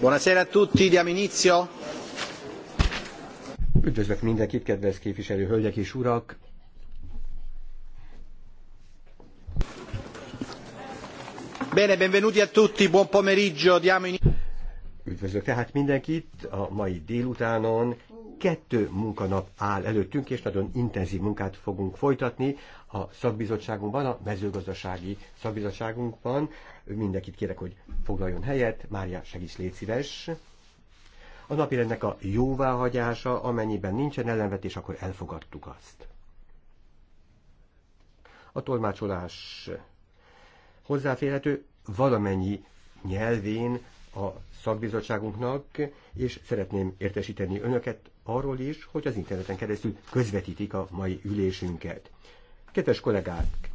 Buonasera a tutti, diamo inizio. Üdvözlök mindenkit, kedves képviselő hölgyek és urak! Bene, benvenuti a tutti, buon pomeriggio, diamo inizio. Üdvözlök tehát mindenkit a mai délutánon, kettő munkanap áll előttünk, és nagyon intenzív munkát fogunk folytatni a szakbizottságunkban, a mezőgazdasági szakbizottságunkban. Mindenkit kérek, hogy foglaljon helyet. Mária, segíts, légy szíves. A napirendnek a jóváhagyása, amennyiben nincsen ellenvetés, akkor elfogadtuk azt. A tolmácsolás hozzáférhető valamennyi nyelvén a szakbizottságunknak, és szeretném értesíteni önöket arról is, hogy az interneten keresztül közvetítik a mai ülésünket. Kedves kollégák,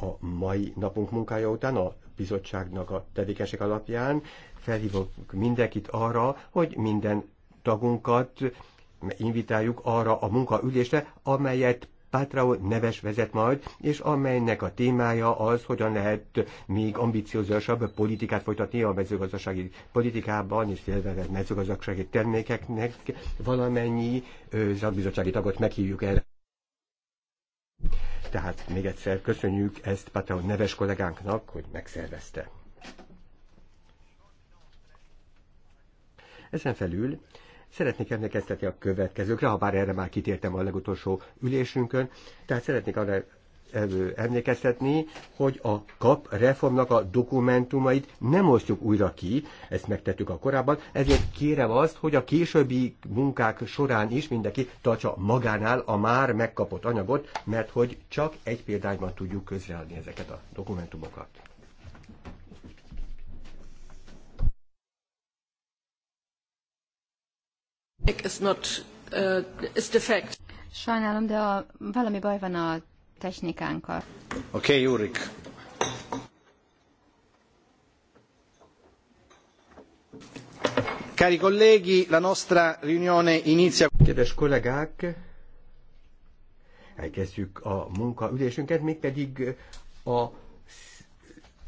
a mai napunk munkája után a bizottságnak a tevékenység alapján felhívok mindenkit arra, hogy minden tagunkat invitáljuk arra a munkaülésre, amelyet Pátrao neves vezet majd, és amelynek a témája az, hogyan lehet még ambiciózusabb politikát folytatni a mezőgazdasági politikában, és illetve a mezőgazdasági termékeknek valamennyi szakbizottsági tagot meghívjuk erre. Tehát még egyszer köszönjük ezt Pátrao neves kollégánknak, hogy megszervezte. Ezen felül Szeretnék emlékeztetni a következőkre, ha bár erre már kitértem a legutolsó ülésünkön, tehát szeretnék arra emlékeztetni, hogy a KAP reformnak a dokumentumait nem osztjuk újra ki, ezt megtettük a korábban, ezért kérem azt, hogy a későbbi munkák során is mindenki tartsa magánál a már megkapott anyagot, mert hogy csak egy példányban tudjuk közreadni ezeket a dokumentumokat. Uh, Sajnálom, de a, valami baj van a technikánkkal. Oké, okay, Jurik. Cari colleghi, la nostra riunione inizia. Kedves kollégák, elkezdjük a munkaülésünket, mégpedig a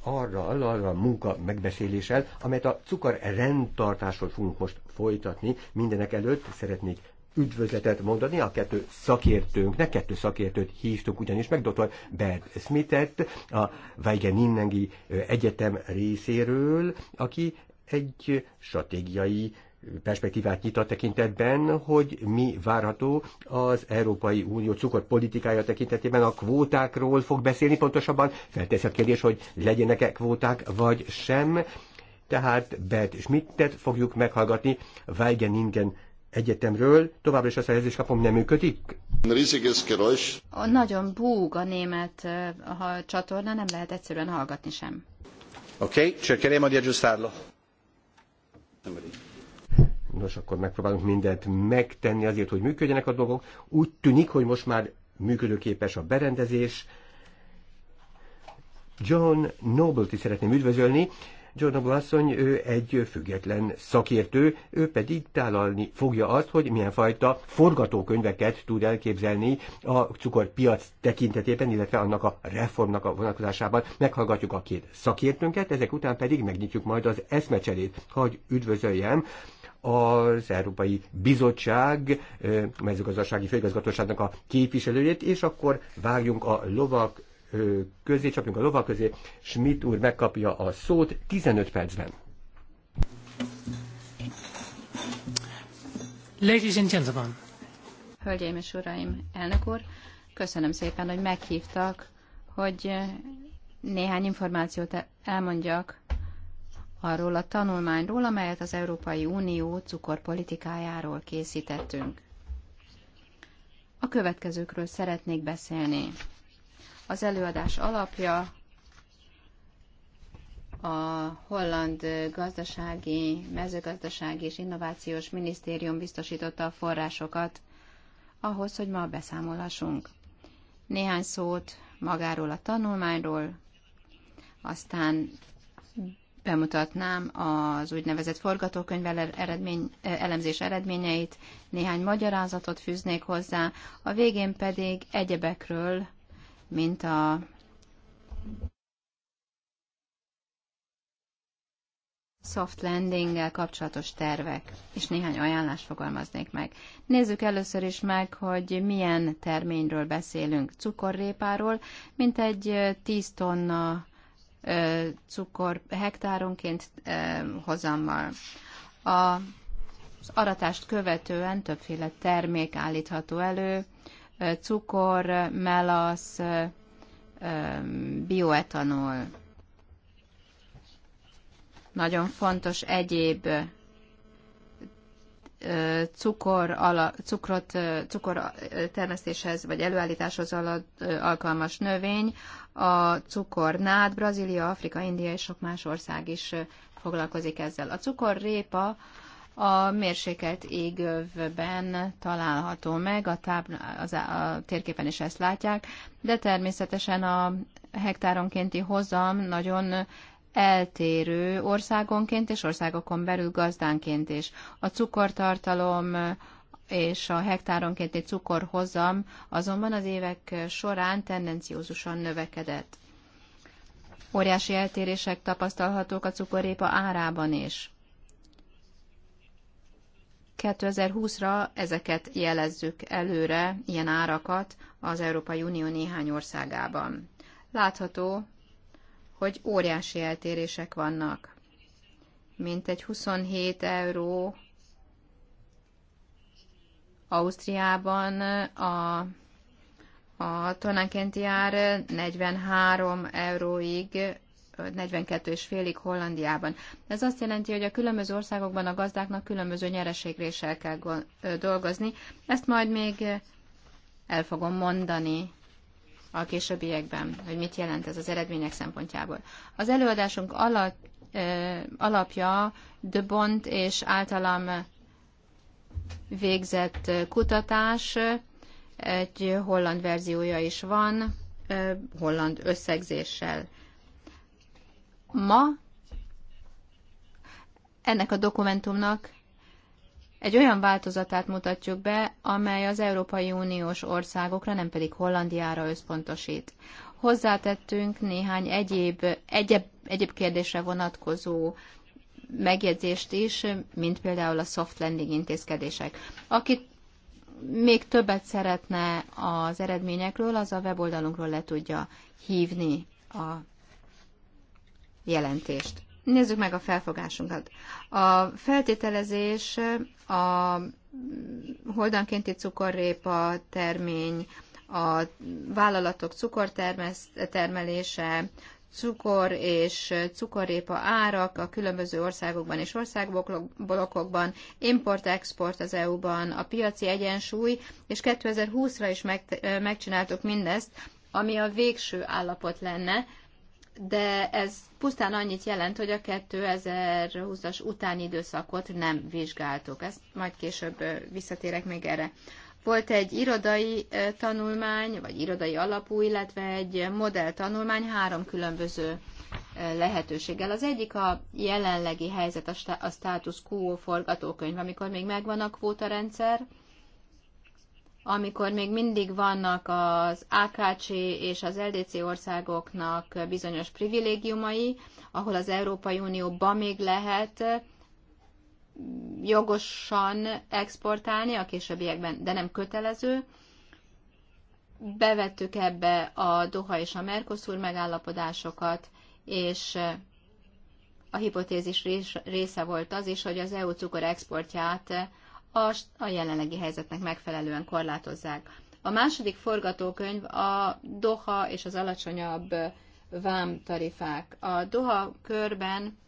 arra, arra a munka megbeszéléssel, amelyet a cukor rendtartásról fogunk most folytatni. Mindenek előtt szeretnék üdvözletet mondani a kettő szakértőnknek, kettő szakértőt hívtunk ugyanis meg, dr. Bert Smithet a Weigen-Innengi Egyetem részéről, aki egy stratégiai perspektívát nyit a tekintetben, hogy mi várható az Európai Unió cukorpolitikája tekintetében a kvótákról fog beszélni, pontosabban felteszi a kérdés, hogy legyenek-e kvóták vagy sem, tehát Bert Schmidtet fogjuk meghallgatni Weigeningen Egyetemről. Továbbra is a szerzés kapom nem működik. A Nagyon búg a német eh, a csatorna, nem lehet egyszerűen hallgatni sem. Oké, okay, a di Nos, akkor megpróbálunk mindent megtenni azért, hogy működjenek a dolgok. Úgy tűnik, hogy most már működőképes a berendezés. John Noble-t is szeretném üdvözölni John Blasszony, ő egy független szakértő, ő pedig tálalni fogja azt, hogy milyen fajta forgatókönyveket tud elképzelni a cukorpiac tekintetében, illetve annak a reformnak a vonatkozásában. Meghallgatjuk a két szakértőnket, ezek után pedig megnyitjuk majd az eszmecserét. Hagy üdvözöljem az Európai Bizottság mezőgazdasági főigazgatóságnak a képviselőjét, és akkor vágjunk a lovak közé, csapjunk a lovak közé, Schmidt úr megkapja a szót 15 percben. Ladies and gentlemen. Hölgyeim és uraim, elnök úr, köszönöm szépen, hogy meghívtak, hogy néhány információt elmondjak arról a tanulmányról, amelyet az Európai Unió cukorpolitikájáról készítettünk. A következőkről szeretnék beszélni. Az előadás alapja a holland gazdasági, mezőgazdasági és innovációs minisztérium biztosította a forrásokat ahhoz, hogy ma beszámolhassunk. Néhány szót magáról a tanulmányról, aztán bemutatnám az úgynevezett forgatókönyv eredmény, elemzés eredményeit, néhány magyarázatot fűznék hozzá, a végén pedig egyebekről, mint a soft landing kapcsolatos tervek, és néhány ajánlást fogalmaznék meg. Nézzük először is meg, hogy milyen terményről beszélünk. Cukorrépáról, mint egy 10 tonna cukor hektáronként hozammal. A, az aratást követően többféle termék állítható elő, cukor, melasz, bioetanol. Nagyon fontos egyéb cukor, ala, cukrot, cukor termesztéshez vagy előállításhoz alkalmas növény, a cukornád, Brazília, Afrika, India és sok más ország is foglalkozik ezzel. A cukorrépa a mérsékelt égövben található meg, a, tábla, az, a térképen is ezt látják, de természetesen a hektáronkénti hozam nagyon eltérő országonként és országokon belül gazdánként is. A cukortartalom és a hektáronkénti cukorhozam azonban az évek során tendenciózusan növekedett. Óriási eltérések tapasztalhatók a cukorépa árában is. 2020-ra ezeket jelezzük előre, ilyen árakat az Európai Unió néhány országában. Látható, hogy óriási eltérések vannak. Mint egy 27 euró Ausztriában a, a tonakenti ár 43 euróig 42 és félig Hollandiában. Ez azt jelenti, hogy a különböző országokban a gazdáknak különböző nyereségréssel kell dolgozni. Ezt majd még el fogom mondani a későbbiekben, hogy mit jelent ez az eredmények szempontjából. Az előadásunk alatt alapja De Bont és általam végzett kutatás, egy holland verziója is van, holland összegzéssel ma ennek a dokumentumnak egy olyan változatát mutatjuk be, amely az Európai Uniós országokra, nem pedig Hollandiára összpontosít. Hozzátettünk néhány egyéb, egyéb, egyéb kérdésre vonatkozó megjegyzést is, mint például a soft landing intézkedések. Aki még többet szeretne az eredményekről, az a weboldalunkról le tudja hívni a jelentést. Nézzük meg a felfogásunkat. A feltételezés a holdankénti cukorrépa termény, a vállalatok cukortermelése, cukor és cukorrépa árak a különböző országokban és országblokokban, import-export az EU-ban, a piaci egyensúly, és 2020-ra is megcsináltuk mindezt, ami a végső állapot lenne, de ez pusztán annyit jelent, hogy a 2020-as utáni időszakot nem vizsgáltuk. Ezt majd később visszatérek még erre. Volt egy irodai tanulmány, vagy irodai alapú, illetve egy modell tanulmány három különböző lehetőséggel. Az egyik a jelenlegi helyzet, a status quo forgatókönyv, amikor még megvan a kvótarendszer, rendszer, amikor még mindig vannak az AKC és az LDC országoknak bizonyos privilégiumai, ahol az Európai Unióban még lehet jogosan exportálni a későbbiekben, de nem kötelező. Bevettük ebbe a Doha és a Mercosur megállapodásokat, és a hipotézis része volt az is, hogy az EU cukor exportját a, a jelenlegi helyzetnek megfelelően korlátozzák. A második forgatókönyv a Doha és az alacsonyabb vám tarifák. A Doha körben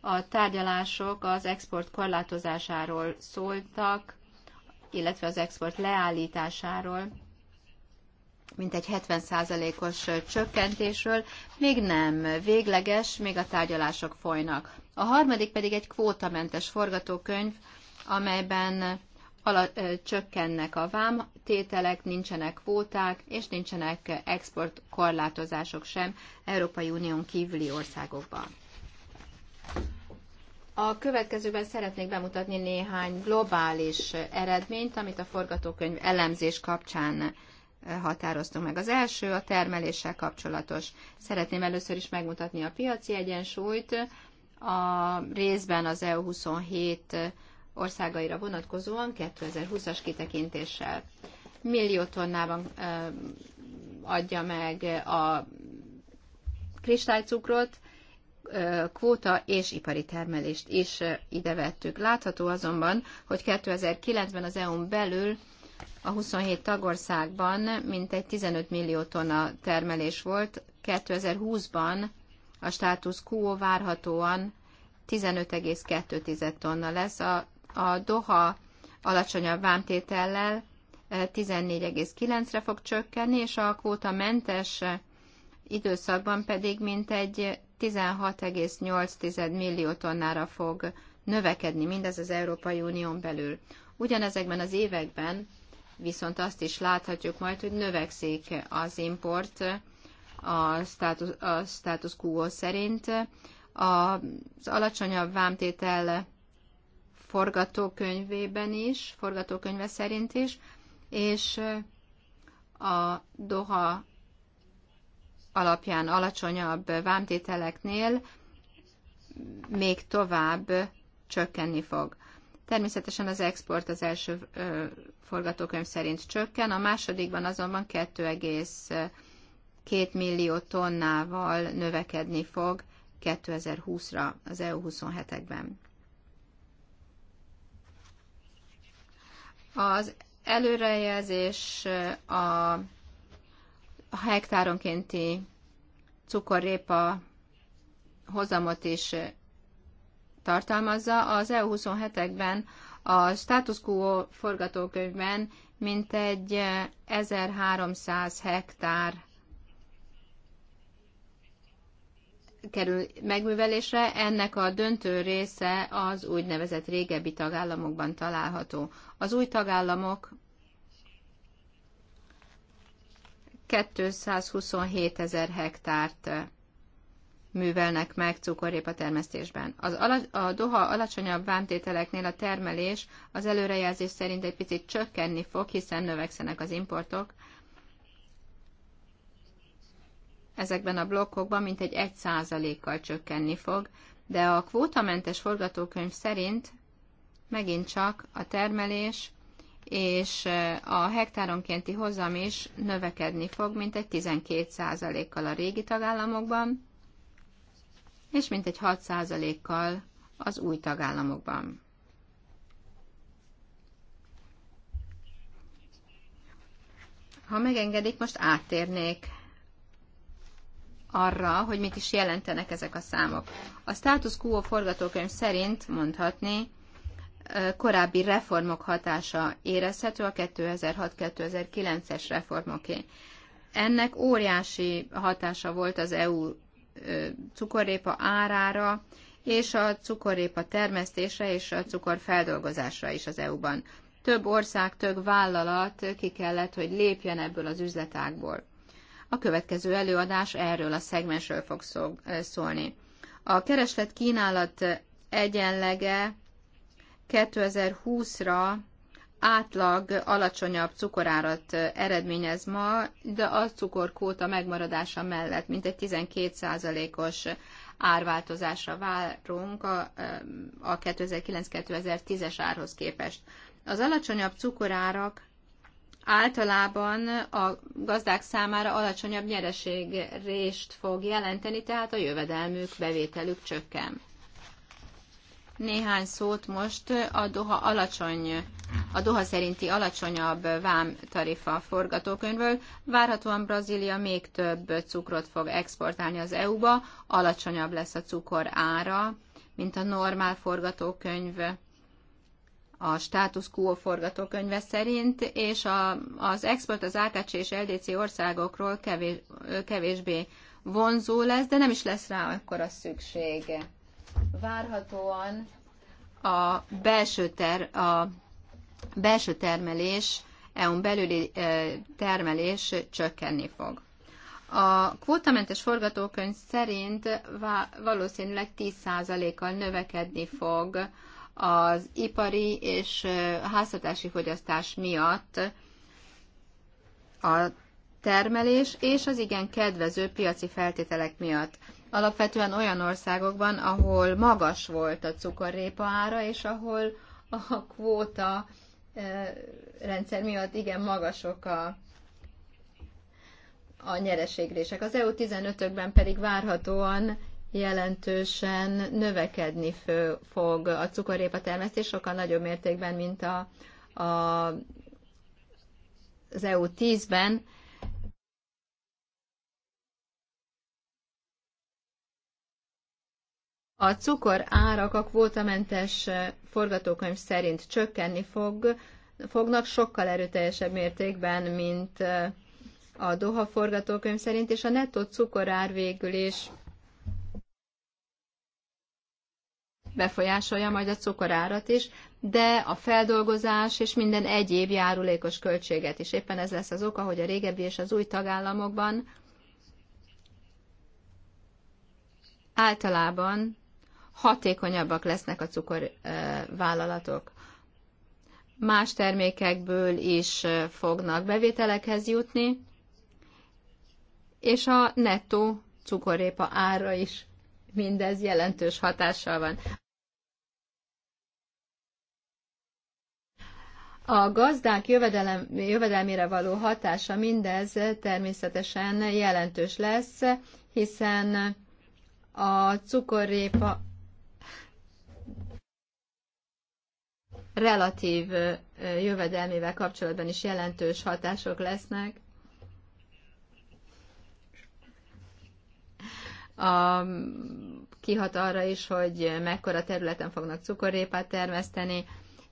a tárgyalások az export korlátozásáról szóltak, illetve az export leállításáról, mint egy 70%-os csökkentésről. Még nem végleges, még a tárgyalások folynak. A harmadik pedig egy kvótamentes forgatókönyv, amelyben ala, csökkennek a vámtételek, nincsenek kvóták, és nincsenek exportkorlátozások sem Európai Unión kívüli országokban. A következőben szeretnék bemutatni néhány globális eredményt, amit a forgatókönyv elemzés kapcsán határoztunk meg. Az első a termeléssel kapcsolatos. Szeretném először is megmutatni a piaci egyensúlyt, a részben az EU 27 országaira vonatkozóan 2020-as kitekintéssel. Millió tonnában adja meg a kristálycukrot, kvóta és ipari termelést is ide vettük. Látható azonban, hogy 2009-ben az EU-n belül a 27 tagországban mintegy 15 millió tonna termelés volt, 2020-ban a státusz quo várhatóan 15,2 tonna lesz a a Doha alacsonyabb vámtétellel 14,9-re eh, fog csökkenni, és a mentes időszakban pedig mintegy 16,8 millió tonnára fog növekedni, mindez az Európai Unión belül. Ugyanezekben az években viszont azt is láthatjuk majd, hogy növekszik az import a status, a status quo szerint. Az alacsonyabb vámtétel forgatókönyvében is, forgatókönyve szerint is, és a Doha alapján alacsonyabb vámtételeknél még tovább csökkenni fog. Természetesen az export az első forgatókönyv szerint csökken, a másodikban azonban 2,2 millió tonnával növekedni fog 2020-ra az EU 27-ekben. Az előrejelzés a hektáronkénti cukorrépa hozamot is tartalmazza. Az EU27-ekben a status quo forgatókönyvben mintegy 1300 hektár kerül megművelésre, ennek a döntő része az úgynevezett régebbi tagállamokban található. Az új tagállamok 227 ezer hektárt művelnek meg cukorrépa termesztésben. Az ala, a Doha alacsonyabb vámtételeknél a termelés az előrejelzés szerint egy picit csökkenni fog, hiszen növekszenek az importok, ezekben a blokkokban mintegy 1%-kal csökkenni fog, de a kvótamentes forgatókönyv szerint megint csak a termelés és a hektáronkénti hozam is növekedni fog, mintegy 12%-kal a régi tagállamokban, és mintegy 6%-kal az új tagállamokban. Ha megengedik, most áttérnék arra, hogy mit is jelentenek ezek a számok. A status quo forgatókönyv szerint mondhatni, korábbi reformok hatása érezhető a 2006-2009-es reformoké. Ennek óriási hatása volt az EU cukorrépa árára, és a cukorrépa termesztése és a cukorfeldolgozásra is az EU-ban. Több ország, több vállalat ki kellett, hogy lépjen ebből az üzletágból. A következő előadás erről a szegmensről fog szólni. A kereslet kínálat egyenlege 2020-ra átlag alacsonyabb cukorárat eredményez ma, de a cukorkóta megmaradása mellett mintegy 12%-os árváltozásra várunk a, a 2009-2010-es árhoz képest. Az alacsonyabb cukorárak általában a gazdák számára alacsonyabb nyereségrést fog jelenteni, tehát a jövedelmük, bevételük csökken. Néhány szót most a Doha alacsony, a Doha szerinti alacsonyabb vámtarifa forgatókönyvből. Várhatóan Brazília még több cukrot fog exportálni az EU-ba, alacsonyabb lesz a cukor ára, mint a normál forgatókönyv a status quo forgatókönyve szerint, és a, az export az AKC és LDC országokról kevés, kevésbé vonzó lesz, de nem is lesz rá akkor a szükség. Várhatóan a belső, ter, a belső termelés, EU-n belüli termelés csökkenni fog. A kvótamentes forgatókönyv szerint valószínűleg 10%-kal növekedni fog az ipari és háztartási fogyasztás miatt a termelés és az igen kedvező piaci feltételek miatt. Alapvetően olyan országokban, ahol magas volt a cukorrépa ára, és ahol a kvóta rendszer miatt igen magasok a, a nyereségrések. Az EU 15-ökben pedig várhatóan jelentősen növekedni fő, fog a cukorépa termesztés, sokkal nagyobb mértékben, mint a, a, az EU10-ben. A cukor árak a kvótamentes forgatókönyv szerint csökkenni fog, fognak sokkal erőteljesebb mértékben, mint a Doha forgatókönyv szerint, és a nettó cukorár végül is befolyásolja majd a cukorárat is, de a feldolgozás és minden egyéb járulékos költséget is. Éppen ez lesz az oka, hogy a régebbi és az új tagállamokban általában hatékonyabbak lesznek a cukorvállalatok. Más termékekből is fognak bevételekhez jutni, és a nettó cukorépa ára is mindez jelentős hatással van. A gazdák jövedelem, jövedelmére való hatása mindez természetesen jelentős lesz, hiszen a cukorrépa relatív jövedelmével kapcsolatban is jelentős hatások lesznek. a, kihat arra is, hogy mekkora területen fognak cukorrépát termeszteni,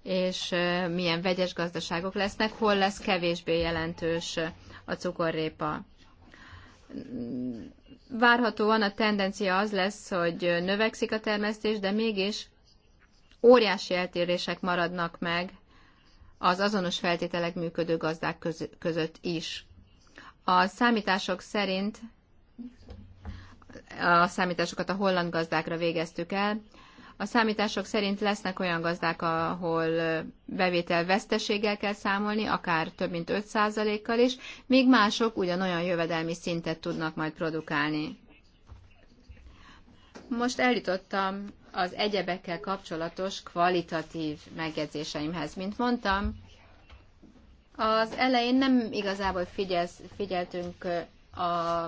és milyen vegyes gazdaságok lesznek, hol lesz kevésbé jelentős a cukorrépa. Várhatóan a tendencia az lesz, hogy növekszik a termesztés, de mégis óriási eltérések maradnak meg az azonos feltételek működő gazdák között is. A számítások szerint a számításokat a holland gazdákra végeztük el. A számítások szerint lesznek olyan gazdák, ahol bevétel veszteséggel kell számolni, akár több mint 5%-kal is, míg mások ugyanolyan jövedelmi szintet tudnak majd produkálni. Most eljutottam az egyebekkel kapcsolatos kvalitatív megjegyzéseimhez. Mint mondtam, az elején nem igazából figyelsz, figyeltünk a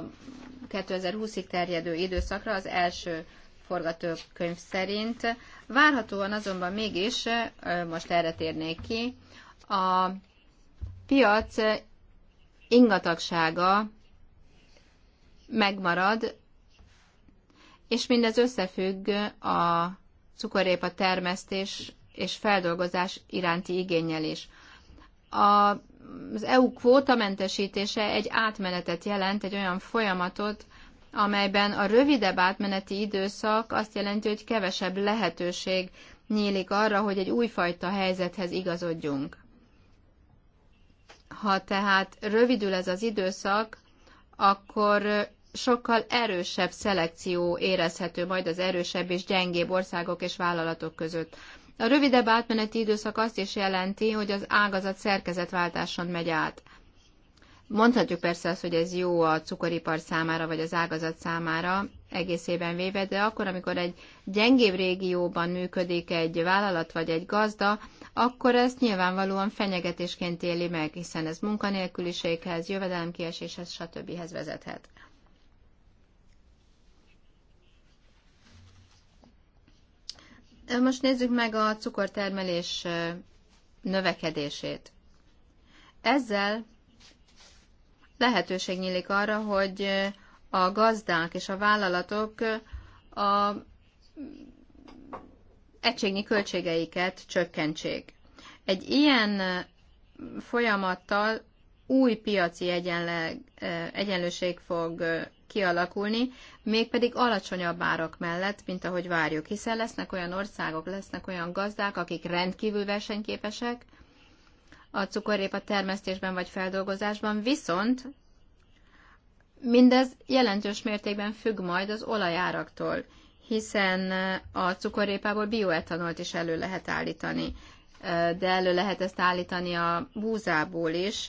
2020-ig terjedő időszakra az első forgatókönyv szerint. Várhatóan azonban mégis, most erre térnék ki, a piac ingatagsága megmarad, és mindez összefügg a cukorépa termesztés és feldolgozás iránti igényel is. A az EU mentesítése egy átmenetet jelent, egy olyan folyamatot, amelyben a rövidebb átmeneti időszak azt jelenti, hogy kevesebb lehetőség nyílik arra, hogy egy újfajta helyzethez igazodjunk. Ha tehát rövidül ez az időszak, akkor sokkal erősebb szelekció érezhető majd az erősebb és gyengébb országok és vállalatok között. A rövidebb átmeneti időszak azt is jelenti, hogy az ágazat szerkezetváltáson megy át. Mondhatjuk persze azt, hogy ez jó a cukoripar számára, vagy az ágazat számára egészében véve, de akkor, amikor egy gyengébb régióban működik egy vállalat vagy egy gazda, akkor ezt nyilvánvalóan fenyegetésként éli meg, hiszen ez munkanélküliséghez, jövedelemkieséshez, stb. vezethet. Most nézzük meg a cukortermelés növekedését. Ezzel lehetőség nyílik arra, hogy a gazdák és a vállalatok a egységnyi költségeiket csökkentsék. Egy ilyen folyamattal új piaci egyenleg, egyenlőség fog kialakulni, mégpedig alacsonyabb árak mellett, mint ahogy várjuk, hiszen lesznek olyan országok, lesznek olyan gazdák, akik rendkívül versenyképesek a cukorrépa termesztésben vagy feldolgozásban, viszont mindez jelentős mértékben függ majd az olajáraktól, hiszen a cukorrépából bioetanolt is elő lehet állítani, de elő lehet ezt állítani a búzából is,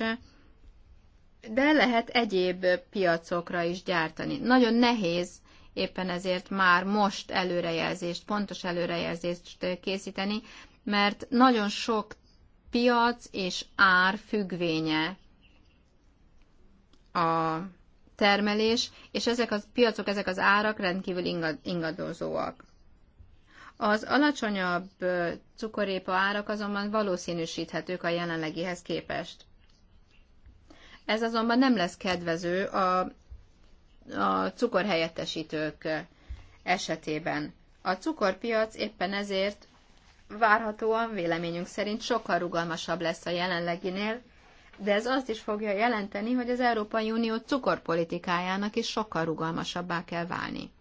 de lehet egyéb piacokra is gyártani. Nagyon nehéz éppen ezért már most előrejelzést, pontos előrejelzést készíteni, mert nagyon sok piac és ár függvénye a termelés, és ezek a piacok, ezek az árak rendkívül ingadozóak. Az alacsonyabb cukorépa árak azonban valószínűsíthetők a jelenlegihez képest. Ez azonban nem lesz kedvező a, a cukorhelyettesítők esetében. A cukorpiac éppen ezért várhatóan véleményünk szerint sokkal rugalmasabb lesz a jelenleginél, de ez azt is fogja jelenteni, hogy az Európai Unió cukorpolitikájának is sokkal rugalmasabbá kell válni.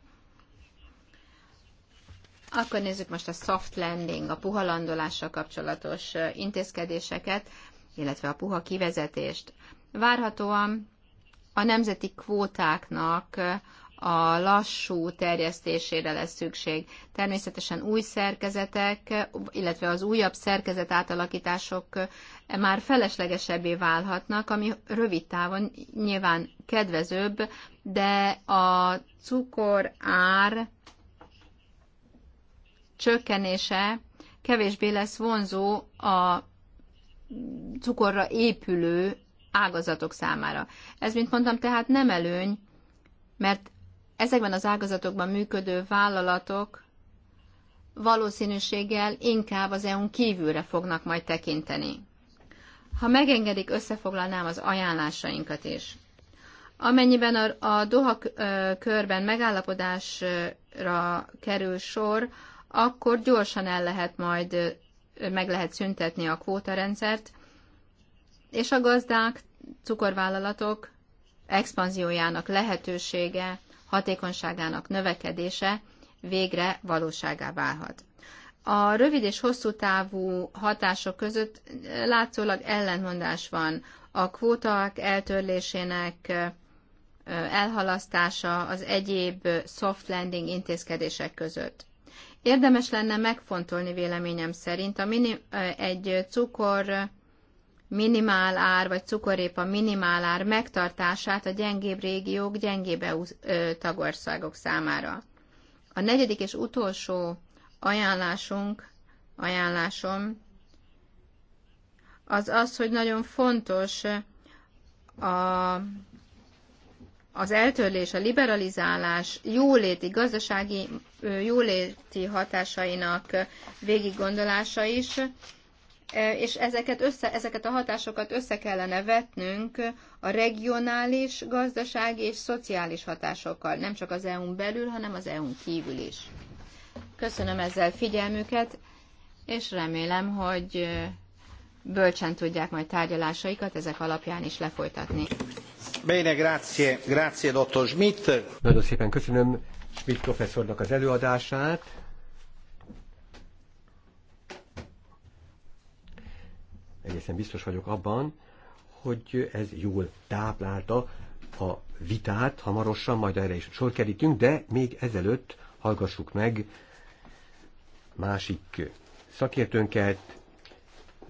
Akkor nézzük most a soft landing, a puha landolással kapcsolatos intézkedéseket, illetve a puha kivezetést. Várhatóan a nemzeti kvótáknak a lassú terjesztésére lesz szükség. Természetesen új szerkezetek, illetve az újabb szerkezet átalakítások már feleslegesebbé válhatnak, ami rövid távon nyilván kedvezőbb, de a cukor ár csökkenése kevésbé lesz vonzó a cukorra épülő ágazatok számára. Ez, mint mondtam, tehát nem előny, mert ezekben az ágazatokban működő vállalatok valószínűséggel inkább az EU-n kívülre fognak majd tekinteni. Ha megengedik, összefoglalnám az ajánlásainkat is. Amennyiben a, a Doha körben megállapodásra kerül sor, akkor gyorsan el lehet majd, meg lehet szüntetni a kvótarendszert, és a gazdák, cukorvállalatok expanziójának lehetősége, hatékonyságának növekedése végre valóságá válhat. A rövid és hosszú távú hatások között eh, látszólag ellentmondás van. A kvóták eltörlésének eh, elhalasztása az egyéb soft landing intézkedések között. Érdemes lenne megfontolni véleményem szerint a mini, eh, egy cukor minimál ár vagy cukorépa minimál ár megtartását a gyengébb régiók, gyengébb EU tagországok számára. A negyedik és utolsó ajánlásunk, ajánlásom az az, hogy nagyon fontos a, az eltörlés, a liberalizálás jóléti, gazdasági jóléti hatásainak végiggondolása is, és ezeket, össze, ezeket a hatásokat össze kellene vetnünk a regionális, gazdasági és szociális hatásokkal, nem csak az EU-n belül, hanem az EU-n kívül is. Köszönöm ezzel figyelmüket, és remélem, hogy bölcsen tudják majd tárgyalásaikat ezek alapján is lefolytatni. Bene, grazie, grazie, dottor Schmidt. Nagyon szépen köszönöm Schmidt professzornak az előadását. egészen biztos vagyok abban, hogy ez jól táplálta a vitát, hamarosan majd erre is sor kerítünk, de még ezelőtt hallgassuk meg másik szakértőnket,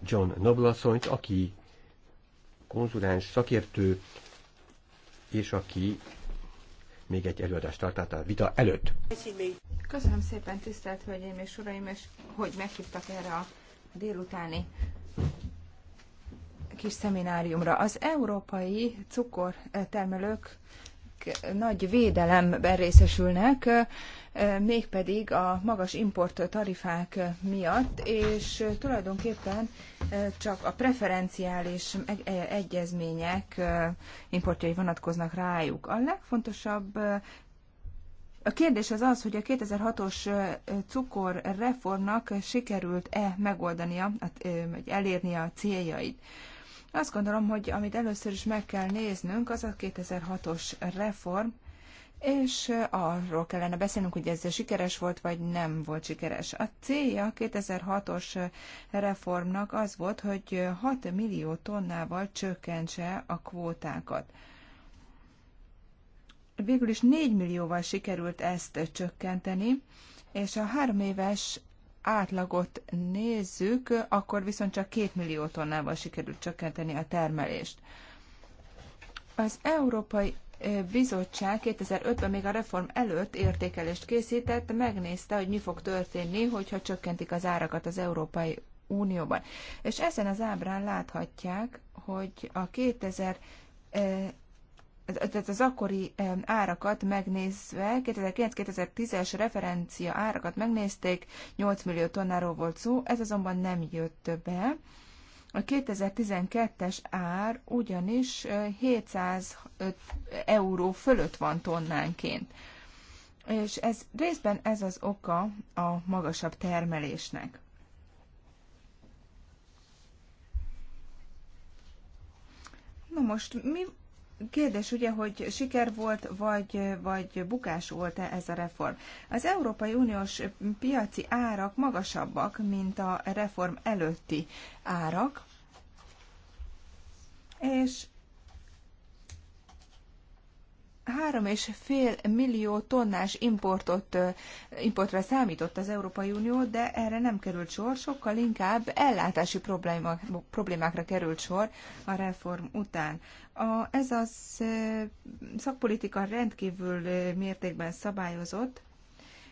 John Noblasonyt, aki konzuláns szakértő, és aki még egy előadást tartott a vita előtt. Köszönöm szépen, tisztelt Hölgyeim és Uraim, és hogy meghívtak erre a délutáni kis szemináriumra. Az európai cukortermelők nagy védelemben részesülnek, mégpedig a magas import tarifák miatt, és tulajdonképpen csak a preferenciális egyezmények importjai vonatkoznak rájuk. A legfontosabb a kérdés az az, hogy a 2006-os cukorreformnak sikerült-e megoldania, vagy elérnie a céljait. Azt gondolom, hogy amit először is meg kell néznünk, az a 2006-os reform, és arról kellene beszélnünk, hogy ez sikeres volt, vagy nem volt sikeres. A célja 2006-os reformnak az volt, hogy 6 millió tonnával csökkentse a kvótákat. Végül is 4 millióval sikerült ezt csökkenteni, és a három éves átlagot nézzük, akkor viszont csak 2 millió tonnával sikerült csökkenteni a termelést. Az Európai Bizottság 2005-ben még a reform előtt értékelést készített, megnézte, hogy mi fog történni, hogyha csökkentik az árakat az Európai Unióban. És ezen az ábrán láthatják, hogy a 2000 tehát az akkori árakat megnézve, 2009-2010-es referencia árakat megnézték, 8 millió tonnáról volt szó, ez azonban nem jött be. A 2012-es ár ugyanis 700 euró fölött van tonnánként. És ez részben ez az oka a magasabb termelésnek. Na most mi kérdés ugye, hogy siker volt, vagy, vagy bukás volt-e ez a reform. Az Európai Uniós piaci árak magasabbak, mint a reform előtti árak, és és fél millió tonnás importot, importra számított az Európai Unió, de erre nem került sor, sokkal inkább ellátási problémák, problémákra került sor a reform után. A, ez a szakpolitika rendkívül mértékben szabályozott,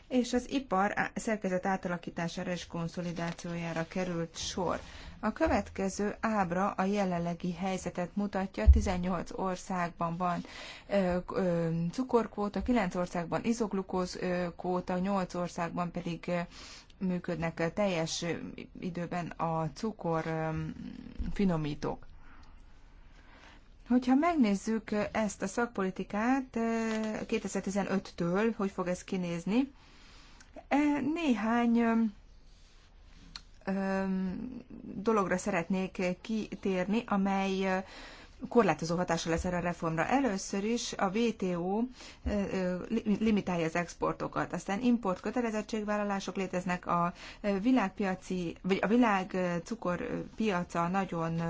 és az ipar szerkezet átalakítására és konszolidációjára került sor. A következő ábra a jelenlegi helyzetet mutatja. 18 országban van cukorkvóta, 9 országban izoglukóz kvóta, 8 országban pedig működnek teljes időben a cukor finomítók. Hogyha megnézzük ezt a szakpolitikát 2015-től, hogy fog ez kinézni, néhány dologra szeretnék kitérni, amely korlátozó hatása lesz erre a reformra. Először is a WTO limitálja az exportokat, aztán import kötelezettségvállalások léteznek, a világpiaci, vagy a világ cukorpiaca nagyon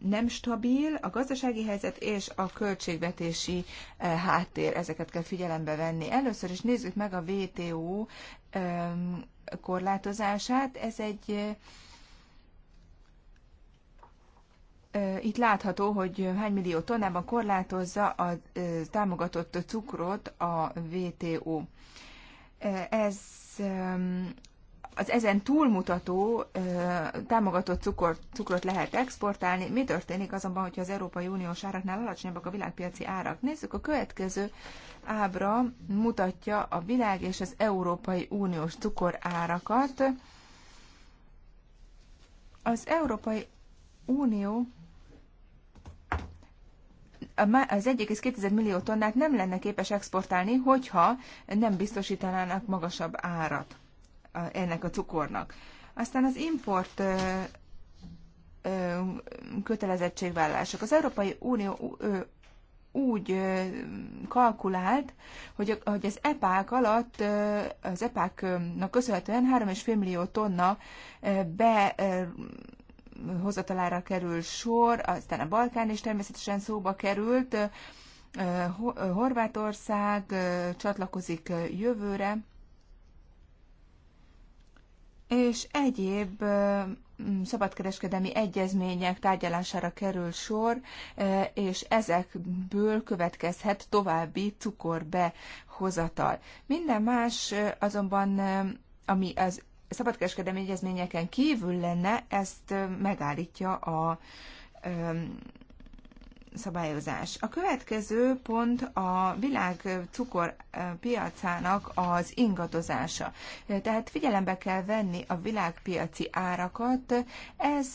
nem stabil, a gazdasági helyzet és a költségvetési háttér, ezeket kell figyelembe venni. Először is nézzük meg a WTO korlátozását. Ez egy itt látható, hogy hány millió tonnában korlátozza a támogatott cukrot a WTO. Ez az ezen túlmutató támogatott cukor, cukrot lehet exportálni. Mi történik azonban, hogyha az Európai Uniós áraknál alacsonyabbak a világpiaci árak? Nézzük, a következő ábra mutatja a világ és az Európai Uniós árakat. Az Európai Unió az 1,2 millió tonnát nem lenne képes exportálni, hogyha nem biztosítanának magasabb árat ennek a cukornak. Aztán az import kötelezettségvállások. Az Európai Unió úgy kalkulált, hogy, hogy az epák alatt, az epáknak köszönhetően 3,5 millió tonna be hozatalára kerül sor, aztán a Balkán is természetesen szóba került, Horvátország csatlakozik jövőre, és egyéb szabadkereskedelmi egyezmények tárgyalására kerül sor, és ezekből következhet további cukorbehozatal. Minden más azonban, ami az szabadkereskedelmi egyezményeken kívül lenne, ezt megállítja a szabályozás. A következő pont a világ cukorpiacának az ingadozása. Tehát figyelembe kell venni a világpiaci árakat. Ez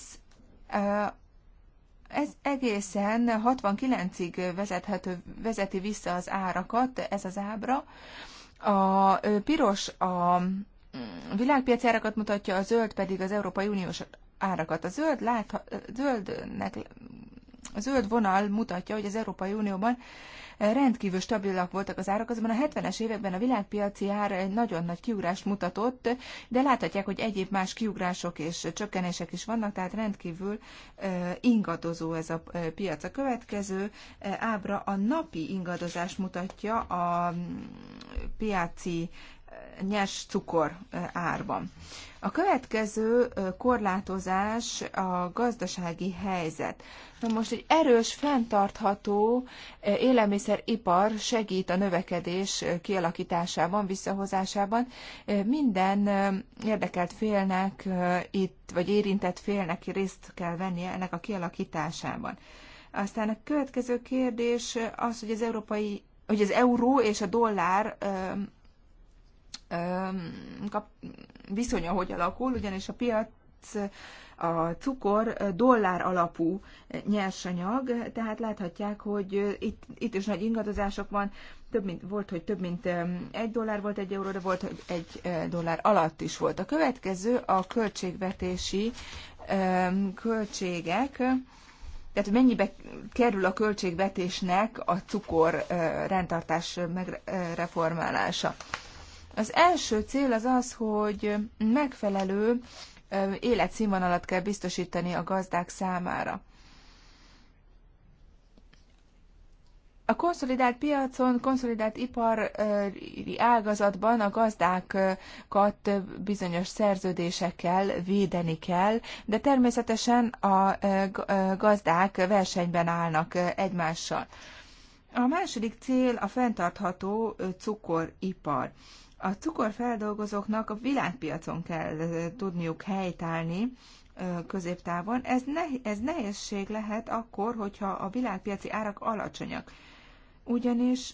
ez egészen 69-ig vezethető, vezeti vissza az árakat, ez az ábra. A piros a mm, világpiaci árakat mutatja, a zöld pedig az Európai Uniós árakat. A zöld lát, zöldnek a zöld vonal mutatja, hogy az Európai Unióban eh, rendkívül stabilak voltak az árak, azonban a 70-es években a világpiaci ár egy nagyon nagy kiugrást mutatott, de láthatják, hogy egyéb más kiugrások és csökkenések is vannak, tehát rendkívül eh, ingadozó ez a eh, piac. A következő ábra a napi ingadozás mutatja a mm, piaci nyers cukor árban. A következő korlátozás a gazdasági helyzet. Na most egy erős, fenntartható élelmiszeripar segít a növekedés kialakításában, visszahozásában. Minden érdekelt félnek itt, vagy érintett félnek részt kell vennie ennek a kialakításában. Aztán a következő kérdés az, hogy az európai hogy az euró és a dollár viszonya hogy alakul, ugyanis a piac a cukor dollár alapú nyersanyag, tehát láthatják, hogy itt, itt is nagy ingadozások van, több mint, volt, hogy több mint egy dollár volt egy euró, de volt, hogy egy dollár alatt is volt. A következő a költségvetési költségek, tehát mennyibe kerül a költségvetésnek a cukor rendtartás megreformálása. Az első cél az az, hogy megfelelő életszínvonalat kell biztosítani a gazdák számára. A konszolidált piacon, konszolidált ipari ágazatban a gazdákat bizonyos szerződésekkel védeni kell, de természetesen a gazdák versenyben állnak egymással. A második cél a fenntartható cukoripar. A cukorfeldolgozóknak a világpiacon kell tudniuk helytállni középtávon. Ez, ne, ez nehézség lehet akkor, hogyha a világpiaci árak alacsonyak. Ugyanis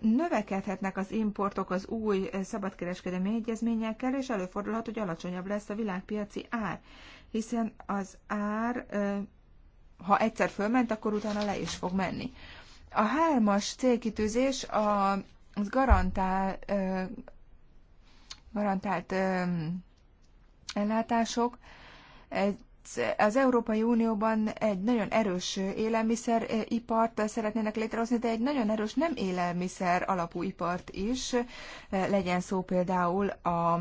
növekedhetnek az importok az új szabadkereskedelmi egyezményekkel, és előfordulhat, hogy alacsonyabb lesz a világpiaci ár, hiszen az ár, ha egyszer fölment, akkor utána le is fog menni. A hármas célkitűzés a az garantál, garantált ellátások, az Európai Unióban egy nagyon erős élelmiszeripart szeretnének létrehozni, de egy nagyon erős nem élelmiszer alapú ipart is, legyen szó például a,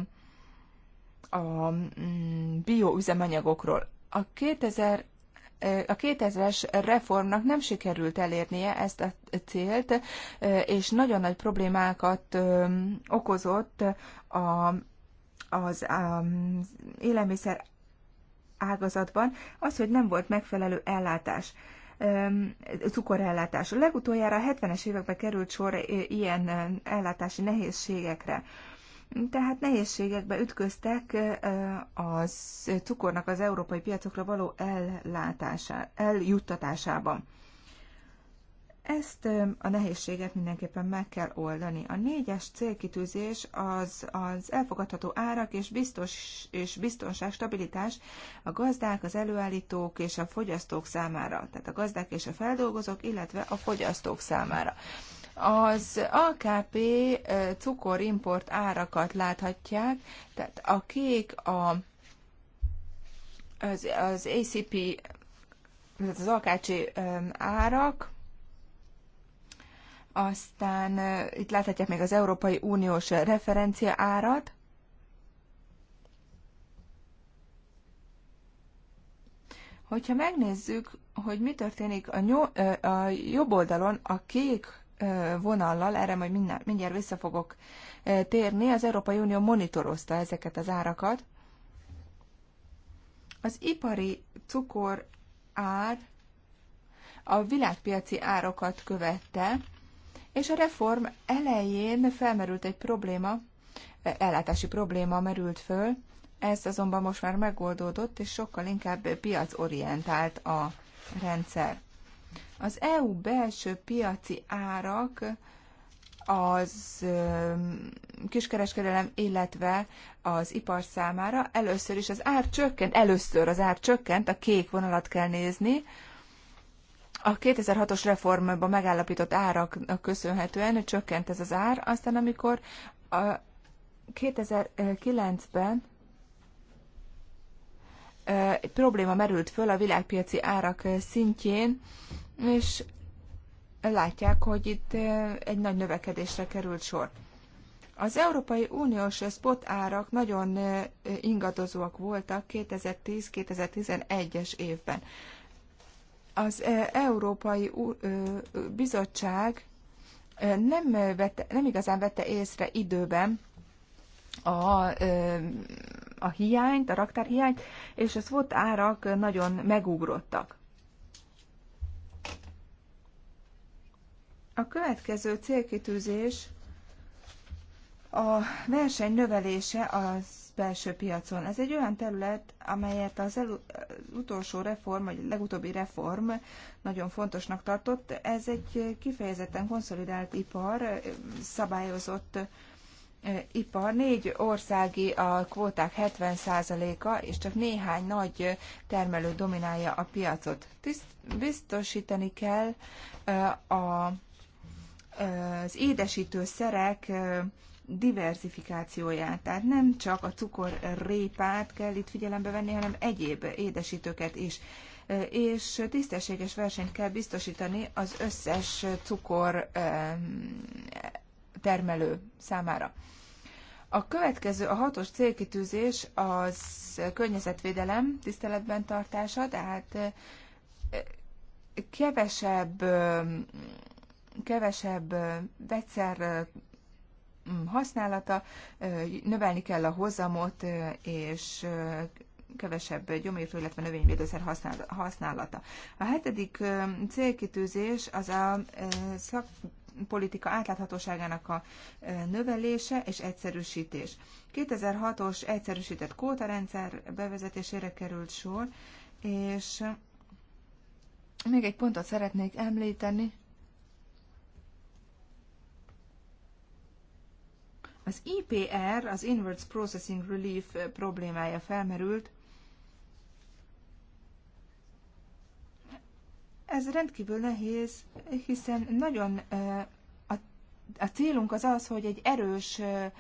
a mm, bioüzemanyagokról. A 2000 a 2000-es reformnak nem sikerült elérnie ezt a célt, és nagyon nagy problémákat okozott a, az um, élelmiszer ágazatban az, hogy nem volt megfelelő ellátás cukorellátás. Legutoljára a 70-es években került sor ilyen ellátási nehézségekre. Tehát nehézségekbe ütköztek az cukornak az európai piacokra való ellátása, eljuttatásában. Ezt a nehézséget mindenképpen meg kell oldani. A négyes célkitűzés az, az elfogadható árak és, biztos, és biztonság, stabilitás a gazdák, az előállítók és a fogyasztók számára. Tehát a gazdák és a feldolgozók, illetve a fogyasztók számára. Az AKP cukorimport árakat láthatják, tehát a kék a, az, az ACP, tehát az AKC árak, aztán itt láthatják még az Európai Uniós referencia árat, hogyha megnézzük, hogy mi történik a, nyol, a jobb oldalon, a kék vonallal, erre majd mindjárt, mindjárt vissza fogok térni, az Európai Unió monitorozta ezeket az árakat. Az ipari cukor ár a világpiaci árokat követte, és a reform elején felmerült egy probléma, ellátási probléma merült föl, ez azonban most már megoldódott, és sokkal inkább piacorientált a rendszer. Az EU belső piaci árak az kiskereskedelem, illetve az ipar számára először is az ár csökkent, először az ár csökkent, a kék vonalat kell nézni, a 2006-os reformban megállapított áraknak köszönhetően csökkent ez az ár, aztán amikor a 2009-ben egy probléma merült föl a világpiaci árak szintjén, és látják, hogy itt egy nagy növekedésre került sor. Az Európai Uniós spot árak nagyon ingadozóak voltak 2010-2011-es évben. Az Európai Bizottság nem, vette, nem igazán vette észre időben a, a hiányt, a raktárhiányt, és a spot árak nagyon megugrottak. A következő célkitűzés a verseny növelése az belső piacon. Ez egy olyan terület, amelyet az, el, az utolsó reform, vagy legutóbbi reform nagyon fontosnak tartott. Ez egy kifejezetten konszolidált ipar, szabályozott ipar. Négy országi a kvóták 70%-a, és csak néhány nagy termelő dominálja a piacot. Tiszt, biztosítani kell a az édesítőszerek diversifikációját. Tehát nem csak a cukorrépát kell itt figyelembe venni, hanem egyéb édesítőket is. És tisztességes versenyt kell biztosítani az összes cukor termelő számára. A következő, a hatos célkitűzés az környezetvédelem tiszteletben tartása, tehát kevesebb kevesebb vegyszer használata, növelni kell a hozamot, és kevesebb gyomírtó, illetve növényvédőszer használata. A hetedik célkitűzés az a szakpolitika átláthatóságának a növelése és egyszerűsítés. 2006-os egyszerűsített kótarendszer bevezetésére került sor, és még egy pontot szeretnék említeni, Az IPR, e az Inverse Processing Relief eh, problémája felmerült. Ez rendkívül nehéz, hiszen nagyon eh, a célunk az az, hogy egy erős eh,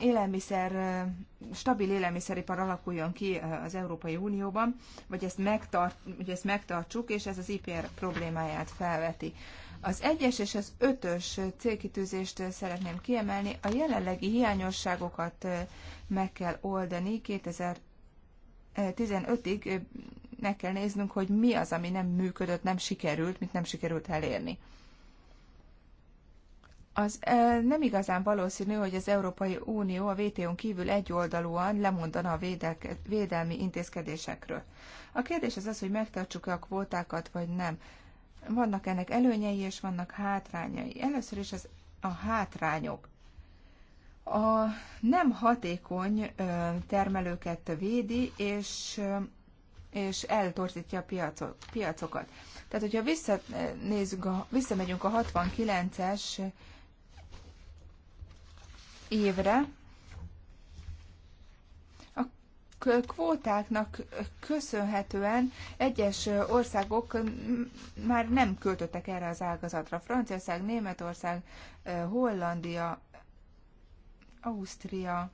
élelmiszer, stabil élelmiszeripar alakuljon ki az Európai Unióban, vagy ezt, megtart, hogy ezt megtartsuk, és ez az IPR e problémáját felveti. Az egyes és az ötös célkitűzést szeretném kiemelni. A jelenlegi hiányosságokat meg kell oldani 2015-ig meg kell néznünk, hogy mi az, ami nem működött, nem sikerült, mit nem sikerült elérni. Az nem igazán valószínű, hogy az Európai Unió a WTO-n kívül egyoldalúan lemondana a védelmi intézkedésekről. A kérdés az az, hogy megtartsuk-e a kvótákat, vagy nem. Vannak ennek előnyei és vannak hátrányai. Először is az, a hátrányok. A nem hatékony termelőket védi, és, és eltorzítja a piacokat. Tehát, hogyha visszanézzük a, visszamegyünk a 69-es évre, kvótáknak köszönhetően egyes országok már nem költöttek erre az ágazatra. Franciaország, Németország, Hollandia, Ausztria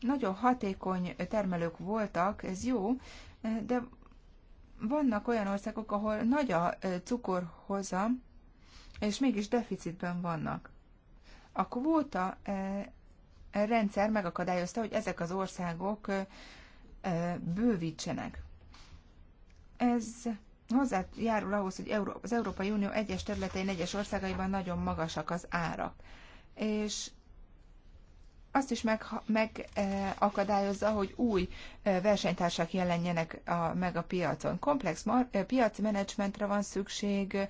nagyon hatékony termelők voltak, ez jó, de vannak olyan országok, ahol nagy a cukorhozam, és mégis deficitben vannak. A kvóta eh, rendszer megakadályozta, hogy ezek az országok bővítsenek. Ez hozzájárul ahhoz, hogy az Európai Unió egyes területein, egyes országaiban nagyon magasak az árak. És azt is megakadályozza, meg, hogy új versenytársak jelenjenek a, meg a piacon. Komplex mar, piacmenedzsmentre van szükség,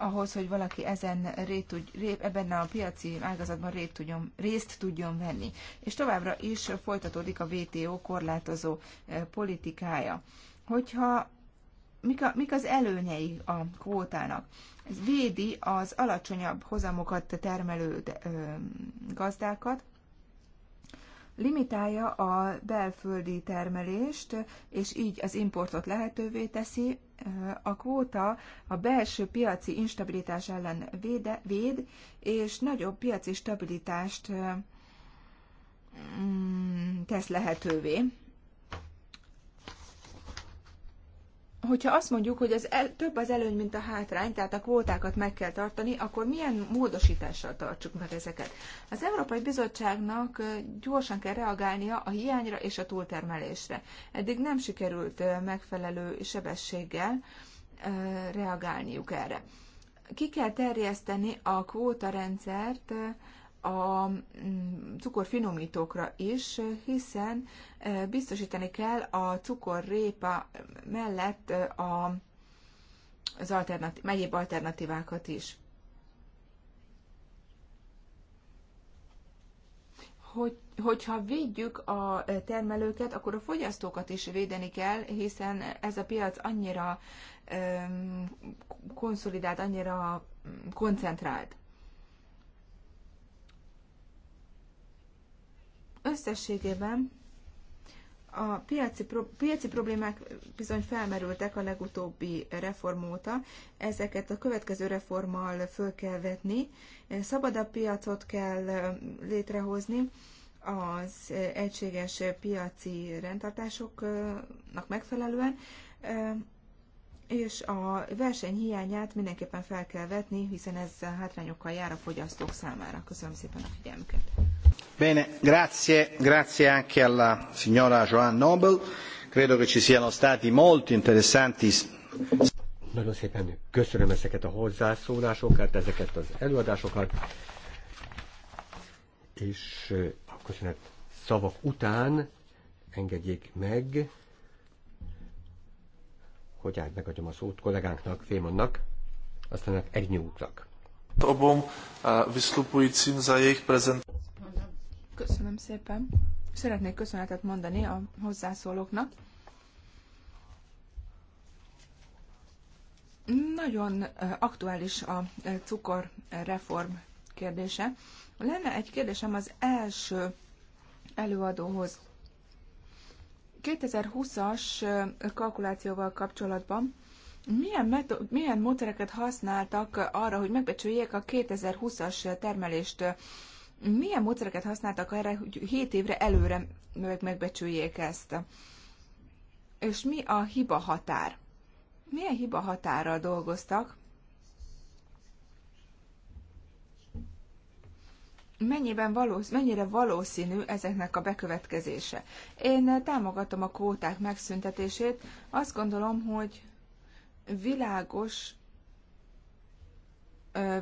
ahhoz, hogy valaki ezen rét tud, rét, ebben a piaci ágazatban rét tudjon, részt tudjon venni. És továbbra is folytatódik a WTO korlátozó e, politikája. Hogyha mik, a, mik az előnyei a kvótának? Ez védi az alacsonyabb hozamokat termelő gazdákat, limitálja a belföldi termelést, és így az importot lehetővé teszi. A kvóta a belső piaci instabilitás ellen véde, véd, és nagyobb piaci stabilitást mm, tesz lehetővé hogyha azt mondjuk, hogy az el, több az előny, mint a hátrány, tehát a kvótákat meg kell tartani, akkor milyen módosítással tartsuk meg ezeket? Az Európai Bizottságnak gyorsan kell reagálnia a hiányra és a túltermelésre. Eddig nem sikerült megfelelő sebességgel reagálniuk erre. Ki kell terjeszteni a kvótarendszert a mm, cukorfinomítókra is, hiszen e, biztosítani kell a cukorrépa mellett e, a, az alternatív, egyéb alternatívákat is. Hogy, hogyha védjük a e, termelőket, akkor a fogyasztókat is védeni kell, hiszen ez a piac annyira konszolidált, annyira koncentrált. Összességében a piaci, pro, piaci problémák bizony felmerültek a legutóbbi reform óta. Ezeket a következő reformmal föl kell vetni. Szabadabb piacot kell létrehozni az egységes piaci rendtartásoknak megfelelően, és a verseny hiányát mindenképpen fel kell vetni, hiszen ez hátrányokkal jár a fogyasztók számára. Köszönöm szépen a figyelmüket! Bene, grazie, grazie anche alla signora Noble. Credo che ci siano stati molti interessanti. Nagyon szépen köszönöm ezeket a hozzászólásokat, ezeket az előadásokat, és a köszönet szavak után engedjék meg, hogy át megadjam a szót kollégánknak, Fémonnak, aztán egy úrnak. Obom vystupujícím za jejich prezent. Köszönöm szépen. Szeretnék köszönetet mondani a hozzászólóknak. Nagyon aktuális a cukorreform kérdése. Lenne egy kérdésem az első előadóhoz. 2020-as kalkulációval kapcsolatban milyen, meto- milyen módszereket használtak arra, hogy megbecsüljék a 2020-as termelést? milyen módszereket használtak erre, hogy 7 évre előre meg megbecsüljék ezt? És mi a hiba határ? Milyen hiba határral dolgoztak? Mennyiben valósz, mennyire valószínű ezeknek a bekövetkezése? Én támogatom a kvóták megszüntetését. Azt gondolom, hogy világos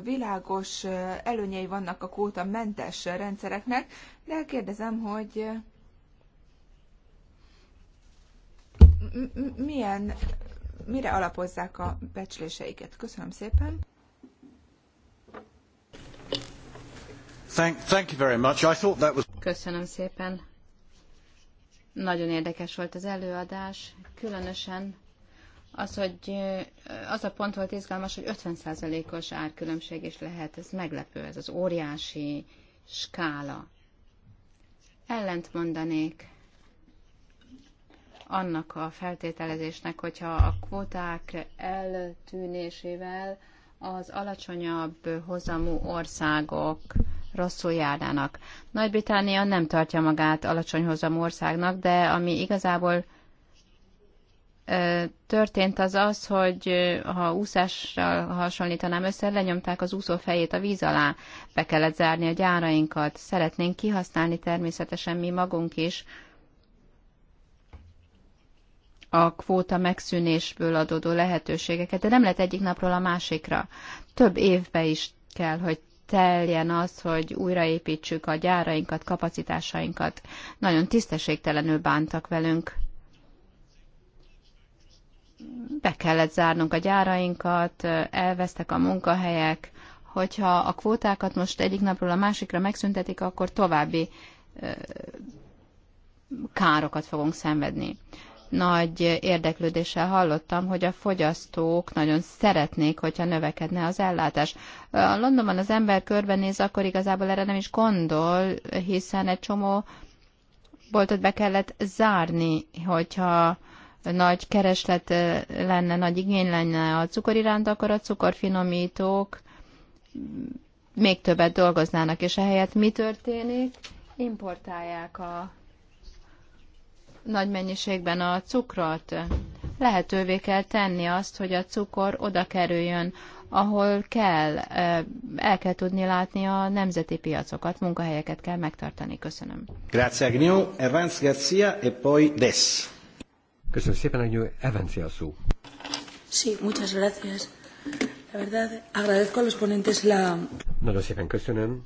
világos előnyei vannak a kóta mentes rendszereknek, de kérdezem, hogy milyen, mire alapozzák a becsléseiket. Köszönöm szépen. Thank, thank you very much. I thought that was... Köszönöm szépen. Nagyon érdekes volt az előadás, különösen az, hogy az a pont volt izgalmas, hogy 50%-os árkülönbség is lehet. Ez meglepő, ez az óriási skála. Ellent mondanék annak a feltételezésnek, hogyha a kvóták eltűnésével az alacsonyabb hozamú országok rosszul járnának. Nagy-Britannia nem tartja magát alacsony hozamú országnak, de ami igazából történt az az, hogy ha úszással hasonlítanám össze, lenyomták az úszó fejét a víz alá, be kellett zárni a gyárainkat. Szeretnénk kihasználni természetesen mi magunk is a kvóta megszűnésből adódó lehetőségeket, de nem lehet egyik napról a másikra. Több évbe is kell, hogy teljen az, hogy újraépítsük a gyárainkat, kapacitásainkat. Nagyon tisztességtelenül bántak velünk be kellett zárnunk a gyárainkat, elvesztek a munkahelyek. Hogyha a kvótákat most egyik napról a másikra megszüntetik, akkor további károkat fogunk szenvedni. Nagy érdeklődéssel hallottam, hogy a fogyasztók nagyon szeretnék, hogyha növekedne az ellátás. A Londonban az ember körbenéz, akkor igazából erre nem is gondol, hiszen egy csomó boltot be kellett zárni, hogyha nagy kereslet lenne, nagy igény lenne a cukor iránt, akkor a cukorfinomítók még többet dolgoznának, és ehelyett mi történik? Importálják a nagy mennyiségben a cukrot. Lehetővé kell tenni azt, hogy a cukor oda kerüljön, ahol kell. El kell tudni látni a nemzeti piacokat, munkahelyeket kell megtartani. Köszönöm. Grazie Agnew. Evans Garcia e poi Dess. Köszönöm szépen, hogy Evenci szó. Sí, muchas gracias. La verdad, agradezco a los ponentes la... Nagyon szépen köszönöm.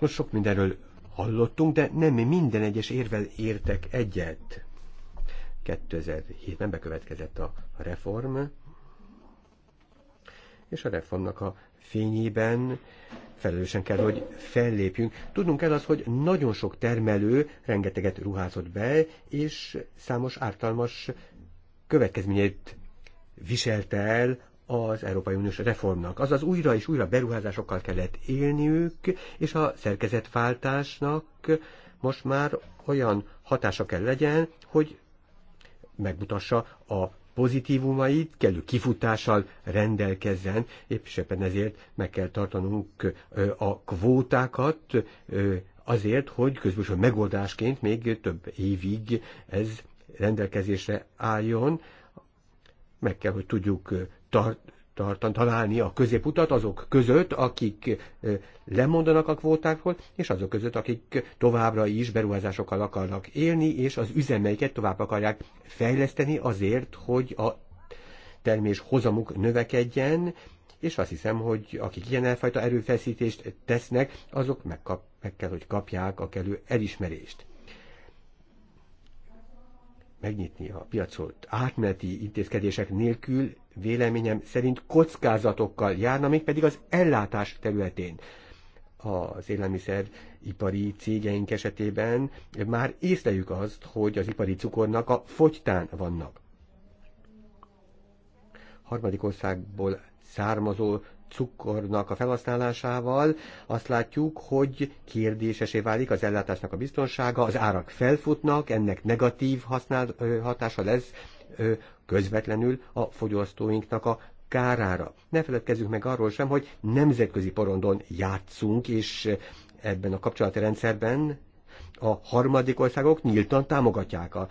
Most sok mindenről hallottunk, de nem minden egyes érvel értek egyet. 2007-ben bekövetkezett a reform, és a reformnak a fényében felelősen kell, hogy fellépjünk. Tudnunk kell az, hogy nagyon sok termelő rengeteget ruházott be, és számos ártalmas következményét viselte el az Európai Uniós reformnak. Azaz újra és újra beruházásokkal kellett élniük, és a szerkezetváltásnak most már olyan hatása kell legyen, hogy megmutassa a pozitívumait kellő kifutással rendelkezzen, és ebben ezért meg kell tartanunk a kvótákat azért, hogy közbúsor megoldásként még több évig ez rendelkezésre álljon. Meg kell, hogy tudjuk tart, tartan találni a középutat azok között, akik lemondanak a kvótákról, és azok között, akik továbbra is beruházásokkal akarnak élni, és az üzemeiket tovább akarják fejleszteni azért, hogy a termés hozamuk növekedjen, és azt hiszem, hogy akik ilyen elfajta erőfeszítést tesznek, azok megkap, meg kell, hogy kapják a kellő elismerést megnyitni a piacot átmeneti intézkedések nélkül véleményem szerint kockázatokkal járna, még pedig az ellátás területén. Az ipari cégeink esetében már észleljük azt, hogy az ipari cukornak a fogytán vannak. Harmadik országból származó cukornak a felhasználásával azt látjuk, hogy kérdésesé válik az ellátásnak a biztonsága, az árak felfutnak, ennek negatív hatása lesz közvetlenül a fogyasztóinknak a kárára. Ne feledkezzünk meg arról sem, hogy nemzetközi porondon játszunk, és ebben a kapcsolati rendszerben a harmadik országok nyíltan támogatják a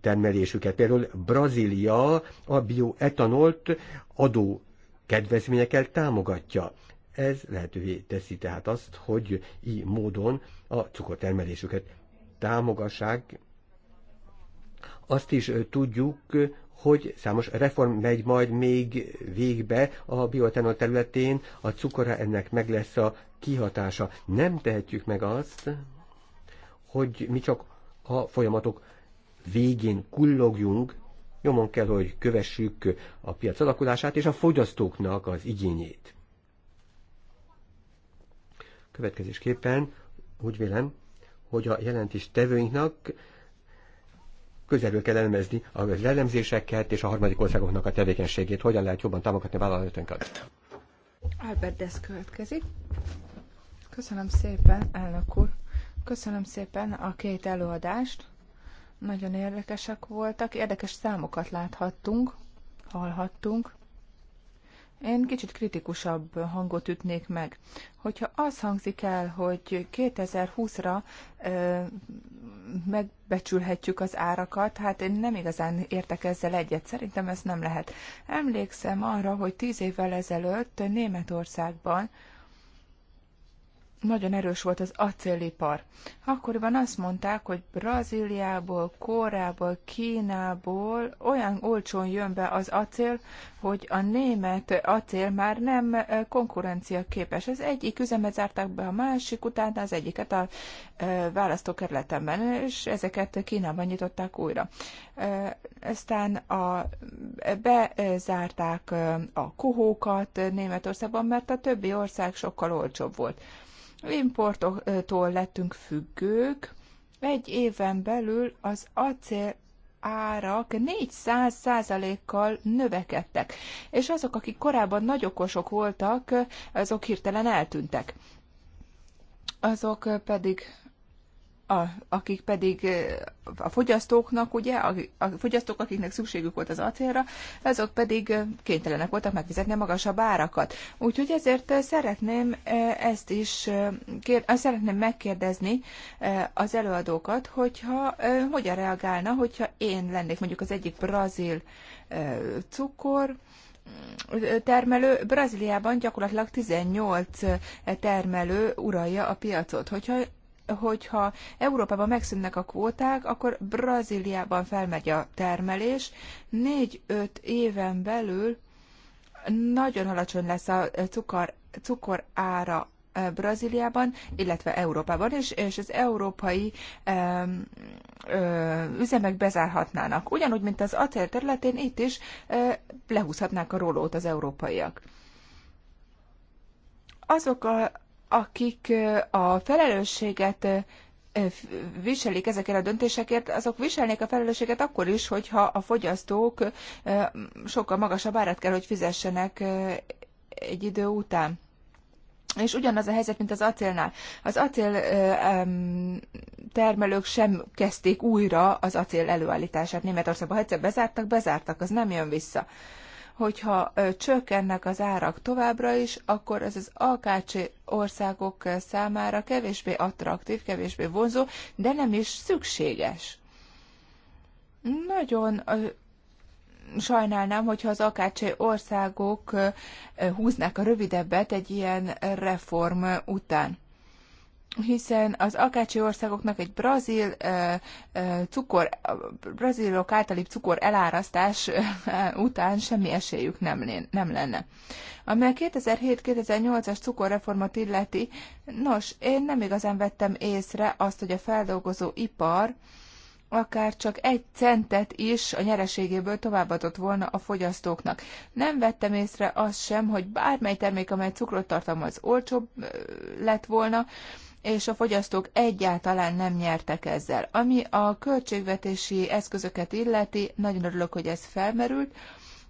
termelésüket. Például Brazília a bioetanolt adó kedvezményekkel támogatja. Ez lehetővé teszi tehát azt, hogy így módon a cukortermelésüket támogassák. Azt is tudjuk, hogy számos reform megy majd még végbe a bioetanol területén, a cukorra ennek meg lesz a kihatása. Nem tehetjük meg azt, hogy mi csak a folyamatok végén kullogjunk, nyomon kell, hogy kövessük a piac alakulását és a fogyasztóknak az igényét. Következésképpen úgy vélem, hogy a jelentés tevőinknak közelről kell elemezni az elemzéseket és a harmadik országoknak a tevékenységét, hogyan lehet jobban támogatni a vállalatunkat. Albert Desz következik. Köszönöm szépen, elnök úr. Köszönöm szépen a két előadást. Nagyon érdekesek voltak, érdekes számokat láthattunk, hallhattunk. Én kicsit kritikusabb hangot ütnék meg. Hogyha az hangzik el, hogy 2020-ra ö, megbecsülhetjük az árakat, hát én nem igazán értek ezzel egyet. Szerintem ez nem lehet. Emlékszem arra, hogy tíz évvel ezelőtt Németországban, nagyon erős volt az acélipar. Akkoriban azt mondták, hogy Brazíliából, Kórából, Kínából olyan olcsón jön be az acél, hogy a német acél már nem eh, konkurencia képes. Az egyik üzemet zárták be a másik, utána az egyiket a eh, választókerületemben, és ezeket Kínában nyitották újra. Eh, aztán a, bezárták a kohókat Németországban, mert a többi ország sokkal olcsóbb volt importoktól lettünk függők. Egy éven belül az acél árak 400 százalékkal növekedtek, és azok, akik korábban nagy okosok voltak, azok hirtelen eltűntek. Azok pedig a, akik pedig eh, a fogyasztóknak, ugye, a, a fogyasztók, akiknek szükségük volt az acélra, azok pedig eh, kénytelenek voltak megfizetni a magasabb árakat. Úgyhogy ezért eh, szeretném ezt is, kér, szeretném megkérdezni az előadókat, hogyha hogyan reagálna, hogyha én lennék mondjuk az egyik brazil cukor, termelő, Brazíliában gyakorlatilag 18 termelő uralja a piacot. Hogyha hogyha Európában megszűnnek a kvóták, akkor Brazíliában felmegy a termelés. Négy-öt éven belül nagyon alacsony lesz a cukor, cukor ára e, Brazíliában, illetve Európában is, és az európai ö, üzemek bezárhatnának. Ugyanúgy, mint az acél területén, itt is ö, e, lehúzhatnák a rólót az európaiak. Azok a, akik a felelősséget viselik ezekért a döntésekért, azok viselnék a felelősséget akkor is, hogyha a fogyasztók sokkal magasabb árat kell, hogy fizessenek egy idő után. És ugyanaz a helyzet, mint az acélnál. Az acél termelők sem kezdték újra az acél előállítását. Németországban ha egyszer bezártak, bezártak, az nem jön vissza hogyha csökkennek az árak továbbra is, akkor ez az alkácsi országok számára kevésbé attraktív, kevésbé vonzó, de nem is szükséges. Nagyon sajnálnám, hogyha az akácsi országok húznak a rövidebbet egy ilyen reform után hiszen az akácsi országoknak egy brazil cukor, brazilok általi cukor elárasztás után semmi esélyük nem, nem lenne. Ami a 2007-2008-as cukorreformat illeti, nos, én nem igazán vettem észre azt, hogy a feldolgozó ipar akár csak egy centet is a nyereségéből továbbadott volna a fogyasztóknak. Nem vettem észre azt sem, hogy bármely termék, amely cukrot tartalmaz, olcsóbb lett volna, és a fogyasztók egyáltalán nem nyertek ezzel. Ami a költségvetési eszközöket illeti, nagyon örülök, hogy ez felmerült.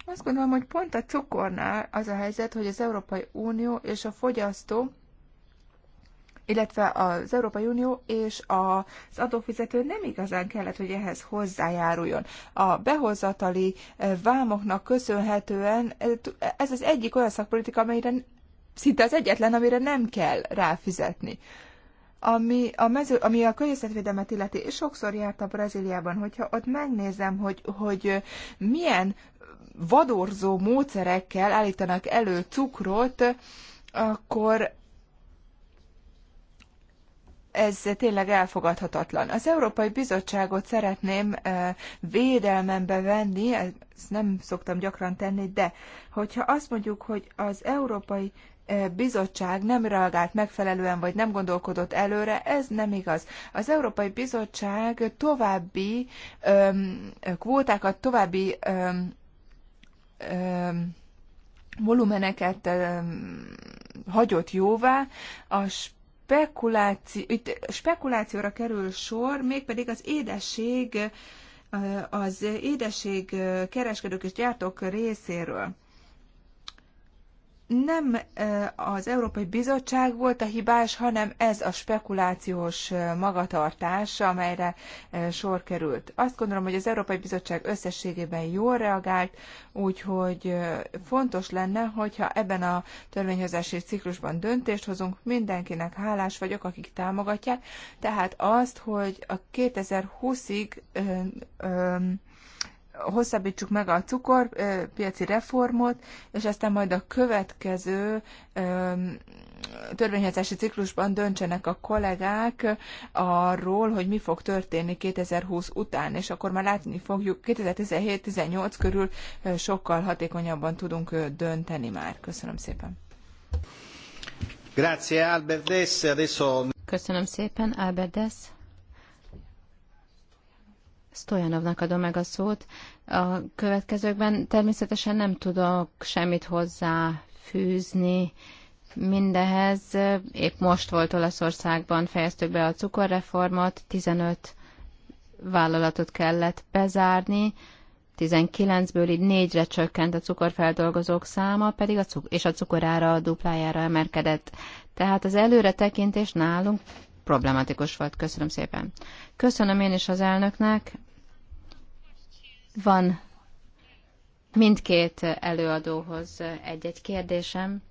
Azt gondolom, hogy pont a cukornál az a helyzet, hogy az Európai Unió és a fogyasztó illetve az Európai Unió és az adófizető nem igazán kellett, hogy ehhez hozzájáruljon. A behozatali eh, vámoknak köszönhetően eh, ez az egyik olyan szakpolitika, amelyre szinte az egyetlen, amire nem kell ráfizetni ami a, mező, ami a környezetvédelmet illeti, és sokszor jártam Brazíliában, hogyha ott megnézem, hogy, hogy milyen vadorzó módszerekkel állítanak elő cukrot, akkor ez tényleg elfogadhatatlan. Az Európai Bizottságot szeretném védelmembe venni, ezt nem szoktam gyakran tenni, de hogyha azt mondjuk, hogy az Európai Bizottság nem reagált megfelelően, vagy nem gondolkodott előre, ez nem igaz. Az Európai Bizottság további öm, kvótákat, további öm, öm, volumeneket öm, hagyott jóvá, a spekuláció, itt spekulációra kerül sor, mégpedig az édesség, az édesség kereskedők és gyártók részéről nem az Európai Bizottság volt a hibás, hanem ez a spekulációs magatartás, amelyre sor került. Azt gondolom, hogy az Európai Bizottság összességében jól reagált, úgyhogy fontos lenne, hogyha ebben a törvényhozási ciklusban döntést hozunk, mindenkinek hálás vagyok, akik támogatják, tehát azt, hogy a 2020-ig hosszabbítsuk meg a cukorpiaci reformot, és aztán majd a következő törvényhozási ciklusban döntsenek a kollégák arról, hogy mi fog történni 2020 után, és akkor már látni fogjuk, 2017-18 körül sokkal hatékonyabban tudunk dönteni már. Köszönöm szépen. Grazie, Albert Dess. Adesso... Köszönöm szépen, Albert Dess. Stojanovnak adom meg a szót. A következőkben természetesen nem tudok semmit hozzáfűzni mindehez. Épp most volt Olaszországban, fejeztük be a cukorreformot, 15 vállalatot kellett bezárni, 19-ből így négyre csökkent a cukorfeldolgozók száma, pedig a cuk- és a cukorára a duplájára emelkedett. Tehát az előre tekintés nálunk problematikus volt. Köszönöm szépen. Köszönöm én is az elnöknek, van mindkét előadóhoz egy-egy kérdésem.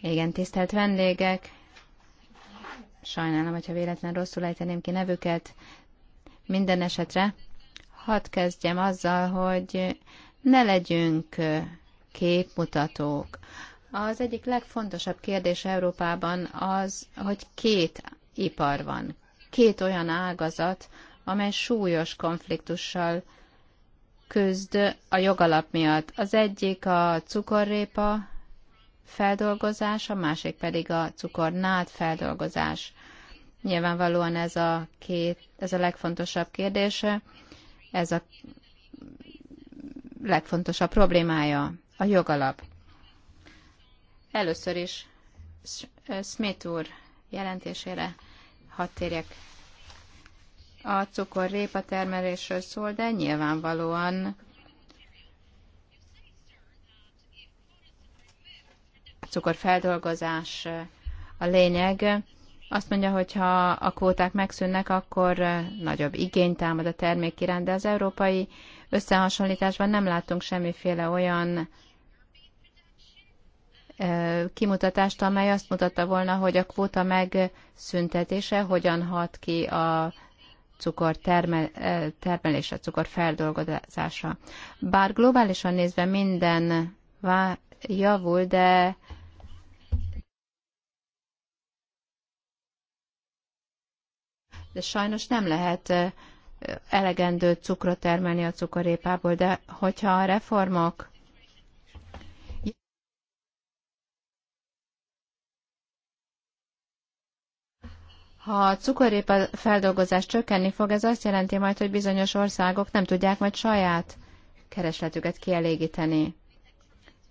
Igen, tisztelt vendégek! Sajnálom, hogyha véletlen rosszul ejteném ki nevüket. Minden esetre hadd kezdjem azzal, hogy ne legyünk képmutatók. Az egyik legfontosabb kérdés Európában az, hogy két ipar van két olyan ágazat, amely súlyos konfliktussal küzd a jogalap miatt. Az egyik a cukorrépa feldolgozás, a másik pedig a cukornád feldolgozás. Nyilvánvalóan ez a, két, ez a legfontosabb kérdése, ez a legfontosabb problémája, a jogalap. Először is Smith úr jelentésére Hadd térjek a cukor-répa termelésről szól, de nyilvánvalóan a cukorfeldolgozás a lényeg. Azt mondja, hogy ha a kvóták megszűnnek, akkor nagyobb igény támad a termék iránt, de az európai összehasonlításban nem látunk semmiféle olyan kimutatást, amely azt mutatta volna, hogy a kvóta megszüntetése hogyan hat ki a cukor termel, termelése, cukor feldolgozása. Bár globálisan nézve minden javul, de de sajnos nem lehet elegendő cukrot termelni a cukorépából, de hogyha a reformok Ha a cukorépa feldolgozás csökkenni fog, ez azt jelenti majd, hogy bizonyos országok nem tudják majd saját keresletüket kielégíteni.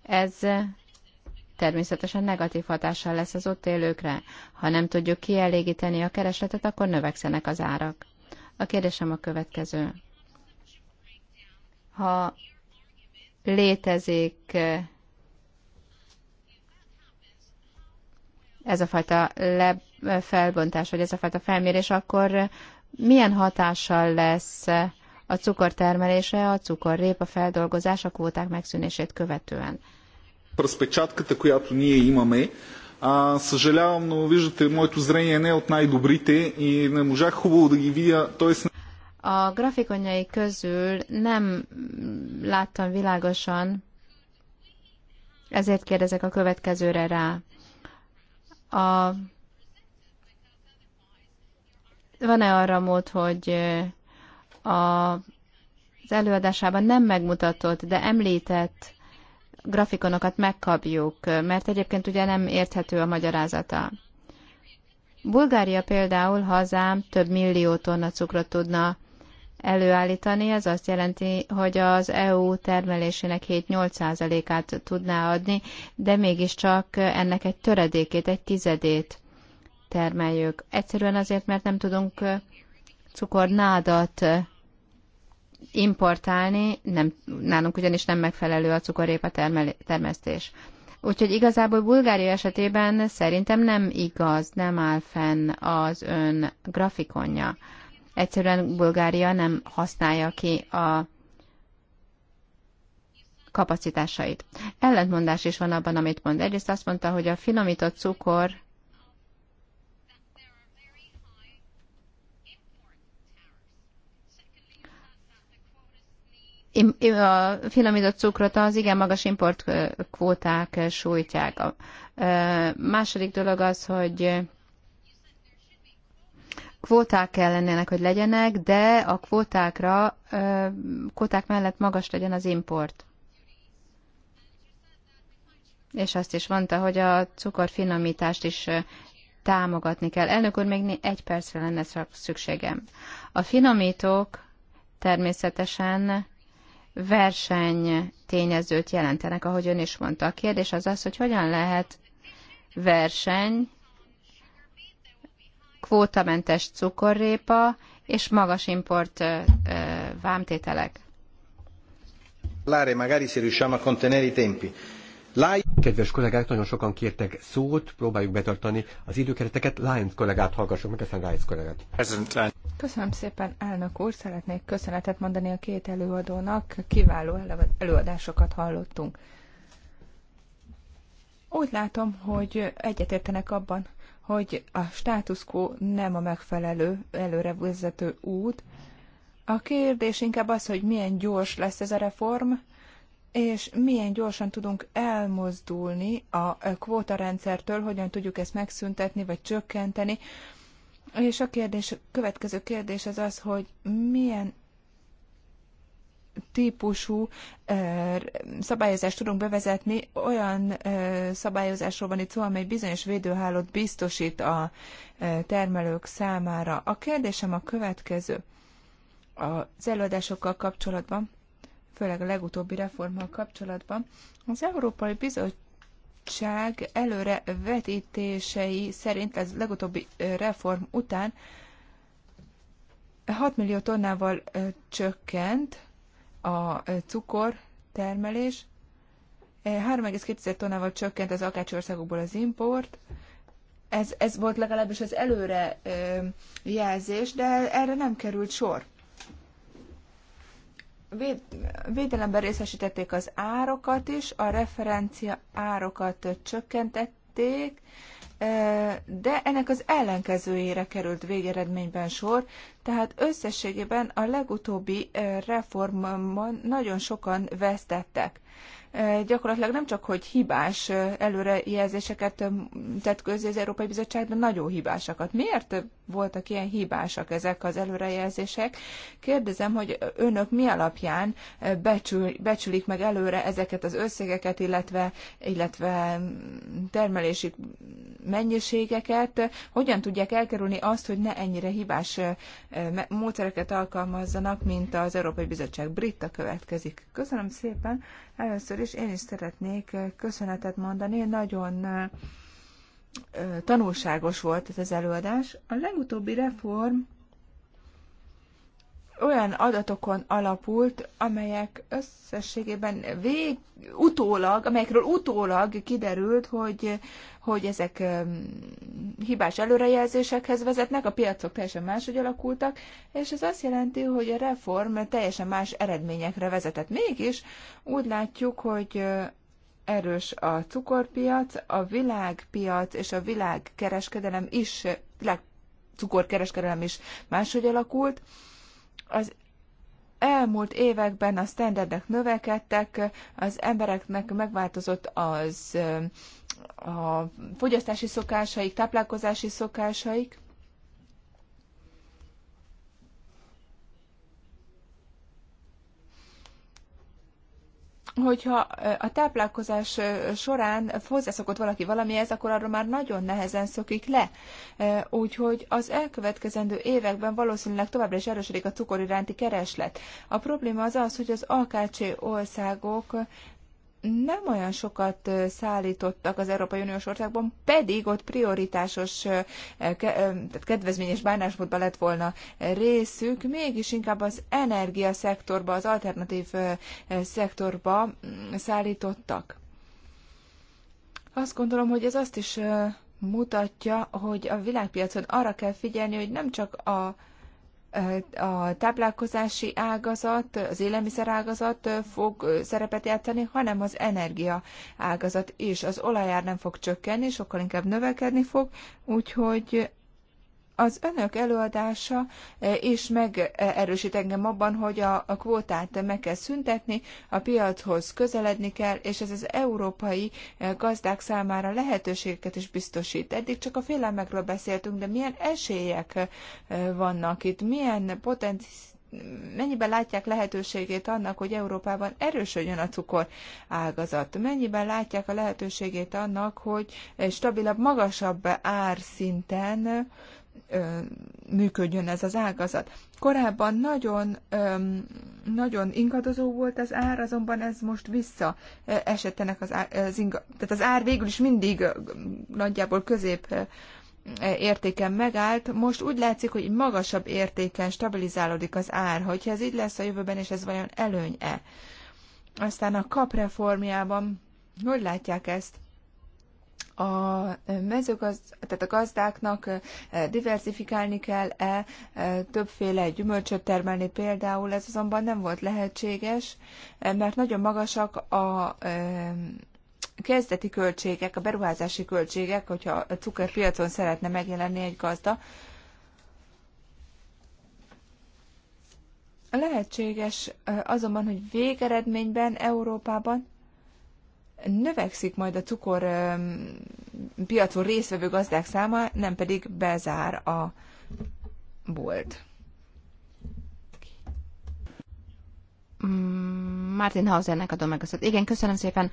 Ez természetesen negatív hatással lesz az ott élőkre. Ha nem tudjuk kielégíteni a keresletet, akkor növekszenek az árak. A kérdésem a következő. Ha létezik ez a fajta le, felbontás, vagy ez a fajta felmérés, akkor milyen hatással lesz a cukortermelése a a feldolgozás a kvóták megszűnését követően? разпечатката, която ние имаме. А, съжалявам, но виждате, моето зрение не е от най-добрите и не можах хубаво да ги видя. Тоест... A grafikonjai közül nem láttam világosan, ezért kérdezek a következőre rá a, van-e arra mód, hogy a, az előadásában nem megmutatott, de említett grafikonokat megkapjuk, mert egyébként ugye nem érthető a magyarázata. Bulgária például hazám több millió tonna cukrot tudna előállítani. Ez azt jelenti, hogy az EU termelésének 7-8%-át tudná adni, de mégiscsak ennek egy töredékét, egy tizedét termeljük. Egyszerűen azért, mert nem tudunk cukornádat importálni, nem, nálunk ugyanis nem megfelelő a cukorépa termel, termesztés. Úgyhogy igazából Bulgária esetében szerintem nem igaz, nem áll fenn az ön grafikonja. Egyszerűen Bulgária nem használja ki a kapacitásait. Ellentmondás is van abban, amit mond. Egyrészt azt mondta, hogy a finomított cukor a finomított cukrot az igen magas importkvóták sújtják. A második dolog az, hogy kvóták kellenének, hogy legyenek, de a kvótákra, kvóták mellett magas legyen az import. És azt is mondta, hogy a cukorfinomítást is támogatni kell. Elnök úr, még egy percre lenne szükségem. A finomítók természetesen verseny tényezőt jelentenek, ahogy ön is mondta. A kérdés az az, hogy hogyan lehet verseny kvótamentes cukorrépa és magas import vámtételek. Kedves kollégák, nagyon sokan kértek szót, próbáljuk betartani az időkereteket. Lions kollégát hallgassuk meg, aztán Lions kollégát. Köszönöm szépen, elnök úr, szeretnék köszönetet mondani a két előadónak, kiváló előadásokat hallottunk. Úgy látom, hogy egyetértenek abban, hogy a status quo nem a megfelelő, előre vezető út. A kérdés inkább az, hogy milyen gyors lesz ez a reform, és milyen gyorsan tudunk elmozdulni a kvótarendszertől, hogyan tudjuk ezt megszüntetni vagy csökkenteni. És a kérdés, következő kérdés az az, hogy milyen típusú szabályozást tudunk bevezetni. Olyan szabályozásról van itt szó, amely bizonyos védőhálót biztosít a termelők számára. A kérdésem a következő. Az előadásokkal kapcsolatban, főleg a legutóbbi reformmal kapcsolatban, az Európai Bizottság előre vetítései szerint, ez legutóbbi reform után 6 millió tonnával csökkent a cukor termelés. 3,2 tonnával csökkent az akácsi országokból az import. Ez, ez volt legalábbis az előre jelzés, de erre nem került sor. Véd, védelemben részesítették az árokat is, a referencia árokat csökkentették, de ennek az ellenkezőjére került végeredményben sor, tehát összességében a legutóbbi reformban nagyon sokan vesztettek gyakorlatilag nem csak, hogy hibás előrejelzéseket tett közé az Európai Bizottság, de nagyon hibásakat. Miért voltak ilyen hibásak ezek az előrejelzések? Kérdezem, hogy önök mi alapján becsül, becsülik meg előre ezeket az összegeket, illetve, illetve termelési mennyiségeket, hogyan tudják elkerülni azt, hogy ne ennyire hibás módszereket alkalmazzanak, mint az Európai Bizottság brit a következik. Köszönöm szépen. Először is én is szeretnék köszönetet mondani, nagyon tanulságos volt ez az előadás. A legutóbbi reform olyan adatokon alapult, amelyek összességében vég, utólag, amelyekről utólag kiderült, hogy, hogy ezek hibás előrejelzésekhez vezetnek, a piacok teljesen máshogy alakultak, és ez azt jelenti, hogy a reform teljesen más eredményekre vezetett. Mégis úgy látjuk, hogy erős a cukorpiac, a világpiac és a világkereskedelem is, világ cukorkereskedelem is máshogy alakult, az elmúlt években a standardek növekedtek, az embereknek megváltozott az a fogyasztási szokásaik, táplálkozási szokásaik, hogyha a táplálkozás során hozzászokott valaki valamihez, akkor arról már nagyon nehezen szokik le. Úgyhogy az elkövetkezendő években valószínűleg továbbra is erősödik a cukor iránti kereslet. A probléma az az, hogy az AKC országok nem olyan sokat szállítottak az Európai Uniós országban, pedig ott prioritásos, tehát kedvezményes bánásmódban lett volna részük, mégis inkább az energiaszektorba, az alternatív szektorba mm, szállítottak. Azt gondolom, hogy ez azt is mutatja, hogy a világpiacon arra kell figyelni, hogy nem csak a a táplálkozási ágazat, az élelmiszer ágazat fog szerepet játszani, hanem az energia ágazat is. Az olajár nem fog csökkenni, sokkal inkább növekedni fog, úgyhogy az önök előadása e, is megerősít engem abban, hogy a, kvótát meg kell szüntetni, a piachoz közeledni kell, és ez az európai e, gazdák számára lehetőségeket is biztosít. Eddig csak a félelmekről beszéltünk, de milyen esélyek e, vannak itt, milyen potenciál mennyiben látják lehetőségét annak, hogy Európában erősödjön a cukor ágazat? Mennyiben látják a lehetőségét annak, hogy stabilabb, magasabb árszinten működjön ez az ágazat. Korábban nagyon, nagyon ingadozó volt az ár, azonban ez most vissza esett az, ár, az inga, tehát az ár végül is mindig nagyjából közép értéken megállt, most úgy látszik, hogy magasabb értéken stabilizálódik az ár, hogyha ez így lesz a jövőben, és ez vajon előny-e? Aztán a kap hogy látják ezt? a mezőgazd, tehát a gazdáknak diversifikálni kell-e, e, többféle gyümölcsöt termelni például, ez azonban nem volt lehetséges, e, mert nagyon magasak a kezdeti költségek, a beruházási költségek, hogyha a cukorpiacon szeretne megjelenni egy gazda, lehetséges azonban, hogy végeredményben Európában növekszik majd a cukor piacon részvevő gazdák száma, nem pedig bezár a bolt. Mm, Martin Hausernek adom meg a szót. Igen, köszönöm szépen.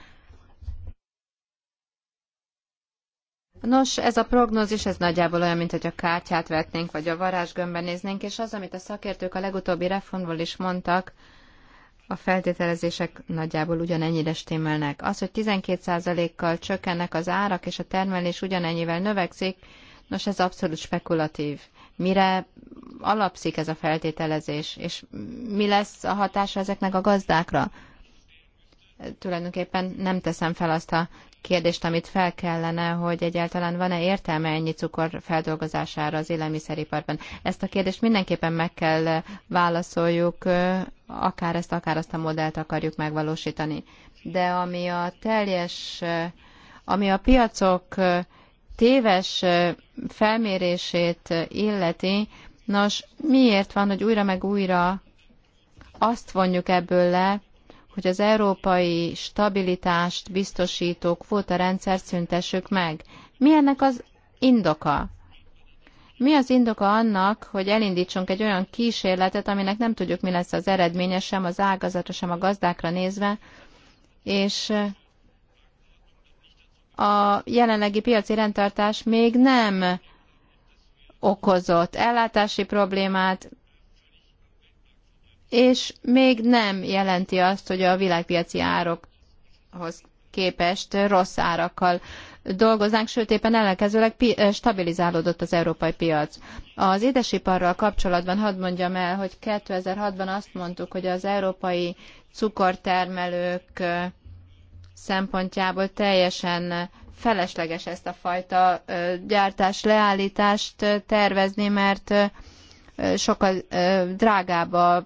Nos, ez a prognózis, ez nagyjából olyan, mint hogy a kártyát vetnénk, vagy a varázsgömbben néznénk, és az, amit a szakértők a legutóbbi reformból is mondtak, a feltételezések nagyjából ugyanennyire stimmelnek. Az, hogy 12%-kal csökkennek az árak, és a termelés ugyanennyivel növekszik, nos, ez abszolút spekulatív. Mire alapszik ez a feltételezés, és mi lesz a hatása ezeknek a gazdákra? Tulajdonképpen nem teszem fel azt a kérdést, amit fel kellene, hogy egyáltalán van-e értelme ennyi cukor feldolgozására az élelmiszeriparban. Ezt a kérdést mindenképpen meg kell válaszoljuk, akár ezt, akár azt a modellt akarjuk megvalósítani. De ami a teljes, ami a piacok téves felmérését illeti, nos, miért van, hogy újra meg újra azt vonjuk ebből le, hogy az európai stabilitást biztosító kvóta rendszert szüntessük meg. Mi ennek az indoka? Mi az indoka annak, hogy elindítsunk egy olyan kísérletet, aminek nem tudjuk, mi lesz az eredménye, sem az ágazatra, sem a gazdákra nézve, és a jelenlegi piaci rendtartás még nem okozott ellátási problémát, és még nem jelenti azt, hogy a világpiaci árokhoz képest rossz árakkal dolgoznánk, sőt éppen ellenkezőleg eh, stabilizálódott az európai piac. Az édesiparral kapcsolatban hadd mondjam el, hogy 2006-ban azt mondtuk, hogy az európai cukortermelők eh, szempontjából teljesen felesleges ezt a fajta eh, gyártás leállítást tervezni, mert sokkal drágább a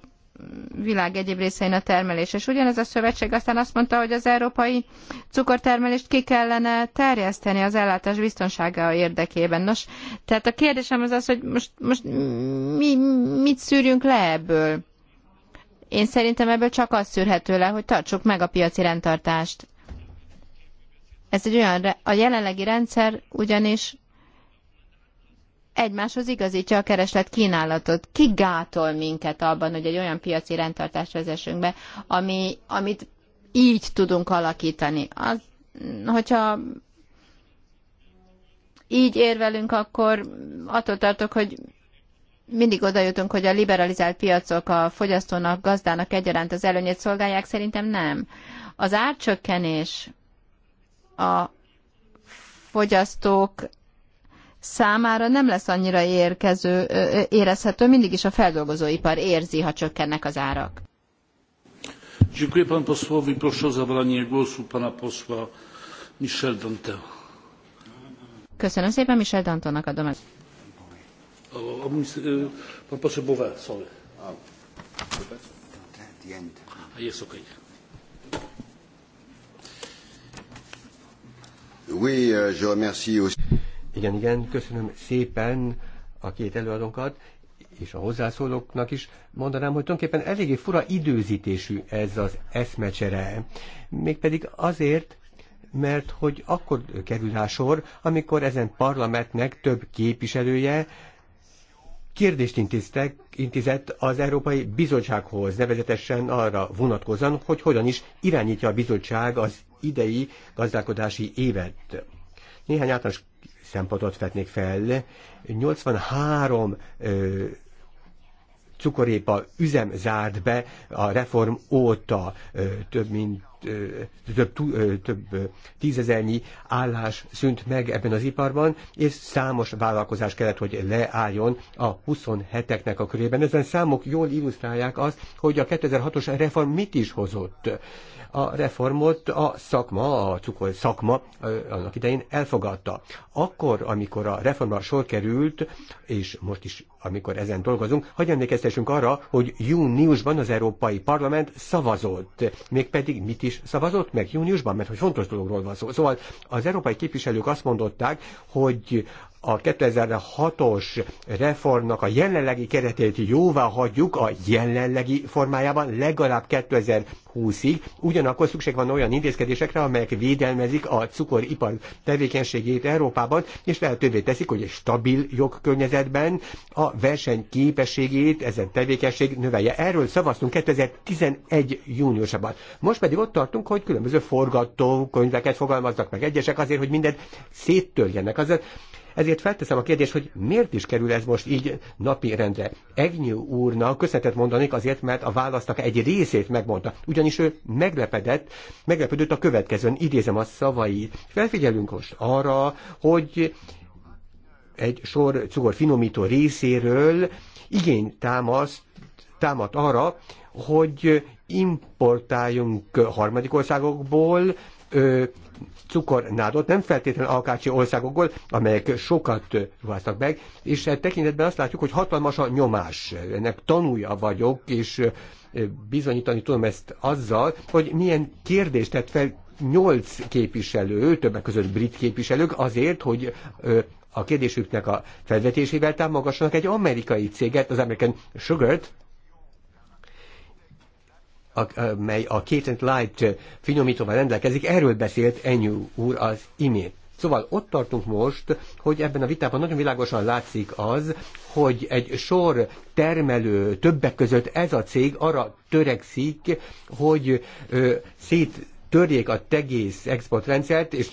világ egyéb részein a termelés. És ugyanez a szövetség aztán azt mondta, hogy az európai cukortermelést ki kellene terjeszteni az ellátás biztonsága érdekében. Nos, tehát a kérdésem az az, hogy most, most mi, mit szűrjünk le ebből? Én szerintem ebből csak az szűrhető le, hogy tartsuk meg a piaci rendtartást. Ez egy olyan, a jelenlegi rendszer ugyanis egymáshoz igazítja a kereslet kínálatot. Ki gátol minket abban, hogy egy olyan piaci rendtartást vezessünk be, ami, amit így tudunk alakítani. Az, hogyha így érvelünk, akkor attól tartok, hogy mindig oda jutunk, hogy a liberalizált piacok a fogyasztónak, gazdának egyaránt az előnyét szolgálják, szerintem nem. Az árcsökkenés a fogyasztók számára nem lesz annyira érkező, érezhető, mindig is a feldolgozóipar érzi, ha csökkennek az árak. Dziękuję panu posłowi. Proszę o zabranie głosu pana posła Michel Dante. Köszönöm szépen, Michel Dantonnak adom ezt. Pan poseł Bové, sorry. Yes, okay. Oui, euh, je remercie aussi. Igen, igen, köszönöm szépen a két előadónkat, és a hozzászólóknak is mondanám, hogy tulajdonképpen eléggé fura időzítésű ez az eszmecsere. Mégpedig azért, mert hogy akkor kerül rá sor, amikor ezen parlamentnek több képviselője kérdést intéztek, intézett az Európai Bizottsághoz, nevezetesen arra vonatkozóan, hogy hogyan is irányítja a bizottság az idei gazdálkodási évet. Néhány általános szempontot vetnék fel. 83 ö, cukorépa üzem zárt be a reform óta több mint több, több tízezernyi állás szűnt meg ebben az iparban, és számos vállalkozás kellett, hogy leálljon a 27-eknek a körében. Ezen számok jól illusztrálják azt, hogy a 2006-os reform mit is hozott. A reformot a szakma, a cukor szakma annak idején elfogadta. Akkor, amikor a reformra sor került, és most is amikor ezen dolgozunk, hogy emlékeztessünk arra, hogy júniusban az Európai Parlament szavazott. Mégpedig mit is szavazott meg júniusban, mert hogy fontos dologról van szó. Szóval az európai képviselők azt mondották, hogy a 2006-os reformnak a jelenlegi keretét jóvá hagyjuk a jelenlegi formájában legalább 2020-ig, ugyanakkor szükség van olyan intézkedésekre, amelyek védelmezik a cukoripar tevékenységét Európában, és lehetővé teszik, hogy egy stabil jogkörnyezetben a képességét ezen tevékenység növelje. Erről szavaztunk 2011 júniusában. Most pedig ott tartunk, hogy különböző forgatókönyveket fogalmaznak meg egyesek azért, hogy mindent széttörjenek. Azért ezért felteszem a kérdést, hogy miért is kerül ez most így napi rendre Egnyú úrnak köszönetet mondanék azért, mert a választak egy részét megmondta. Ugyanis ő meglepedett, meglepődött a következőn, idézem a szavait. Felfigyelünk most arra, hogy egy sor cukor finomító részéről igény támaszt, támad arra, hogy importáljunk harmadik országokból cukornádot, nem feltétlenül alkácsi országokból, amelyek sokat ruháztak meg, és e tekintetben azt látjuk, hogy hatalmas a nyomás. Ennek tanulja vagyok, és bizonyítani tudom ezt azzal, hogy milyen kérdést tett fel nyolc képviselő, többek között brit képviselők azért, hogy a kérdésüknek a felvetésével támogassanak egy amerikai céget, az American Sugar-t, a, a Kate and Light finomítóval rendelkezik, erről beszélt Enyú úr az imént. Szóval ott tartunk most, hogy ebben a vitában nagyon világosan látszik az, hogy egy sor termelő többek között ez a cég arra törekszik, hogy ö, szét törjék a tegész exportrendszert, és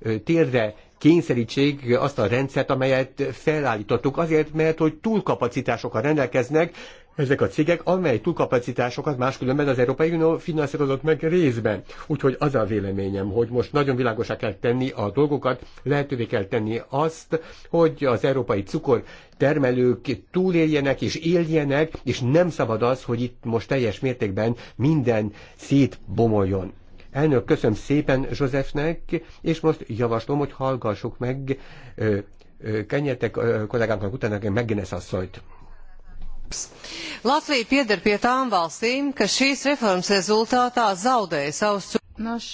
ö, térre kényszerítség azt a rendszert, amelyet felállítottuk, azért, mert hogy túlkapacitásokkal rendelkeznek, ezek a cégek, amely túlkapacitásokat máskülönben az Európai Unió finanszírozott meg részben. Úgyhogy az a véleményem, hogy most nagyon világosá kell tenni a dolgokat, lehetővé kell tenni azt, hogy az európai cukor termelők túléljenek és éljenek, és nem szabad az, hogy itt most teljes mértékben minden szétbomoljon. Elnök, köszönöm szépen Józsefnek, és most javaslom, hogy hallgassuk meg Kenyetek kollégánknak utána a asszonyt grupas. Latvija pieder pie tām valstīm, kas šīs reformas rezultātā zaudēja savus. Nos,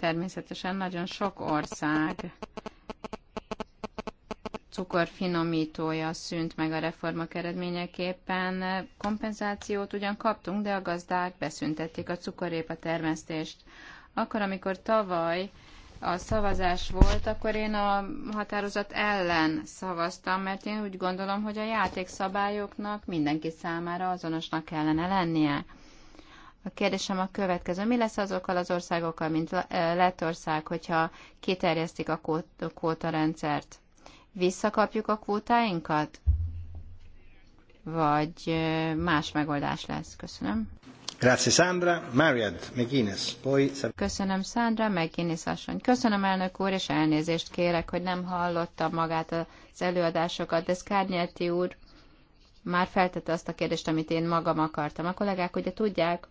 természetesen nagyon sok ország cukorfinomítója szűnt meg a reformok eredményeképpen. Kompenzációt ugyan kaptunk, de a gazdák beszüntették a cukorépa termesztést. Akkor, amikor tavaly a szavazás volt, akkor én a határozat ellen szavaztam, mert én úgy gondolom, hogy a játékszabályoknak mindenki számára azonosnak kellene lennie. A kérdésem a következő. Mi lesz azokkal az országokkal, mint eh, Lettország, hogyha kiterjesztik a rendszert? Visszakapjuk a kvótáinkat? Vagy eh, más megoldás lesz? Köszönöm. Grazie Sandra. Mariad, McGuinness, poi... Köszönöm Sandra, McGuinness asszony. Köszönöm elnök úr, és elnézést kérek, hogy nem hallottam magát az előadásokat, de Szkárnyelti úr már feltette azt a kérdést, amit én magam akartam. A kollégák ugye tudják,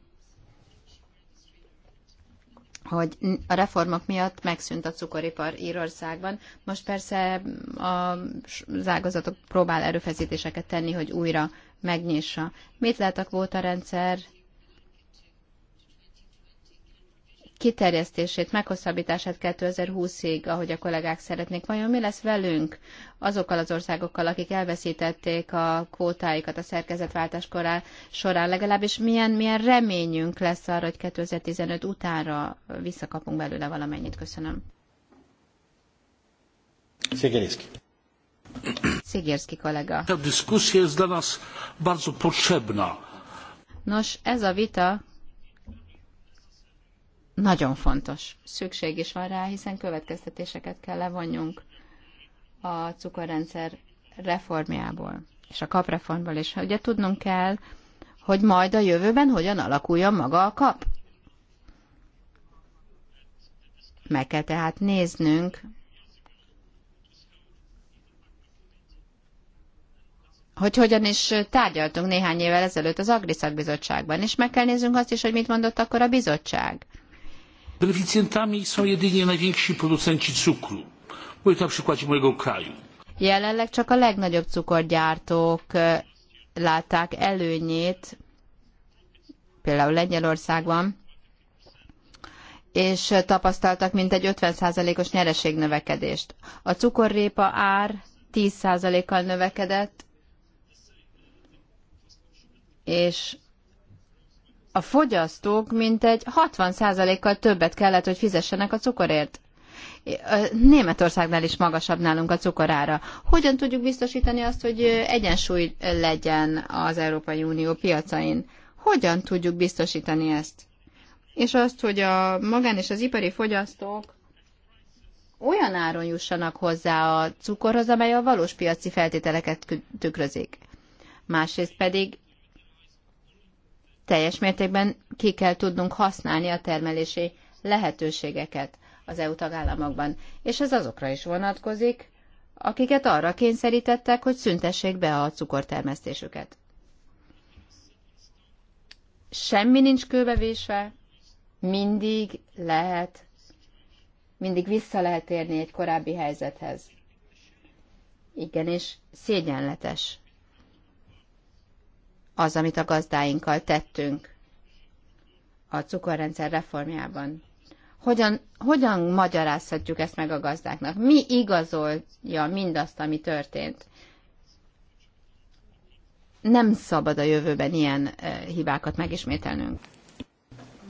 hogy a reformok miatt megszűnt a cukoripar Írországban. Most persze az ágazatok próbál erőfeszítéseket tenni, hogy újra megnyissa. Mit lehet a kvótarendszer kiterjesztését, meghosszabbítását 2020-ig, ahogy a kollégák szeretnék. Vajon mi lesz velünk azokkal az országokkal, akik elveszítették a kvótáikat a szerkezetváltás korán, során legalábbis milyen, milyen reményünk lesz arra, hogy 2015 utánra visszakapunk belőle valamennyit? Köszönöm. Szigeriszki. Szigérszki kollega. A dyskusja jest dla nas bardzo potrzebna. Nos, ez a vita nagyon fontos. Szükség is van rá, hiszen következtetéseket kell levonjunk a cukorrendszer reformjából, és a kapreformból is. Ugye tudnunk kell, hogy majd a jövőben hogyan alakuljon maga a kap. Meg kell tehát néznünk, hogy hogyan is tárgyaltunk néhány évvel ezelőtt az Agriszak bizottságban, és meg kell néznünk azt is, hogy mit mondott akkor a bizottság Beneficjentami są jedynie najwięksi producenci cukru. Mówię na przykładzie mojego kraju. Jelenleg csak a legnagyobb cukorgyártók e, látták előnyét, például Lengyelországban, és tapasztaltak mintegy 50%-os nyereségnövekedést. A cukorrépa ár 10%-kal növekedett, és a fogyasztók mintegy 60%-kal többet kellett, hogy fizessenek a cukorért. Németországnál is magasabb nálunk a cukorára. Hogyan tudjuk biztosítani azt, hogy egyensúly legyen az Európai Unió piacain? Hogyan tudjuk biztosítani ezt? És azt, hogy a magán és az ipari fogyasztók olyan áron jussanak hozzá a cukorhoz, amely a valós piaci feltételeket tükrözik. Másrészt pedig teljes mértékben ki kell tudnunk használni a termelési lehetőségeket az EU tagállamokban. És ez azokra is vonatkozik, akiket arra kényszerítettek, hogy szüntessék be a cukortermesztésüket. Semmi nincs kőbevésve, mindig lehet, mindig vissza lehet érni egy korábbi helyzethez. Igen és szégyenletes az, amit a gazdáinkkal tettünk a cukorrendszer reformjában. Hogyan, hogyan magyarázhatjuk ezt meg a gazdáknak? Mi igazolja mindazt, ami történt? Nem szabad a jövőben ilyen eh, hibákat megismételnünk.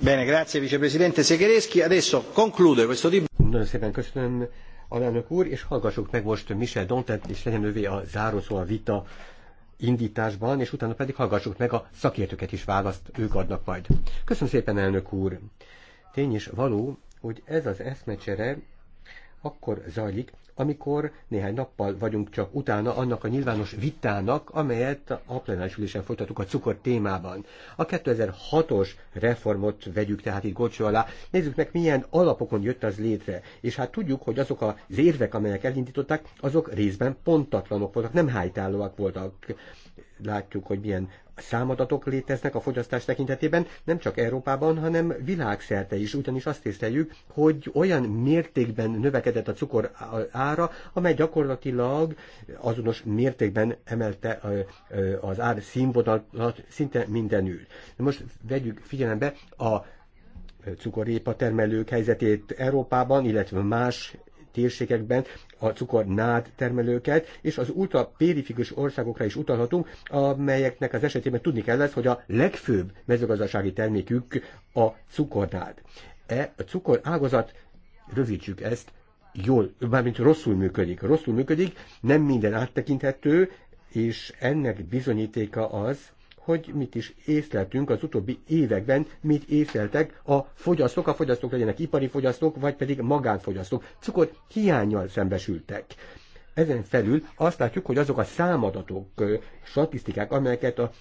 Bene, grazie vicepresidente Szekereski. Adesso conclude questo dibattito. Nagyon szépen köszönöm alelnök úr, és hallgassuk meg most Michel Dantet, és legyen ővé a zárószó a vita indításban, és utána pedig hallgassuk meg a szakértőket is választ, ők adnak majd. Köszönöm szépen, elnök úr! Tény is való, hogy ez az eszmecsere akkor zajlik, amikor néhány nappal vagyunk csak utána annak a nyilvános vitának, amelyet a plenáris ülésen folytatunk a cukor témában. A 2006-os reformot vegyük tehát itt gocsó alá, nézzük meg milyen alapokon jött az létre, és hát tudjuk, hogy azok az érvek, amelyek elindították, azok részben pontatlanok voltak, nem hájtállóak voltak látjuk, hogy milyen számadatok léteznek a fogyasztás tekintetében, nem csak Európában, hanem világszerte is, ugyanis azt észleljük, hogy olyan mértékben növekedett a cukor ára, amely gyakorlatilag azonos mértékben emelte az ár színvonalat szinte mindenütt. Most vegyük figyelembe a cukorépa termelők helyzetét Európában, illetve más térségekben a cukornád termelőket, és az ultrapérifikus országokra is utalhatunk, amelyeknek az esetében tudni kell lesz, hogy a legfőbb mezőgazdasági termékük a cukornád. E a cukor ágazat, rövidjük ezt, jól, mármint rosszul működik. Rosszul működik, nem minden áttekinthető, és ennek bizonyítéka az, hogy mit is észleltünk az utóbbi években, mit észleltek a fogyasztók, a fogyasztók legyenek ipari fogyasztók, vagy pedig magánfogyasztók. Cukor hiányjal szembesültek. Ezen felül azt látjuk, hogy azok a számadatok, statisztikák, amelyeket a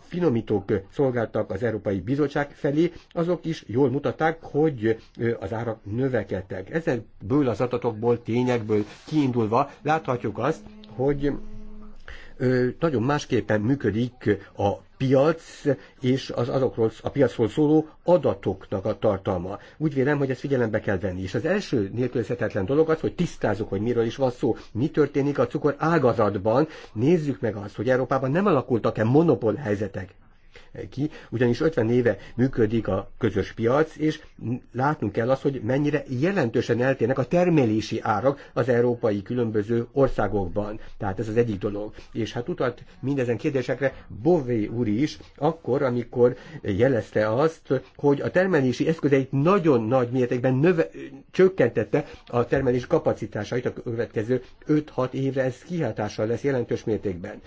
finomítók szolgáltak az Európai Bizottság felé, azok is jól mutatták, hogy az árak növekedtek. Ezekből az adatokból, tényekből kiindulva láthatjuk azt, hogy nagyon másképpen működik a piac és az azokról, a piacról szóló adatoknak a tartalma. Úgy vélem, hogy ezt figyelembe kell venni. És az első nélkülözhetetlen dolog az, hogy tisztázzuk, hogy miről is van szó, mi történik a cukor ágazatban, nézzük meg azt, hogy Európában nem alakultak-e monopól helyzetek ki, ugyanis 50 éve működik a közös piac, és látnunk kell azt, hogy mennyire jelentősen eltérnek a termelési árak az európai különböző országokban. Tehát ez az egyik dolog. És hát utalt mindezen kérdésekre Bové úr is, akkor, amikor jelezte azt, hogy a termelési eszközeit nagyon nagy mértékben növe, csökkentette a termelés kapacitásait a következő 5-6 évre, ez kihatással lesz jelentős mértékben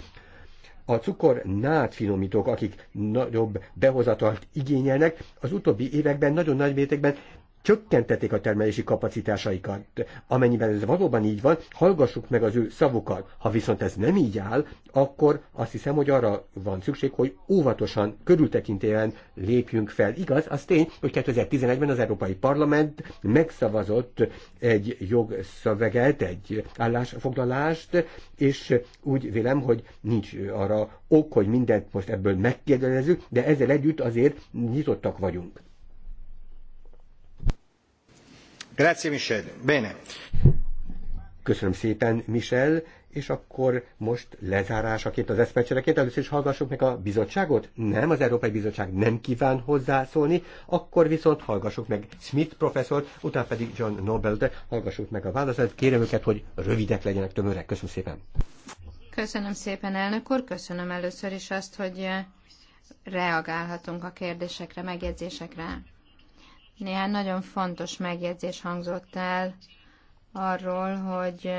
a cukor finomítók, akik nagyobb behozatalt igényelnek, az utóbbi években nagyon nagy mértékben csökkentették a termelési kapacitásaikat. Amennyiben ez valóban így van, hallgassuk meg az ő szavukat. Ha viszont ez nem így áll, akkor azt hiszem, hogy arra van szükség, hogy óvatosan, körültekintően lépjünk fel. Igaz, az tény, hogy 2011-ben az Európai Parlament megszavazott egy jogszöveget, egy állásfoglalást, és úgy vélem, hogy nincs arra ok, hogy mindent most ebből megkérdelezzük, de ezzel együtt azért nyitottak vagyunk. Grazie, Michel. Bene. Köszönöm szépen, Michel. És akkor most lezárásaként az eszmecsereként először is hallgassuk meg a bizottságot? Nem, az Európai Bizottság nem kíván hozzászólni, akkor viszont hallgassuk meg Smith professzort, utána pedig John Nobel, de hallgassuk meg a válaszát. Kérem őket, hogy rövidek legyenek, tömörek. Köszönöm szépen. Köszönöm szépen, elnök úr. Köszönöm először is azt, hogy reagálhatunk a kérdésekre, megjegyzésekre. Néhány nagyon fontos megjegyzés hangzott el arról, hogy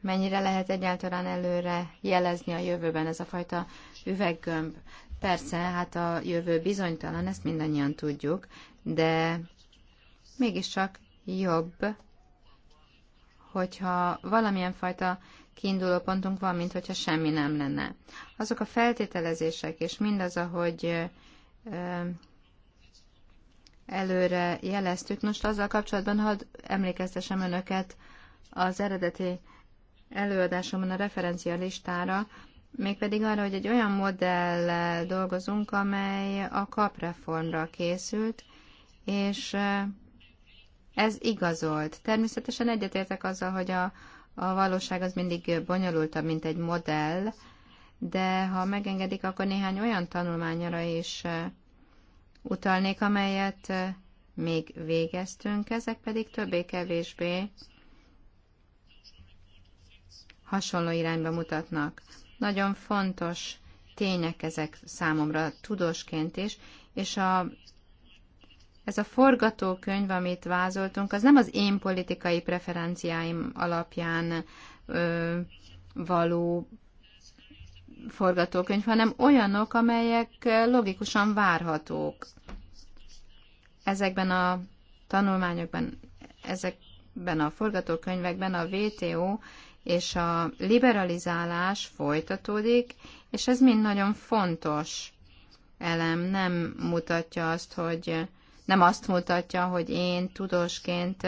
mennyire lehet egyáltalán előre jelezni a jövőben ez a fajta üveggömb. Persze, hát a jövő bizonytalan, ezt mindannyian tudjuk, de mégiscsak jobb, hogyha valamilyen fajta kiinduló pontunk van, mint hogyha semmi nem lenne. Azok a feltételezések, és mindaz, ahogy előre jeleztük. Most azzal kapcsolatban hadd emlékeztesem önöket az eredeti előadásomon a referencia listára, mégpedig arra, hogy egy olyan modellel dolgozunk, amely a kapreformra készült, és ez igazolt. Természetesen egyetértek azzal, hogy a, a valóság az mindig bonyolultabb, mint egy modell, de ha megengedik, akkor néhány olyan tanulmányra is utalnék, amelyet még végeztünk, ezek pedig többé-kevésbé hasonló irányba mutatnak. Nagyon fontos tények ezek számomra tudósként is, és a, ez a forgatókönyv, amit vázoltunk, az nem az én politikai preferenciáim alapján ö, való forgatókönyv, hanem olyanok, amelyek logikusan várhatók. Ezekben a tanulmányokban, ezekben a forgatókönyvekben a WTO és a liberalizálás folytatódik, és ez mind nagyon fontos elem. Nem mutatja azt, hogy nem azt mutatja, hogy én tudósként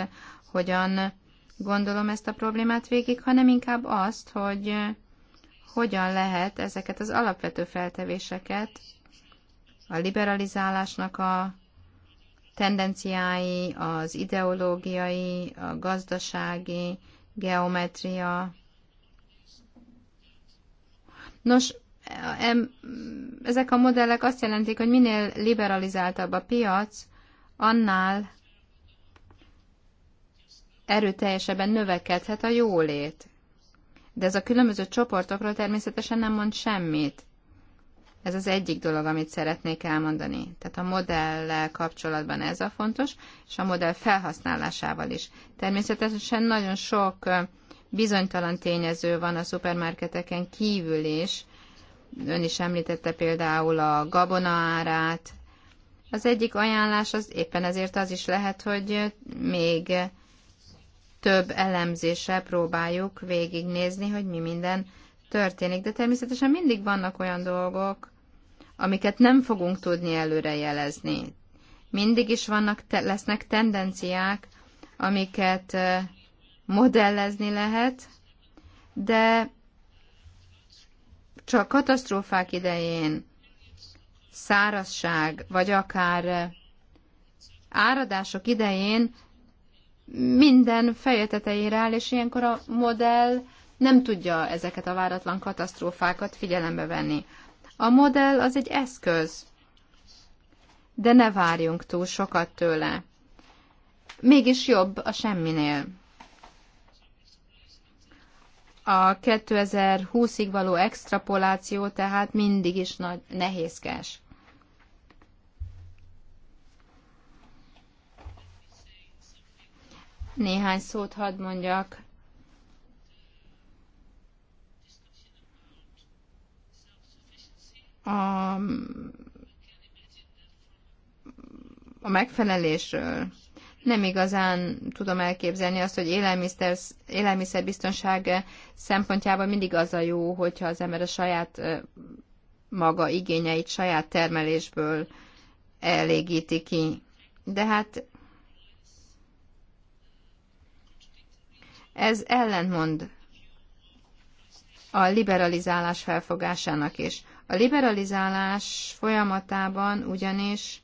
hogyan gondolom ezt a problémát végig, hanem inkább azt, hogy hogyan lehet ezeket az alapvető feltevéseket, a liberalizálásnak a tendenciái, az ideológiai, a gazdasági, geometria. Nos, ezek a modellek azt jelentik, hogy minél liberalizáltabb a piac, annál erőteljesebben növekedhet a jólét. De ez a különböző csoportokról természetesen nem mond semmit. Ez az egyik dolog, amit szeretnék elmondani. Tehát a modellel kapcsolatban ez a fontos, és a modell felhasználásával is. Természetesen nagyon sok bizonytalan tényező van a szupermarketeken kívül is. Ön is említette például a gabona árát. Az egyik ajánlás az éppen ezért az is lehet, hogy még több elemzéssel próbáljuk végignézni, hogy mi minden történik. De természetesen mindig vannak olyan dolgok, amiket nem fogunk tudni előrejelezni. Mindig is vannak, te, lesznek tendenciák, amiket modellezni lehet, de csak katasztrófák idején szárazság, vagy akár áradások idején minden feje tetejére áll, és ilyenkor a modell nem tudja ezeket a váratlan katasztrófákat figyelembe venni. A modell az egy eszköz, de ne várjunk túl sokat tőle. Mégis jobb a semminél. A 2020-ig való extrapoláció tehát mindig is nagy, nehézkes. Néhány szót hadd mondjak a, a megfelelésről. Nem igazán tudom elképzelni azt, hogy élelmiszer, élelmiszerbiztonság szempontjában mindig az a jó, hogyha az ember a saját maga igényeit saját termelésből elégíti ki. De hát Ez ellentmond a liberalizálás felfogásának is. A liberalizálás folyamatában ugyanis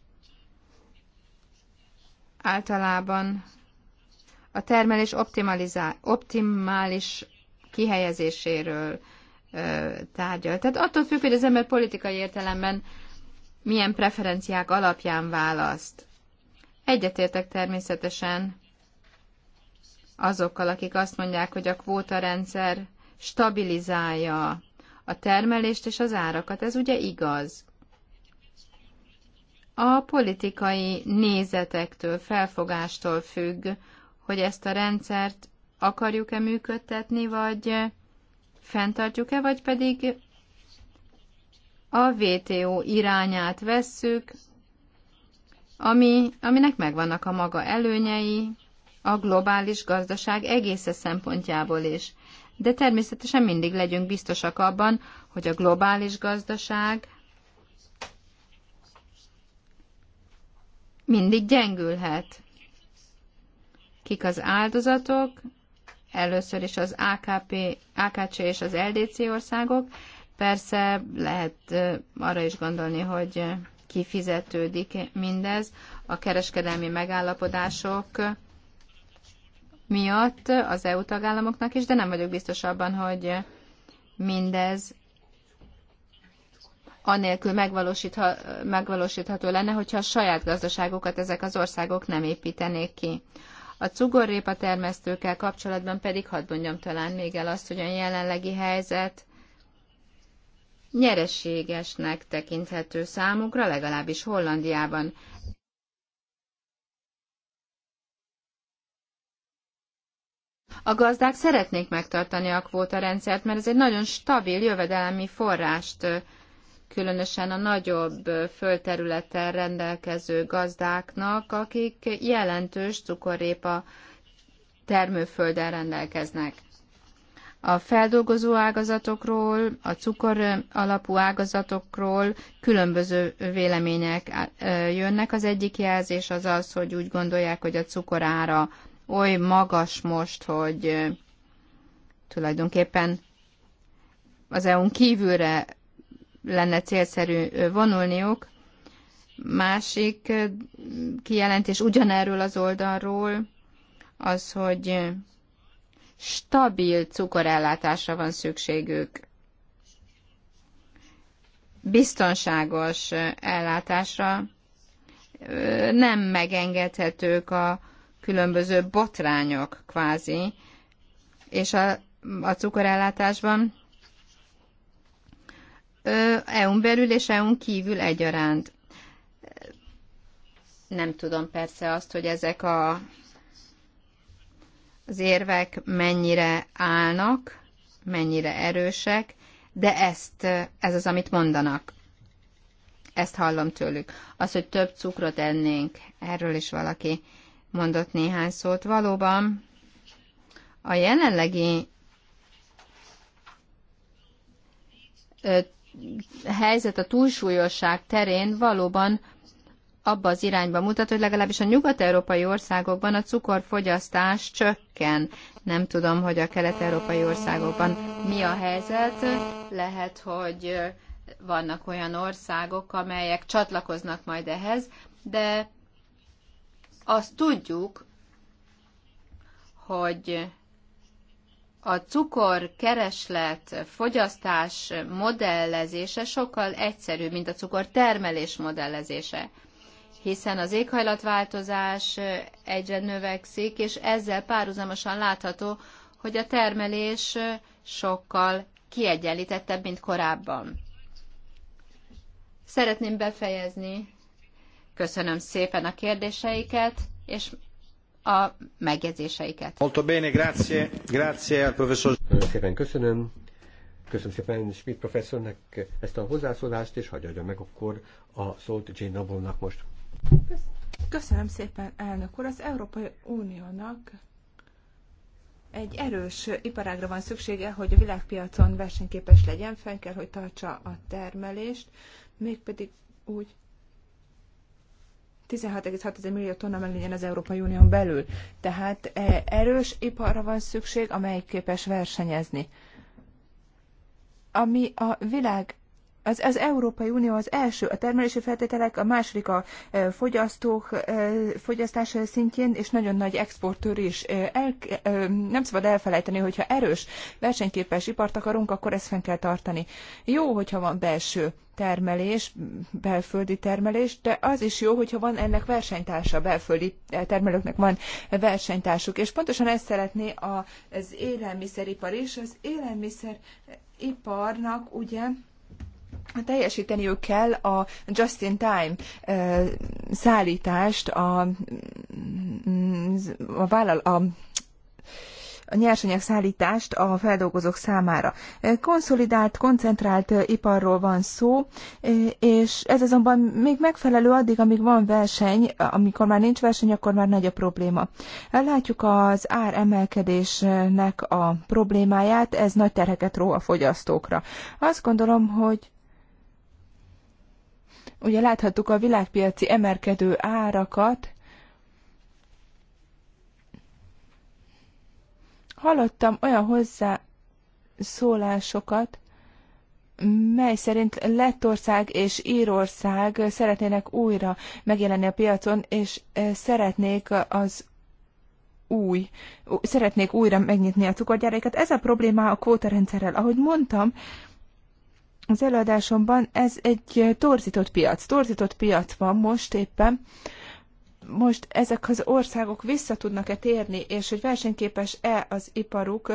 általában a termelés optimális kihelyezéséről ö, tárgyal. Tehát attól függ, hogy az ember politikai értelemben milyen preferenciák alapján választ. Egyetértek természetesen azokkal, akik azt mondják, hogy a kvótarendszer stabilizálja a termelést és az árakat. Ez ugye igaz. A politikai nézetektől, felfogástól függ, hogy ezt a rendszert akarjuk-e működtetni, vagy fenntartjuk-e, vagy pedig a VTO irányát vesszük, ami, aminek megvannak a maga előnyei, a globális gazdaság egésze szempontjából is. De természetesen mindig legyünk biztosak abban, hogy a globális gazdaság mindig gyengülhet. Kik az áldozatok? Először is az AKP, AKC és az LDC országok. Persze lehet arra is gondolni, hogy kifizetődik mindez. A kereskedelmi megállapodások miatt az EU tagállamoknak is, de nem vagyok biztos abban, hogy mindez anélkül megvalósítha, megvalósítható lenne, hogyha a saját gazdaságokat ezek az országok nem építenék ki. A cugorrépa termesztőkkel kapcsolatban pedig hadd mondjam talán még el azt, hogy a jelenlegi helyzet nyereségesnek tekinthető számukra, legalábbis Hollandiában. A gazdák szeretnék megtartani a kvótarendszert, mert ez egy nagyon stabil jövedelmi forrást, különösen a nagyobb földterülettel rendelkező gazdáknak, akik jelentős cukorrépa termőfölddel rendelkeznek. A feldolgozó ágazatokról, a cukor alapú ágazatokról különböző vélemények jönnek. Az egyik jelzés az az, hogy úgy gondolják, hogy a cukorára oly magas most, hogy tulajdonképpen az EU-n kívülre lenne célszerű vonulniuk. Másik kijelentés ugyanerről az oldalról az, hogy stabil cukorellátásra van szükségük. Biztonságos ellátásra nem megengedhetők a, különböző botrányok kvázi, és a, a cukorellátásban EU-n belül és EU-n kívül egyaránt. Nem tudom persze azt, hogy ezek a, az érvek mennyire állnak, mennyire erősek, de ezt, ez az, amit mondanak. Ezt hallom tőlük. Az, hogy több cukrot ennénk, erről is valaki mondott néhány szót. Valóban a jelenlegi helyzet a túlsúlyosság terén valóban abba az irányba mutat, hogy legalábbis a nyugat-európai országokban a cukorfogyasztás csökken. Nem tudom, hogy a kelet-európai országokban mi a helyzet. Lehet, hogy vannak olyan országok, amelyek csatlakoznak majd ehhez, de azt tudjuk, hogy a cukor kereslet fogyasztás modellezése sokkal egyszerűbb, mint a cukor termelés modellezése, hiszen az éghajlatváltozás egyre növekszik, és ezzel párhuzamosan látható, hogy a termelés sokkal kiegyenlítettebb, mint korábban. Szeretném befejezni Köszönöm szépen a kérdéseiket és a megjegyzéseiket. Molto bene, grazie, grazie al professor. Szépen köszönöm. Köszönöm szépen Schmidt professzornak ezt a hozzászólást, és hagyja meg akkor a szót Jane Noble-nak most. Köszönöm szépen, elnök úr. Az Európai Uniónak egy erős iparágra van szüksége, hogy a világpiacon versenyképes legyen, fenn kell, hogy tartsa a termelést, mégpedig úgy, 16,6 millió tonna legyen az Európai Unión belül. Tehát e, erős iparra van szükség, amely képes versenyezni. Ami a világ az, az Európai Unió az első, a termelési feltételek, a második a e, fogyasztók e, fogyasztás szintjén, és nagyon nagy exportőr is. E, el, nem szabad elfelejteni, hogyha erős, versenyképes ipart akarunk, akkor ezt fenn kell tartani. Jó, hogyha van belső termelés, belföldi termelés, de az is jó, hogyha van ennek versenytársa, belföldi termelőknek van versenytársuk. És pontosan ezt szeretné az élelmiszeripar is. Az élelmiszeriparnak ugye teljesíteniük kell a just-in-time szállítást a, mm, a, vállal, a a nyersanyag szállítást a feldolgozók számára. Konszolidált, koncentrált iparról van szó, és ez azonban még megfelelő addig, amíg van verseny, amikor már nincs verseny, akkor már nagy a probléma. Látjuk az emelkedésnek a problémáját, ez nagy terheket ró a fogyasztókra. Azt gondolom, hogy Ugye láthattuk a világpiaci emelkedő árakat. Hallottam olyan hozzászólásokat, mely szerint Lettország és Írország szeretnének újra megjelenni a piacon, és e, szeretnék az új, szeretnék újra megnyitni a cukorgyáraikat. Ez a probléma a kvótarendszerrel. Ahogy mondtam, az előadásomban, ez egy torzított piac. Torzított piac van most éppen. Most ezek az országok vissza tudnak-e térni, és hogy versenyképes-e az iparuk,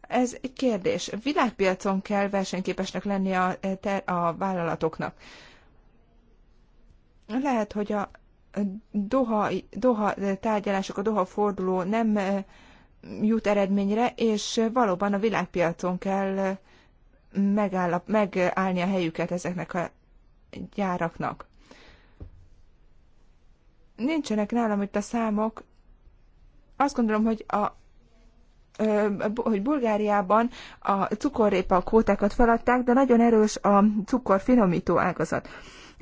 ez egy kérdés. Világpiacon kell versenyképesnek lenni a, e, a vállalatoknak. Lehet, hogy a Doha, Doha tárgyalások, a Doha forduló nem e, jut eredményre, és valóban a világpiacon kell megállap, megállni a helyüket ezeknek a gyáraknak. Nincsenek nálam itt a számok. Azt gondolom, hogy a hogy Bulgáriában a cukorrépa kótákat feladták, de nagyon erős a cukor finomító ágazat.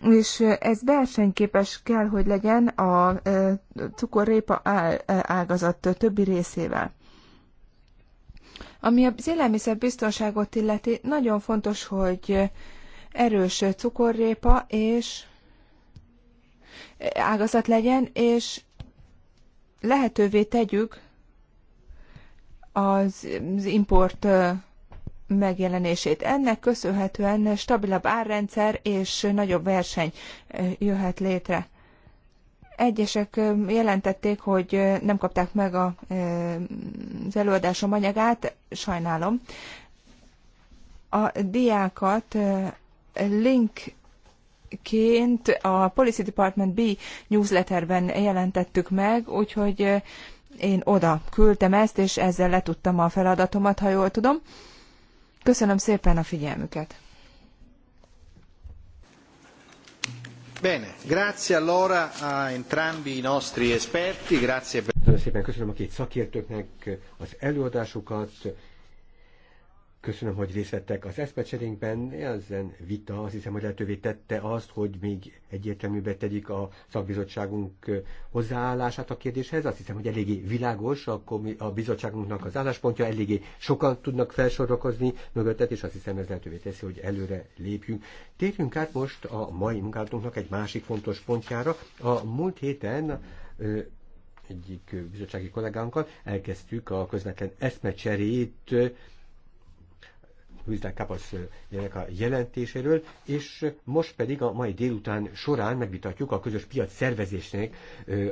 És ez versenyképes kell, hogy legyen a cukorrépa ágazat többi részével. Ami az biztonságot illeti, nagyon fontos, hogy erős cukorrépa és ágazat legyen, és lehetővé tegyük az import megjelenését. Ennek köszönhetően stabilabb árrendszer és nagyobb verseny jöhet létre. Egyesek jelentették, hogy nem kapták meg a, az előadásom anyagát, sajnálom. A diákat linkként a Policy Department B newsletterben jelentettük meg, úgyhogy én oda küldtem ezt, és ezzel letudtam a feladatomat, ha jól tudom. Köszönöm szépen a figyelmüket! Bene, grazie allora a entrambi i nostri esperti, grazie per... Nagyon szépen köszönöm a két szakértőknek az előadásukat, Köszönöm, hogy részt vettek az eszpecserénkben. Ezen vita azt hiszem, hogy lehetővé tette azt, hogy még egyértelműbbet tegyük a szakbizottságunk hozzáállását a kérdéshez. Azt hiszem, hogy eléggé világos a, a bizottságunknak az álláspontja, eléggé sokan tudnak felsorokozni mögöttet, és azt hiszem ez lehetővé teszi, hogy előre lépjünk. Térjünk át most a mai munkálatunknak egy másik fontos pontjára. A múlt héten egyik bizottsági kollégánkkal elkezdtük a közvetlen eszmecserét Luisa Kapasz ennek a jelentéséről, és most pedig a mai délután során megvitatjuk a közös piac szervezésnek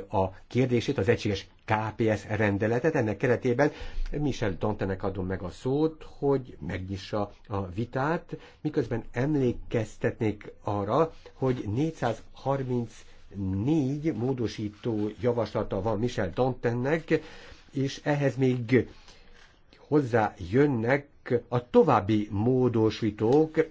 a kérdését, az egységes KPS rendeletet. Ennek keretében Michel Dantenek adom meg a szót, hogy megnyissa a vitát, miközben emlékeztetnék arra, hogy 434 módosító javaslata van Michel Dantennek, és ehhez még hozzá jönnek a további módosítók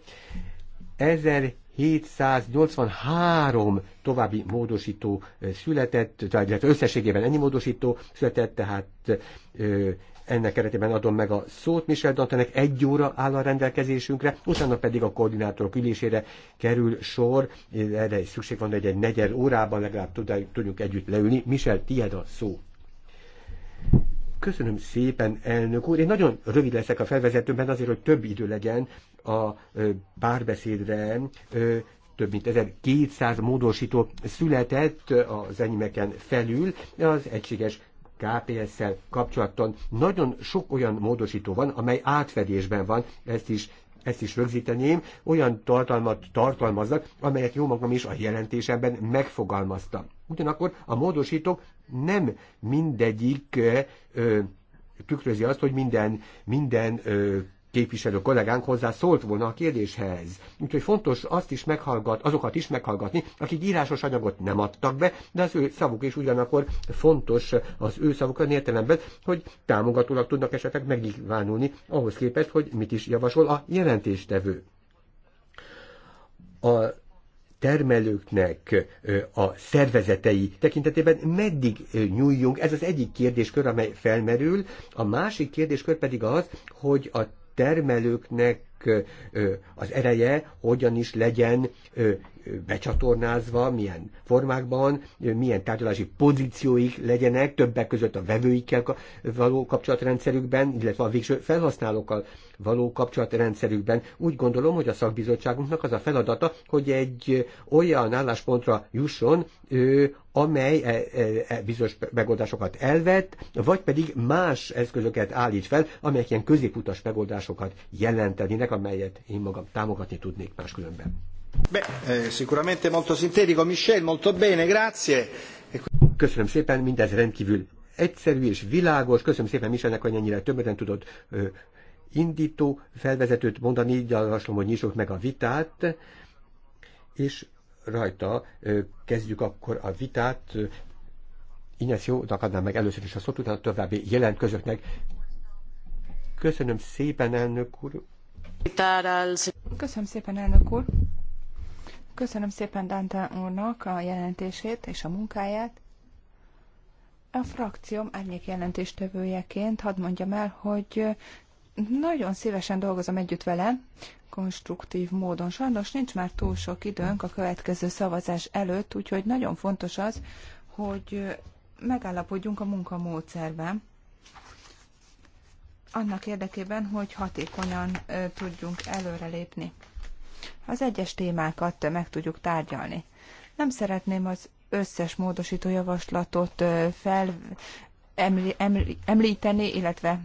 1783 további módosító született, tehát összességében ennyi módosító született, tehát ennek keretében adom meg a szót Michel Dantenek, egy óra áll a rendelkezésünkre, utána pedig a koordinátorok ülésére kerül sor, erre is szükség van, hogy egy negyed órában legalább tudjunk együtt leülni. Michel, tiéd a szó. Köszönöm szépen, elnök úr. Én nagyon rövid leszek a felvezetőben azért, hogy több idő legyen a párbeszédre. Több mint 1200 módosító született az enyémeken felül az egységes KPS-szel kapcsolatban. Nagyon sok olyan módosító van, amely átfedésben van, ezt is ezt is rögzíteném, olyan tartalmat tartalmaznak, amelyet jó magam is a jelentésemben megfogalmaztam. Ugyanakkor a módosítók nem mindegyik ö, tükrözi azt, hogy minden, minden ö, képviselő kollégánk hozzá szólt volna a kérdéshez. Úgyhogy fontos azt is meghallgat, azokat is meghallgatni, akik írásos anyagot nem adtak be, de az ő szavuk is ugyanakkor fontos az ő szavuk olyan értelemben, hogy támogatólag tudnak esetleg megnyilvánulni ahhoz képest, hogy mit is javasol a jelentéstevő. A termelőknek a szervezetei tekintetében meddig nyúljunk? Ez az egyik kérdéskör, amely felmerül. A másik kérdéskör pedig az, hogy a termelőknek az ereje hogyan is legyen becsatornázva, milyen formákban, milyen tárgyalási pozícióik legyenek, többek között a vevőikkel való kapcsolatrendszerükben, illetve a végső felhasználókkal való kapcsolatrendszerükben. Úgy gondolom, hogy a szakbizottságunknak az a feladata, hogy egy olyan álláspontra jusson, amely e, e, e, bizonyos megoldásokat elvet, vagy pedig más eszközöket állít fel, amelyek ilyen középutas megoldásokat jelentenének, amelyet én magam támogatni tudnék máskülönben eh, sicuramente molto sintetico, Michel, molto bene, grazie. E Köszönöm szépen, mindez rendkívül egyszerű és világos. Köszönöm szépen Michelnek, hogy ennyire többeten tudott ö, indító felvezetőt mondani, így javaslom, hogy nyissuk meg a vitát, és rajta ö, kezdjük akkor a vitát. Ines jó, adnám meg először is a szót, utána további jelentkezőknek. Köszönöm szépen, elnök úr! Köszönöm szépen, elnök úr! Köszönöm szépen Dante úrnak a jelentését és a munkáját. A frakcióm árnyék jelentéstevőjeként hadd mondjam el, hogy nagyon szívesen dolgozom együtt vele, konstruktív módon. Sajnos nincs már túl sok időnk a következő szavazás előtt, úgyhogy nagyon fontos az, hogy megállapodjunk a munkamódszerben. Annak érdekében, hogy hatékonyan tudjunk előrelépni az egyes témákat meg tudjuk tárgyalni. Nem szeretném az összes módosító javaslatot fel említeni, illetve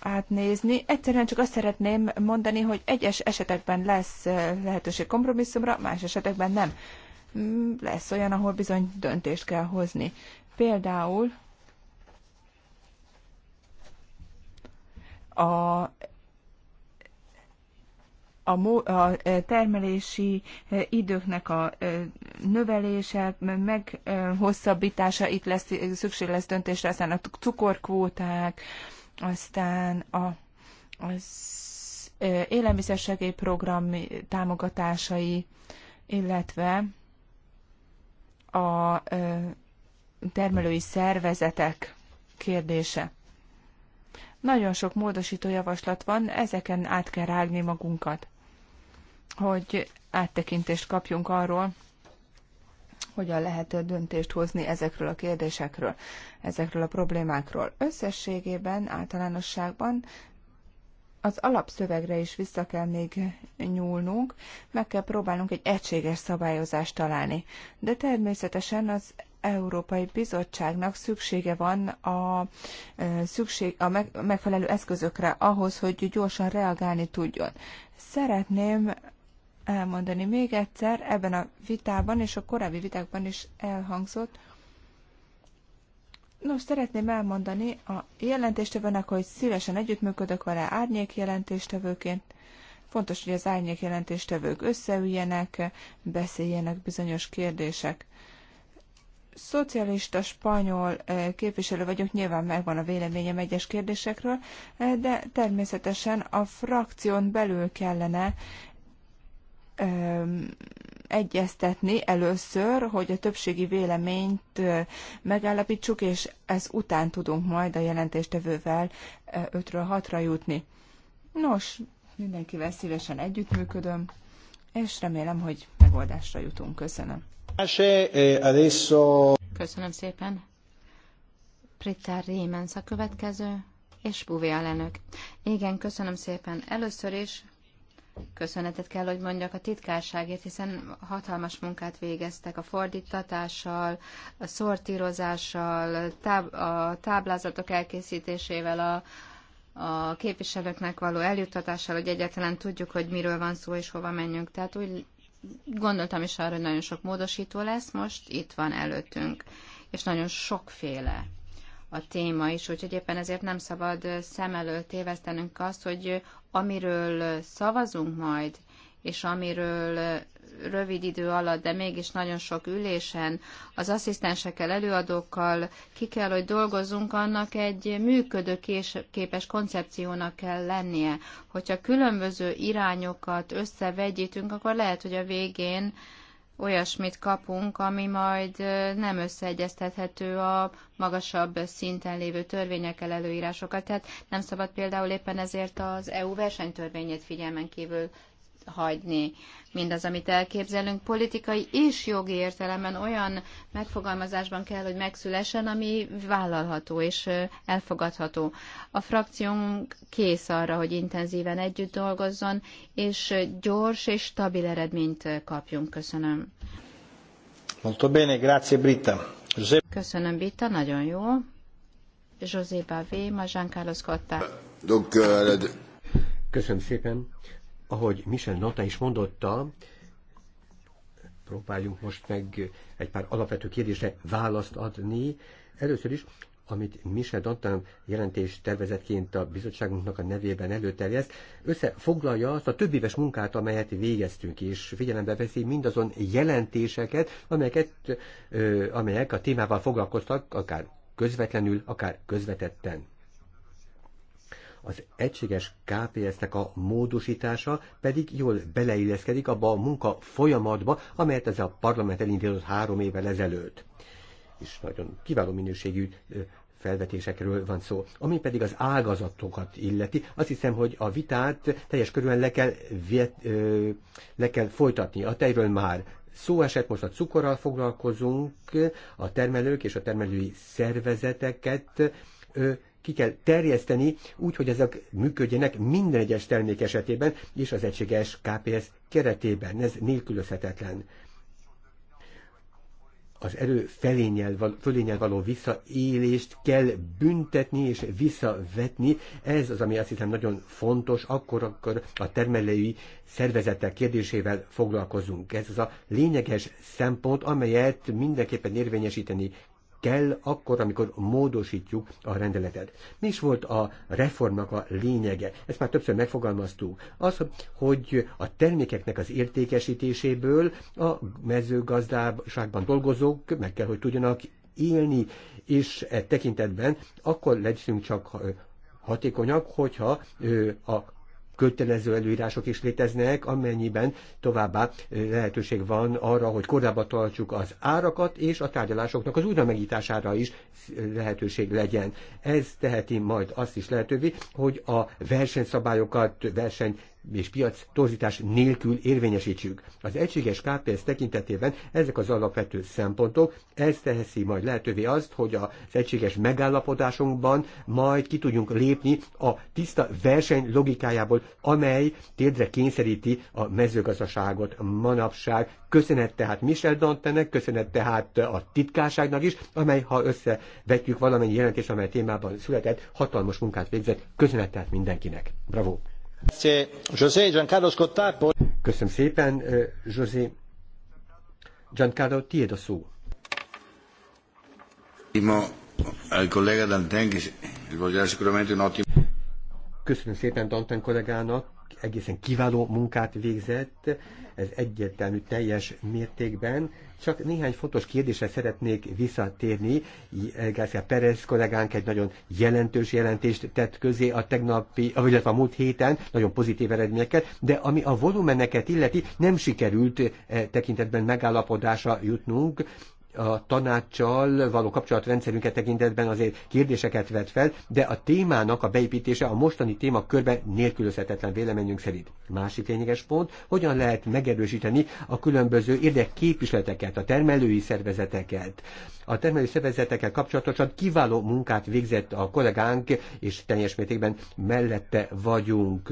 átnézni. Egyszerűen csak azt szeretném mondani, hogy egyes esetekben lesz lehetőség kompromisszumra, más esetekben nem. Mm, lesz olyan, ahol bizony döntést kell hozni. Például a a, a e, termelési e, időknek a e, növelése, meghosszabbítása, itt lesz, szükség lesz döntésre, aztán a cukorkvóták, aztán a, az élelmiszersegély program támogatásai, illetve a termelői szervezetek kérdése. Nagyon sok módosító javaslat van, ezeken át kell rágni magunkat hogy áttekintést kapjunk arról, hogyan lehet döntést hozni ezekről a kérdésekről, ezekről a problémákról. Összességében, általánosságban az alapszövegre is vissza kell még nyúlnunk, meg kell próbálnunk egy egységes szabályozást találni. De természetesen az Európai Bizottságnak szüksége van a, szükség, a megfelelő eszközökre ahhoz, hogy gyorsan reagálni tudjon. Szeretném elmondani még egyszer, ebben a vitában és a korábbi vitákban is elhangzott. Nos, szeretném elmondani a jelentéstevőnek, hogy szívesen együttműködök vele árnyék jelentéstevőként. Fontos, hogy az árnyék jelentéstevők összeüljenek, beszéljenek bizonyos kérdések. Szocialista spanyol eh, képviselő vagyok, nyilván megvan a véleményem egyes kérdésekről, eh, de természetesen a frakción belül kellene egyeztetni először, hogy a többségi véleményt megállapítsuk, és ez után tudunk majd a jelentéstevővel 5-ről 6-ra jutni. Nos, mindenkivel szívesen együttműködöm, és remélem, hogy megoldásra jutunk. Köszönöm. Eh, köszönöm szépen. Britta Rémensz a következő, és Buvé alelnök. Igen, köszönöm szépen. Először is köszönetet kell, hogy mondjak a titkárságért, hiszen hatalmas munkát végeztek a fordítatással, a szortírozással, táb- a táblázatok elkészítésével, a, a képviselőknek való eljuttatással, hogy egyetlen tudjuk, hogy miről van szó és hova menjünk. Tehát úgy gondoltam is arra, hogy nagyon sok módosító lesz, most itt van előttünk, és nagyon sokféle a téma is, úgyhogy éppen ezért nem szabad szem előtt tévesztenünk azt, hogy amiről szavazunk majd, és amiről rövid idő alatt, de mégis nagyon sok ülésen, az asszisztensekkel, előadókkal ki kell, hogy dolgozzunk, annak egy működő képes koncepciónak kell lennie. Hogyha különböző irányokat összevegyítünk, akkor lehet, hogy a végén olyasmit kapunk, ami majd nem összeegyeztethető a magasabb szinten lévő törvényekkel, előírásokat. Tehát nem szabad például éppen ezért az EU versenytörvényét figyelmen kívül hagyni. Mindaz, amit elképzelünk, politikai és jogi értelemben olyan megfogalmazásban kell, hogy megszülessen, ami vállalható és elfogadható. A frakciónk kész arra, hogy intenzíven együtt dolgozzon, és gyors és stabil eredményt kapjunk. Köszönöm. Molto bene, grazie Britta. José... Köszönöm, Britta, nagyon jó. José Bavé, ma Jean Carlos Cotta. Euh, Köszönöm szépen. Ahogy Michel Nata is mondotta, próbáljunk most meg egy pár alapvető kérdésre választ adni. Először is, amit Michel Dantin jelentés tervezetként a bizottságunknak a nevében előterjeszt, összefoglalja azt a több éves munkát, amelyet végeztünk, és figyelembe veszi mindazon jelentéseket, amelyeket, ö, amelyek a témával foglalkoztak, akár közvetlenül, akár közvetetten. Az egységes KPS-nek a módosítása pedig jól beleilleszkedik abba a munka folyamatba, amelyet ez a parlament elindított három évvel ezelőtt. És nagyon kiváló minőségű felvetésekről van szó. Ami pedig az ágazatokat illeti, azt hiszem, hogy a vitát teljes körülön le kell, viet, ö, le kell folytatni. A tejről már szó esett, most a cukorral foglalkozunk, a termelők és a termelői szervezeteket ki kell terjeszteni, úgy, hogy ezek működjenek minden egyes termék esetében, és az egységes KPS keretében. Ez nélkülözhetetlen az erő felényel, fölényel való visszaélést kell büntetni és visszavetni. Ez az, ami azt hiszem nagyon fontos, akkor, akkor a termelői szervezetek kérdésével foglalkozunk. Ez az a lényeges szempont, amelyet mindenképpen érvényesíteni kell akkor, amikor módosítjuk a rendeletet. Mi is volt a reformnak a lényege? Ezt már többször megfogalmaztuk. Az, hogy a termékeknek az értékesítéséből a mezőgazdaságban dolgozók meg kell, hogy tudjanak élni, és e tekintetben akkor legyünk csak hatékonyak, hogyha a kötelező előírások is léteznek, amennyiben továbbá lehetőség van arra, hogy korábban tartsuk az árakat, és a tárgyalásoknak az újra megítására is lehetőség legyen. Ez teheti majd azt is lehetővé, hogy a versenyszabályokat, verseny és piac torzítás nélkül érvényesítsük. Az egységes KPS tekintetében ezek az alapvető szempontok, ez teheszi majd lehetővé azt, hogy az egységes megállapodásunkban majd ki tudjunk lépni a tiszta verseny logikájából, amely térdre kényszeríti a mezőgazdaságot manapság. Köszönet tehát Michel Dantennek, köszönet tehát a titkárságnak is, amely, ha összevetjük valamennyi jelentés, amely témában született, hatalmas munkát végzett. Köszönet tehát mindenkinek. Bravo! Köszönöm szépen, eh, José. Giancarlo, tiéd a szó. Köszönöm szépen Danten kollégának egészen kiváló munkát végzett, ez egyértelmű teljes mértékben. Csak néhány fontos kérdésre szeretnék visszatérni. García Perez kollégánk egy nagyon jelentős jelentést tett közé a tegnapi, vagy a múlt héten, nagyon pozitív eredményeket, de ami a volumeneket illeti, nem sikerült e, tekintetben megállapodásra jutnunk a tanácssal való kapcsolatrendszerünket tekintetben azért kérdéseket vet fel, de a témának a beépítése a mostani téma körben nélkülözhetetlen véleményünk szerint. Másik lényeges pont, hogyan lehet megerősíteni a különböző érdekképviseleteket, a termelői szervezeteket. A termelői szervezetekkel kapcsolatosan kiváló munkát végzett a kollégánk, és teljes mértékben mellette vagyunk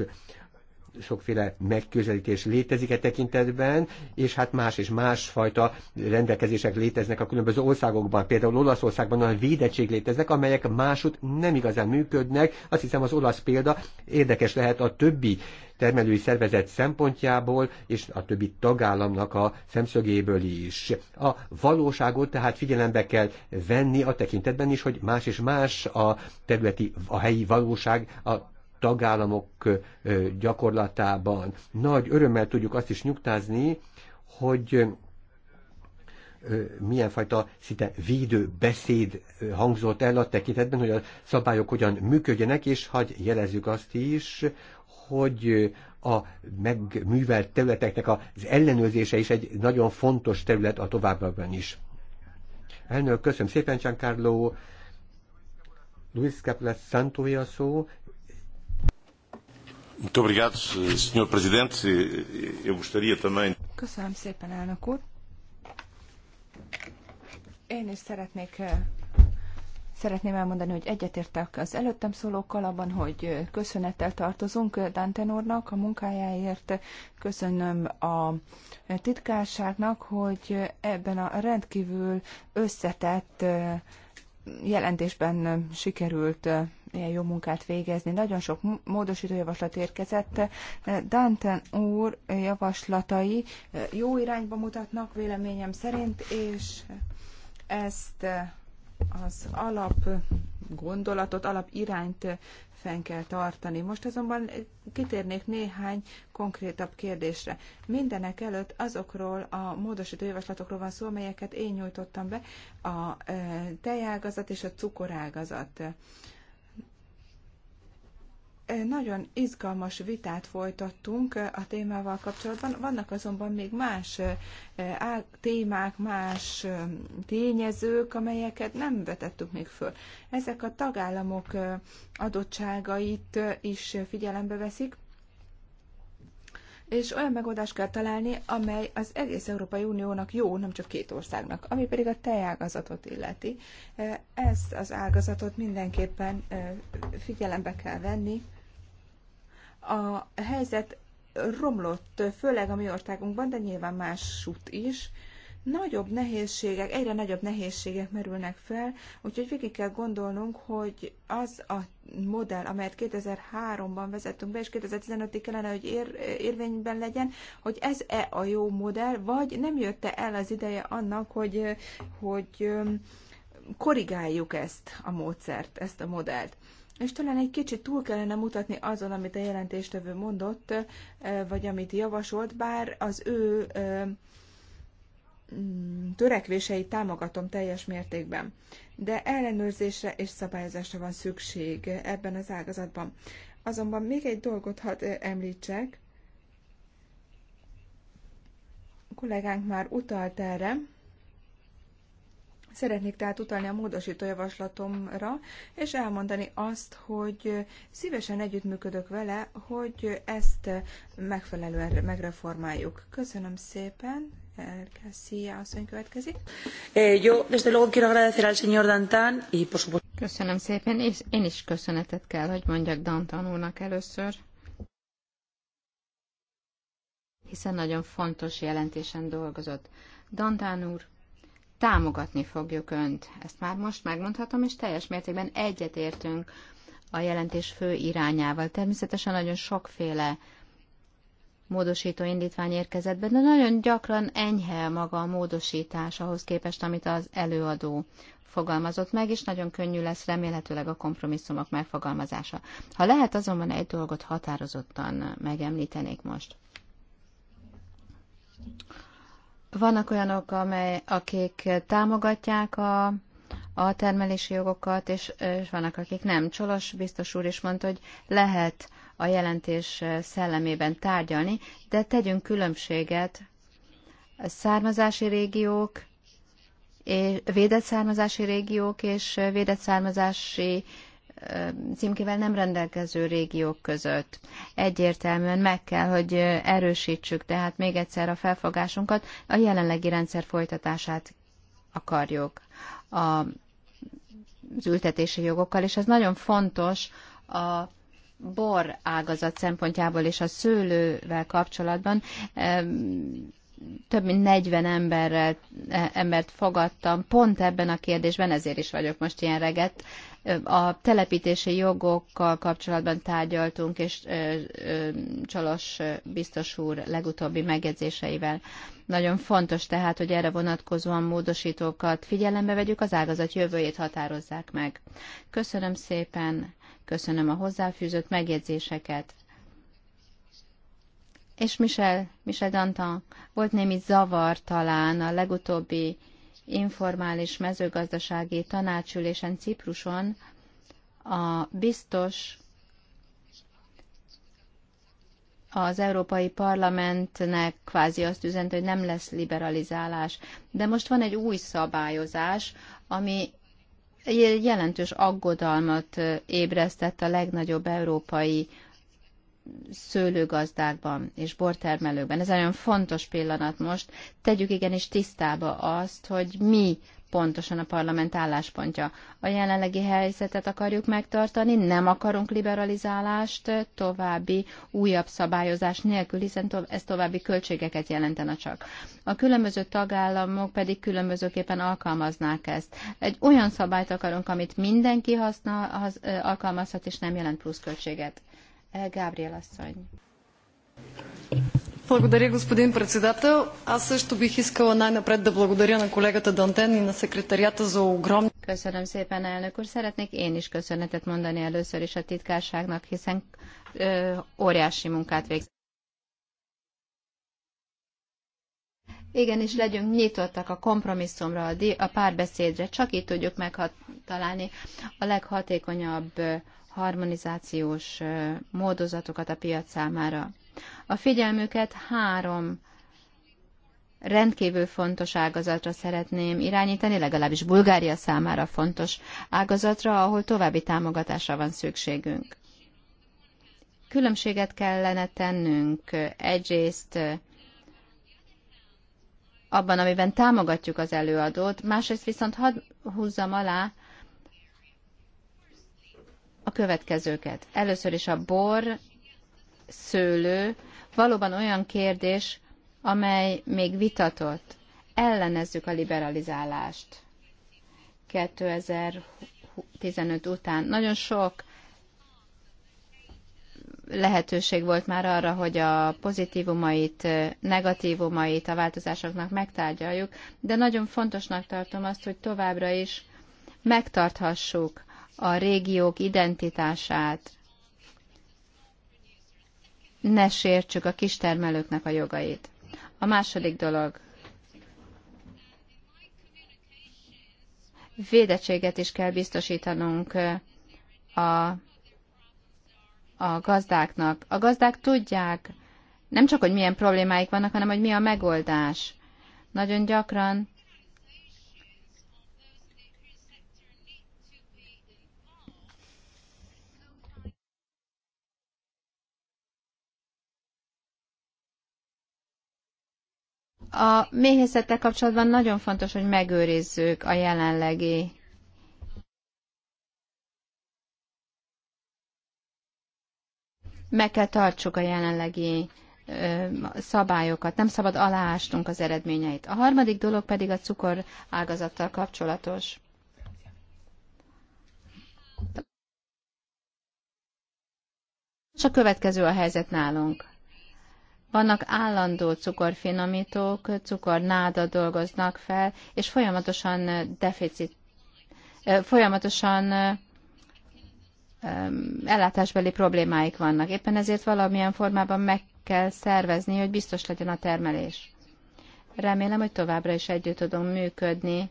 sokféle megközelítés létezik e tekintetben, és hát más és másfajta rendelkezések léteznek a különböző országokban. Például Olaszországban olyan védettség léteznek, amelyek másút nem igazán működnek. Azt hiszem az olasz példa érdekes lehet a többi termelői szervezet szempontjából, és a többi tagállamnak a szemszögéből is. A valóságot tehát figyelembe kell venni a tekintetben is, hogy más és más a területi, a helyi valóság a tagállamok gyakorlatában. Nagy örömmel tudjuk azt is nyugtázni, hogy milyen fajta szinte védő beszéd hangzott el a tekintetben, hogy a szabályok hogyan működjenek, és hagy jelezzük azt is, hogy a megművelt területeknek az ellenőrzése is egy nagyon fontos terület a továbbakban is. Elnök, köszönöm szépen, Giancarlo. Luis Caplas Santója szó, Muito obrigado, Sr. Presidente. Eu gostaria também. Köszönöm szépen, elnök úr. Én is szeretnék eh, Szeretném elmondani, hogy egyetértek az előttem szólókkal abban, hogy eh, köszönettel tartozunk dantenornak úrnak a munkájáért. Köszönöm a titkárságnak, hogy ebben a rendkívül összetett eh, jelentésben sikerült ilyen jó munkát végezni. Nagyon sok javaslat érkezett. Eh, Danten úr javaslatai eh, jó irányba mutatnak véleményem szerint, és ezt eh, az alap gondolatot, alap irányt fenn kell tartani. Most azonban kitérnék néhány konkrétabb kérdésre. Mindenek előtt azokról a módosító javaslatokról van szó, amelyeket én nyújtottam be, a tejágazat és a cukorágazat. Nagyon izgalmas vitát folytattunk eh, a témával kapcsolatban, vannak azonban még más eh, témák, más eh, tényezők, amelyeket nem vetettük még föl. Ezek a tagállamok adottságait is figyelembe veszik, és olyan megoldást kell találni, amely az egész Európai Uniónak jó, nem csak két országnak, ami pedig a tejágazatot illeti. Ezt az ágazatot mindenképpen figyelembe kell venni, a helyzet romlott, főleg a mi országunkban, de nyilván másút is. Nagyobb nehézségek, egyre nagyobb nehézségek merülnek fel, úgyhogy végig kell gondolnunk, hogy az a modell, amelyet 2003-ban vezettünk be, és 2015-ig kellene, hogy ér, érvényben legyen, hogy ez-e a jó modell, vagy nem jött-e el az ideje annak, hogy, hogy korrigáljuk ezt a módszert, ezt a modellt és talán egy kicsit túl kellene mutatni azon, amit a jelentéstevő mondott, vagy amit javasolt, bár az ő mm, törekvéseit támogatom teljes mértékben. De ellenőrzésre és szabályozásra van szükség ebben az ágazatban. Azonban még egy dolgot hadd említsek. A kollégánk már utalt erre, Szeretnék tehát utalni a módosító javaslatomra, és elmondani azt, hogy szívesen együttműködök vele, hogy ezt megfelelően megreformáljuk. Köszönöm szépen. García asszony következik. Jó, eh, desde luego, quiero agradecer al señor Dantán, y por supuesto... Köszönöm szépen, és én is köszönetet kell, hogy mondjak Dantan úrnak először hiszen nagyon fontos jelentésen dolgozott. Dantán úr, támogatni fogjuk Önt. Ezt már most megmondhatom, és teljes mértékben egyetértünk a jelentés fő irányával. Természetesen nagyon sokféle módosító indítvány érkezett be, de nagyon gyakran enyhe maga a módosítás ahhoz képest, amit az előadó fogalmazott meg, és nagyon könnyű lesz remélhetőleg a kompromisszumok megfogalmazása. Ha lehet, azonban egy dolgot határozottan megemlítenék most. Vannak olyanok, amely, akik támogatják a, a termelési jogokat, és, és vannak, akik nem. Csolos biztos úr is mondta, hogy lehet a jelentés szellemében tárgyalni, de tegyünk különbséget a származási régiók, és védett származási régiók és védett származási címkével nem rendelkező régiók között. Egyértelműen meg kell, hogy erősítsük tehát még egyszer a felfogásunkat, a jelenlegi rendszer folytatását akarjuk a, az ültetési jogokkal, és ez nagyon fontos a bor ágazat szempontjából és a szőlővel kapcsolatban több mint 40 emberrel, e, embert fogadtam pont ebben a kérdésben, ezért is vagyok most ilyen reggett. A telepítési jogokkal kapcsolatban tárgyaltunk, és Csalos biztos úr legutóbbi megjegyzéseivel. Nagyon fontos tehát, hogy erre vonatkozóan módosítókat figyelembe vegyük, az ágazat jövőjét határozzák meg. Köszönöm szépen, köszönöm a hozzáfűzött megjegyzéseket. És Michel, Michel Dantan, volt némi zavar talán a legutóbbi informális mezőgazdasági tanácsülésen Cipruson a biztos az Európai Parlamentnek kvázi azt üzent, hogy nem lesz liberalizálás. De most van egy új szabályozás, ami jelentős aggodalmat ébresztett a legnagyobb európai szőlőgazdákban és bortermelőkben. Ez nagyon fontos pillanat most. Tegyük igenis tisztába azt, hogy mi pontosan a parlament álláspontja. A jelenlegi helyzetet akarjuk megtartani, nem akarunk liberalizálást további újabb szabályozás nélkül, hiszen to- ez további költségeket jelentene csak. A különböző tagállamok pedig különbözőképpen alkalmaznák ezt. Egy olyan szabályt akarunk, amit mindenki használ, ö, alkalmazhat, és nem jelent plusz költséget. Gábriel asszony. Благодаря, господин председател. Аз също бих искала най-напред да благодаря на колегата Дантен и на секретарията за огромни... Köszönöm szépen, elnök úr. Szeretnék én is köszönetet mondani először is a titkárságnak, hiszen ö, óriási munkát végzett. Igen, és legyünk nyitottak a kompromisszumra, a, a párbeszédre, csak így tudjuk megtalálni a leghatékonyabb harmonizációs módozatokat a piac számára. A figyelmüket három rendkívül fontos ágazatra szeretném irányítani, legalábbis Bulgária számára fontos ágazatra, ahol további támogatásra van szükségünk. Különbséget kellene tennünk egyrészt abban, amiben támogatjuk az előadót, másrészt viszont hadd húzzam alá, a következőket. Először is a bor, szőlő valóban olyan kérdés, amely még vitatott. Ellenezzük a liberalizálást. 2015 után nagyon sok lehetőség volt már arra, hogy a pozitívumait, negatívumait a változásoknak megtárgyaljuk, de nagyon fontosnak tartom azt, hogy továbbra is megtarthassuk a régiók identitását, ne sértsük a kistermelőknek a jogait. A második dolog, védettséget is kell biztosítanunk a, a gazdáknak. A gazdák tudják nem csak, hogy milyen problémáik vannak, hanem hogy mi a megoldás. Nagyon gyakran A méhészettel kapcsolatban nagyon fontos, hogy megőrizzük a jelenlegi meg kell tartsuk a jelenlegi ö, szabályokat, nem szabad aláástunk az eredményeit. A harmadik dolog pedig a cukor ágazattal kapcsolatos. És a következő a helyzet nálunk. Vannak állandó cukorfinomítók, cukornáda dolgoznak fel, és folyamatosan deficit, folyamatosan ellátásbeli problémáik vannak. Éppen ezért valamilyen formában meg kell szervezni, hogy biztos legyen a termelés. Remélem, hogy továbbra is együtt tudunk működni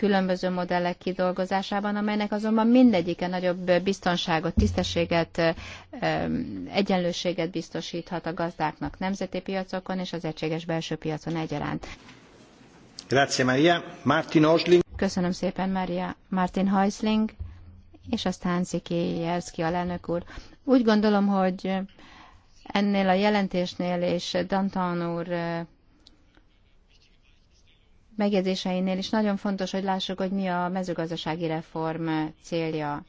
különböző modellek kidolgozásában, amelynek azonban mindegyike nagyobb biztonságot, tisztességet, egyenlőséget biztosíthat a gazdáknak nemzeti piacokon és az egységes belső piacon egyaránt. Grazie Maria. Martin Osling. Köszönöm szépen, Maria. Martin Heusling, és aztán Sziki Jelszki alelnök úr. Úgy gondolom, hogy ennél a jelentésnél és Danton úr megjegyzéseinél is nagyon fontos, hogy lássuk, hogy mi a mezőgazdasági reform célja.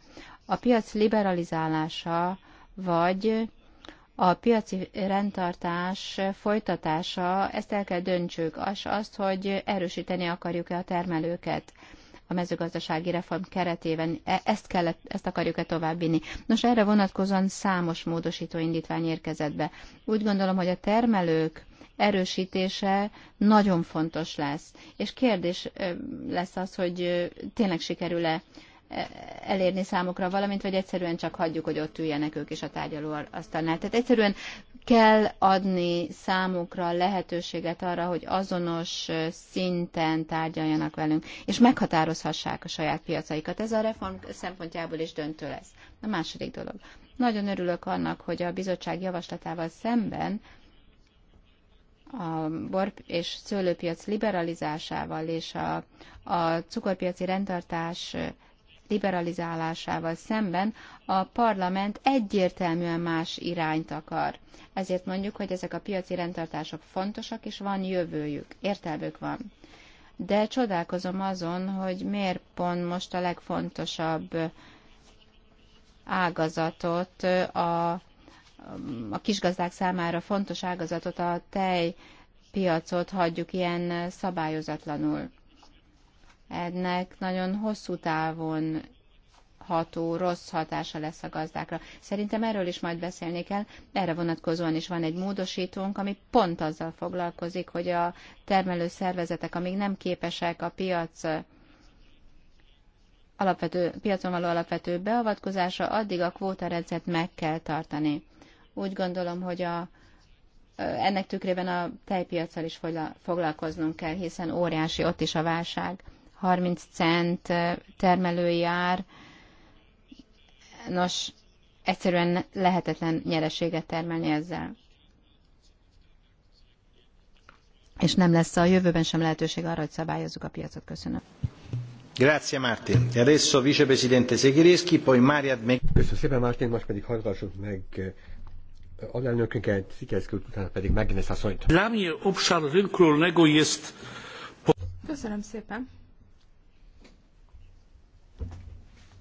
A piac liberalizálása, vagy a piaci rendtartás folytatása, ezt el kell döntsük, az azt, hogy erősíteni akarjuk-e a termelőket a mezőgazdasági reform keretében. E- ezt, kellett, ezt akarjuk-e továbbvinni? Nos, erre vonatkozóan számos módosító indítvány érkezett be. Úgy gondolom, hogy a termelők erősítése nagyon fontos lesz. És kérdés lesz az, hogy tényleg sikerül-e elérni számokra, valamint, vagy egyszerűen csak hagyjuk, hogy ott üljenek ők is a tárgyaló asztalnál. Tehát egyszerűen kell adni számukra lehetőséget arra, hogy azonos szinten tárgyaljanak velünk, és meghatározhassák a saját piacaikat. Ez a reform szempontjából is döntő lesz. A második dolog. Nagyon örülök annak, hogy a bizottság javaslatával szemben a bor és szőlőpiac liberalizásával és a, a cukorpiaci rendtartás liberalizálásával szemben a parlament egyértelműen más irányt akar. Ezért mondjuk, hogy ezek a piaci rendtartások fontosak, és van jövőjük, értelmük van. De csodálkozom azon, hogy miért pont most a legfontosabb ágazatot a a kisgazdák számára fontos ágazatot, a tejpiacot hagyjuk ilyen szabályozatlanul. Ennek nagyon hosszú távon ható, rossz hatása lesz a gazdákra. Szerintem erről is majd beszélni kell. Erre vonatkozóan is van egy módosítónk, ami pont azzal foglalkozik, hogy a termelő szervezetek, amíg nem képesek a piac alapvető, piacon való alapvető beavatkozása, addig a kvótarendszert meg kell tartani. Úgy gondolom, hogy a, ennek tükrében a tejpiacsal is foglalkoznunk kell, hiszen óriási ott is a válság. 30 cent termelői ár, nos, egyszerűen lehetetlen nyereséget termelni ezzel. És nem lesz a jövőben sem lehetőség arra, hogy szabályozzuk a piacot. Köszönöm. Grazie Martin. E adesso vicepresidente Seghereschi, poi Mariad Meg... Köszönöm szépen Martin, most pedig hallgassuk meg alelnökünket, Szikerszkült, utána pedig megint asszonyt. Köszönöm szépen.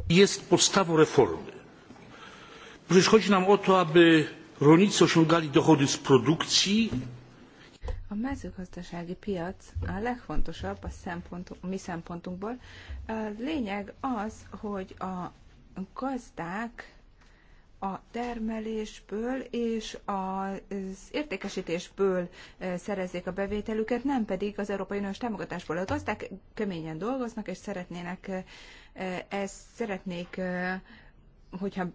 Jest podstawą reformy. Przecież chodzi nam o to, aby rolnicy osiągali dochody z produkcji. A mezőgazdasági piac a legfontosabb a, szempontunk, a mi szempontunkból. A lényeg az, hogy a gazdák a termelésből és az értékesítésből e, szerezzék a bevételüket, nem pedig az Európai Uniós támogatásból. A gazdák keményen dolgoznak, és szeretnének e, e, ezt szeretnék, hogyha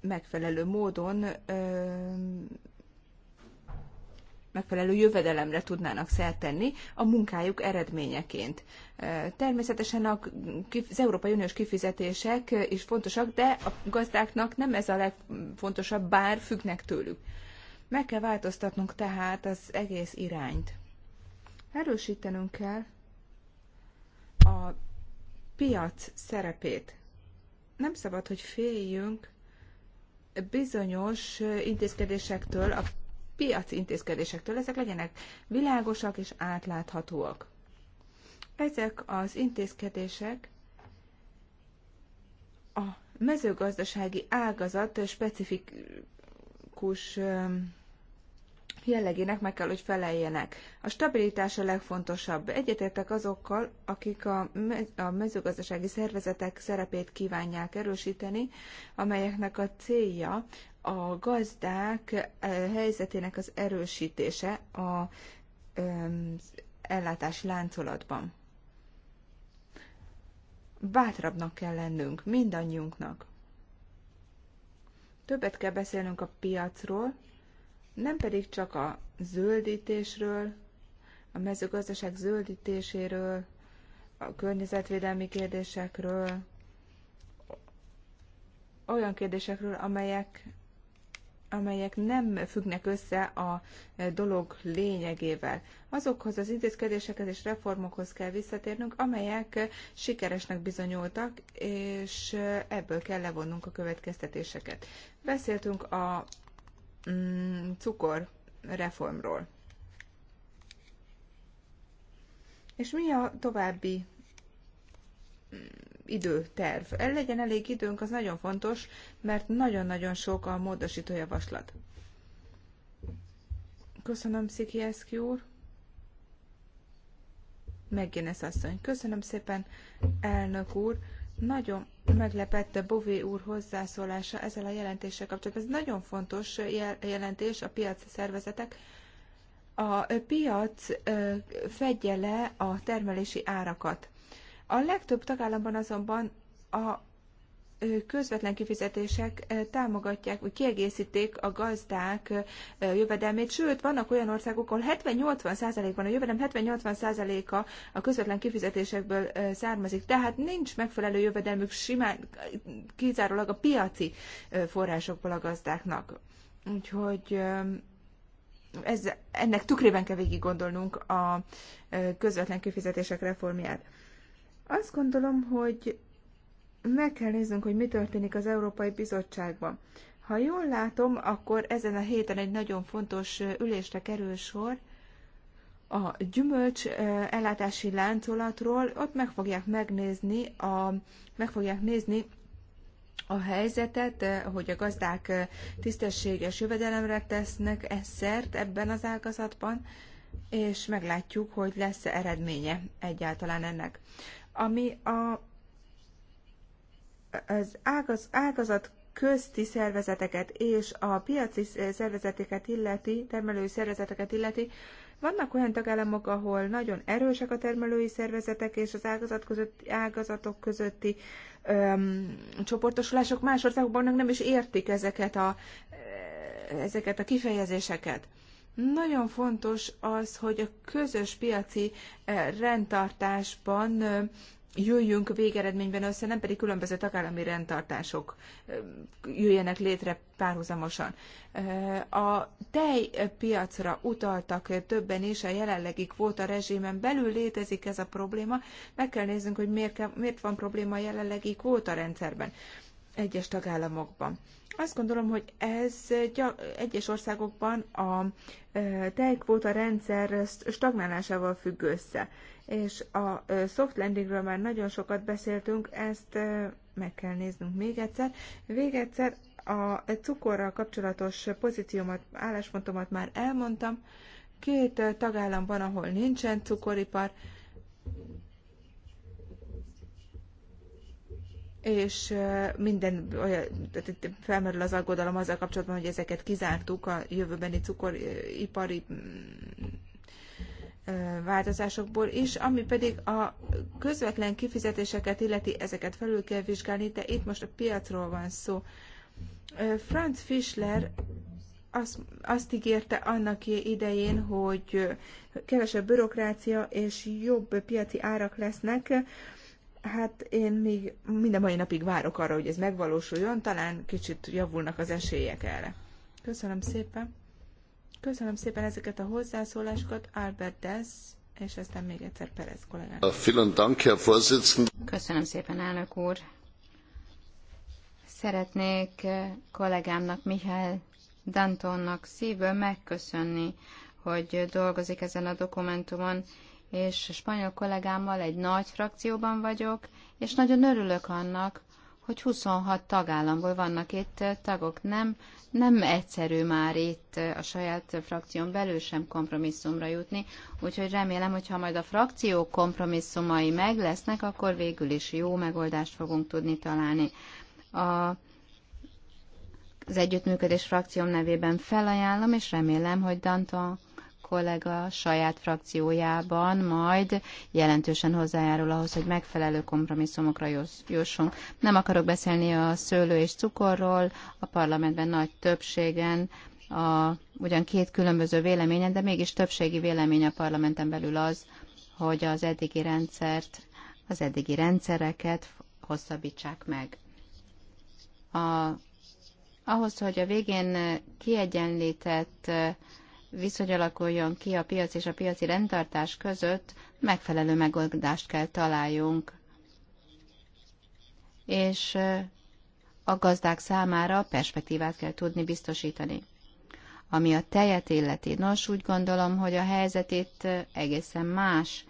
megfelelő módon megfelelő jövedelemre tudnának szert tenni a munkájuk eredményeként. Természetesen az Európai Uniós kifizetések is fontosak, de a gazdáknak nem ez a legfontosabb, bár függnek tőlük. Meg kell változtatnunk tehát az egész irányt. Erősítenünk kell a piac szerepét. Nem szabad, hogy féljünk bizonyos intézkedésektől a piaci intézkedésektől. Ezek legyenek világosak és átláthatóak. Ezek az intézkedések a mezőgazdasági ágazat specifikus jellegének meg kell, hogy feleljenek. A stabilitás a legfontosabb. Egyetértek azokkal, akik a, a mezőgazdasági szervezetek szerepét kívánják erősíteni, amelyeknek a célja a gazdák eh, helyzetének az erősítése a ellátási láncolatban. Bátrabbnak kell lennünk, mindannyiunknak. Többet kell beszélnünk a piacról, nem pedig csak a zöldítésről, a mezőgazdaság zöldítéséről, a környezetvédelmi kérdésekről, olyan kérdésekről, amelyek amelyek nem függnek össze a dolog lényegével. Azokhoz az intézkedésekhez és reformokhoz kell visszatérnünk, amelyek sikeresnek bizonyultak, és ebből kell levonnunk a következtetéseket. Beszéltünk a mm, cukor reformról. És mi a további időterv. El legyen elég időnk, az nagyon fontos, mert nagyon-nagyon sok a módosító javaslat. Köszönöm, Szikieszki úr. ez asszony. Köszönöm szépen, elnök úr. Nagyon meglepette Bové úr hozzászólása ezzel a jelentéssel kapcsolatban. Ez nagyon fontos jelentés a piac szervezetek. A piac fedje le a termelési árakat. A legtöbb tagállamban azonban a közvetlen kifizetések támogatják, vagy kiegészítik a gazdák jövedelmét, sőt, vannak olyan országok, ahol 70-80%-ban a jövedelem 70-80%-a a közvetlen kifizetésekből származik, tehát nincs megfelelő jövedelmük simán, kizárólag a piaci forrásokból a gazdáknak. Úgyhogy ez, ennek tükrében kell végig gondolnunk a közvetlen kifizetések reformját. Azt gondolom, hogy meg kell néznünk, hogy mi történik az Európai Bizottságban. Ha jól látom, akkor ezen a héten egy nagyon fontos ülésre kerül sor a gyümölcs ellátási láncolatról. Ott meg fogják megnézni a, meg fogják nézni a helyzetet, hogy a gazdák tisztességes jövedelemre tesznek e szert ebben az ágazatban, és meglátjuk, hogy lesz-e eredménye egyáltalán ennek ami a, az ágaz, ágazat közti szervezeteket és a piaci szervezeteket illeti, termelői szervezeteket illeti, vannak olyan tagállamok, ahol nagyon erősek a termelői szervezetek és az ágazat közötti, ágazatok közötti öm, csoportosulások, más országokban nem is értik ezeket a, ezeket a kifejezéseket. Nagyon fontos az, hogy a közös piaci eh, rendtartásban eh, jöjjünk végeredményben össze, nem pedig különböző tagállami rendtartások eh, jöjjenek létre párhuzamosan. A tejpiacra utaltak többen is, a jelenlegi kvóta rezsimen belül létezik ez a probléma. Meg kell néznünk, hogy miért, miért van probléma a jelenlegi kvóta rendszerben egyes tagállamokban. Azt gondolom, hogy ez egyes országokban a tejkvóta rendszer stagnálásával függ össze. És a soft landingről már nagyon sokat beszéltünk, ezt meg kell néznünk még egyszer. egyszer a cukorral kapcsolatos pozíciómat, álláspontomat már elmondtam. Két tagállamban, ahol nincsen cukoripar, és minden felmerül az aggodalom azzal kapcsolatban, hogy ezeket kizártuk a jövőbeni cukoripari mm, változásokból is, ami pedig a közvetlen kifizetéseket illeti, ezeket felül kell vizsgálni, de itt most a piacról van szó. Franz Fischler azt, azt ígérte annak idején, hogy kevesebb bürokrácia és jobb piaci árak lesznek. Hát én még minden mai napig várok arra, hogy ez megvalósuljon, talán kicsit javulnak az esélyek erre. Köszönöm szépen. Köszönöm szépen ezeket a hozzászólásokat, Albert Dess, és aztán még egyszer Perez kollégám. Köszönöm szépen, elnök úr. Szeretnék eh, kollégámnak, Mihály Dantonnak szívből megköszönni, hogy dolgozik ezen a dokumentumon, és spanyol kollégámmal egy nagy frakcióban vagyok, és nagyon örülök annak, hogy 26 tagállamból vannak itt tagok. Nem, nem egyszerű már itt a saját frakción belül sem kompromisszumra jutni, úgyhogy remélem, hogy ha majd a frakció kompromisszumai meg lesznek, akkor végül is jó megoldást fogunk tudni találni. A, az együttműködés frakcióm nevében felajánlom, és remélem, hogy Danton kollega saját frakciójában majd jelentősen hozzájárul ahhoz, hogy megfelelő kompromisszumokra jussunk. Nem akarok beszélni a szőlő és cukorról, a parlamentben nagy többségen a, ugyan két különböző véleményen, de mégis többségi vélemény a parlamenten belül az, hogy az eddigi rendszert, az eddigi rendszereket hosszabbítsák meg. A, ahhoz, hogy a végén kiegyenlített viszony alakuljon ki a piac és a piaci rendtartás között, megfelelő megoldást kell találjunk. És a gazdák számára perspektívát kell tudni biztosítani. Ami a tejet illeti, nos úgy gondolom, hogy a helyzet itt egészen más,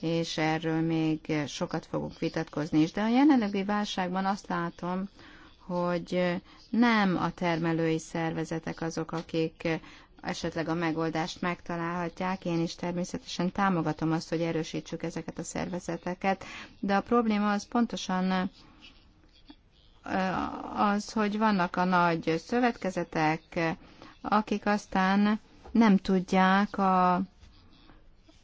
és erről még sokat fogunk vitatkozni is. De a jelenlegi válságban azt látom, hogy nem a termelői szervezetek azok, akik esetleg a megoldást megtalálhatják. Én is természetesen támogatom azt, hogy erősítsük ezeket a szervezeteket, de a probléma az pontosan az, hogy vannak a nagy szövetkezetek, akik aztán nem tudják a,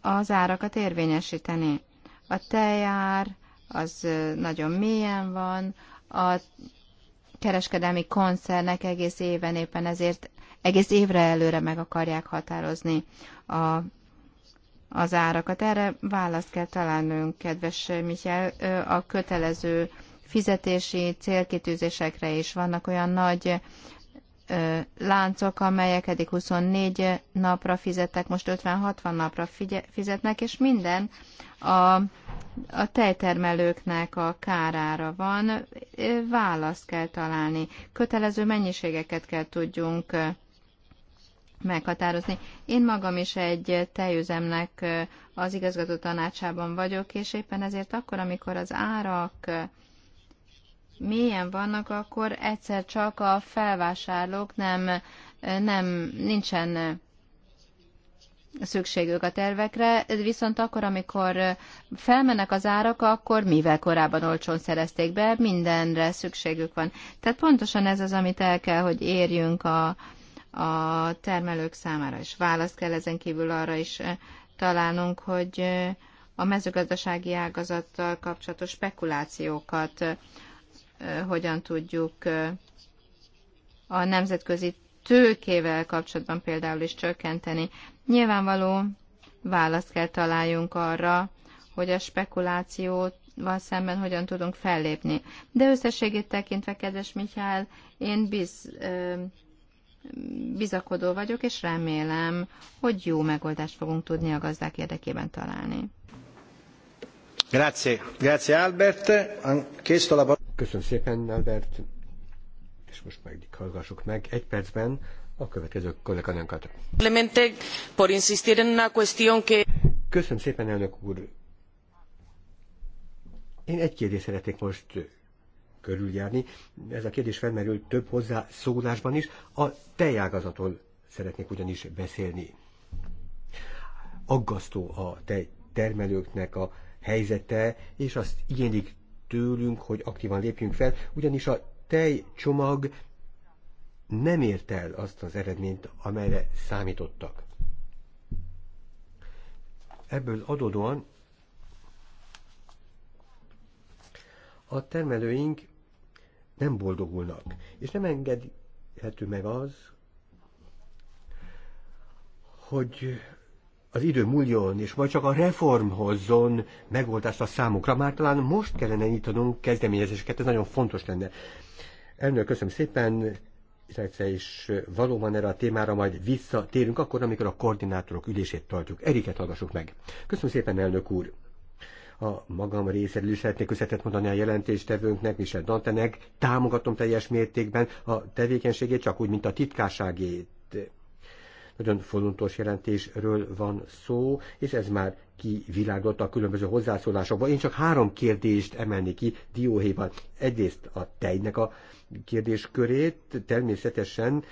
az árakat érvényesíteni. A tejár az nagyon mélyen van, a kereskedelmi koncernek egész éven éppen ezért egész évre előre meg akarják határozni a, az árakat. Erre választ kell találnunk, kedves Mityel, a kötelező fizetési célkitűzésekre is vannak olyan nagy láncok, amelyek eddig 24 napra fizettek, most 50-60 napra fizetnek, és minden a, a tejtermelőknek a kárára van. Választ kell találni. Kötelező mennyiségeket kell tudjunk meghatározni. Én magam is egy tejüzemnek az igazgató tanácsában vagyok, és éppen ezért akkor, amikor az árak mélyen vannak, akkor egyszer csak a felvásárlók nem, nem nincsen szükségük a tervekre, viszont akkor, amikor felmennek az árak, akkor mivel korábban olcsón szerezték be, mindenre szükségük van. Tehát pontosan ez az, amit el kell, hogy érjünk a, a termelők számára is. Választ kell ezen kívül arra is eh, találnunk, hogy eh, a mezőgazdasági ágazattal kapcsolatos spekulációkat eh, hogyan tudjuk a nemzetközi tőkével kapcsolatban például is csökkenteni. Nyilvánvaló választ kell találjunk arra, hogy a spekulációt van szemben hogyan tudunk fellépni. De összességét tekintve, kedves Mihály, én biz, bizakodó vagyok, és remélem, hogy jó megoldást fogunk tudni a gazdák érdekében találni. Grazie, grazie Albert. Köszönöm szépen, Albert. És most meg hallgassuk meg egy percben a következő kollégánkat. por en una cuestión que... Köszönöm szépen, elnök úr. Én egy kérdést szeretnék most körüljárni. Ez a kérdés felmerül több hozzászólásban is. A tejágazatról szeretnék ugyanis beszélni. Aggasztó a tej termelőknek a helyzete, és azt igénylik tőlünk, hogy aktívan lépjünk fel, ugyanis a tejcsomag nem ért el azt az eredményt, amelyre számítottak. Ebből adódóan a termelőink nem boldogulnak. És nem engedhető meg az, hogy az idő múljon, és majd csak a reform hozzon megoldást a számukra. Már talán most kellene nyitanunk kezdeményezéseket, ez nagyon fontos lenne. Elnök, köszönöm szépen, illetve is valóban erre a témára majd visszatérünk akkor, amikor a koordinátorok ülését tartjuk. Eriket hallgassuk meg. Köszönöm szépen, elnök úr! A magam részéről is szeretnék köszönetet mondani a jelentéstevőnknek, Michel Dantenek. Támogatom teljes mértékben a tevékenységét, csak úgy, mint a titkárságét. Nagyon fontos jelentésről van szó, és ez már kivilágott a különböző hozzászólásokban. Én csak három kérdést emelni ki dióhéjban. Egyrészt a tejnek a kérdéskörét, természetesen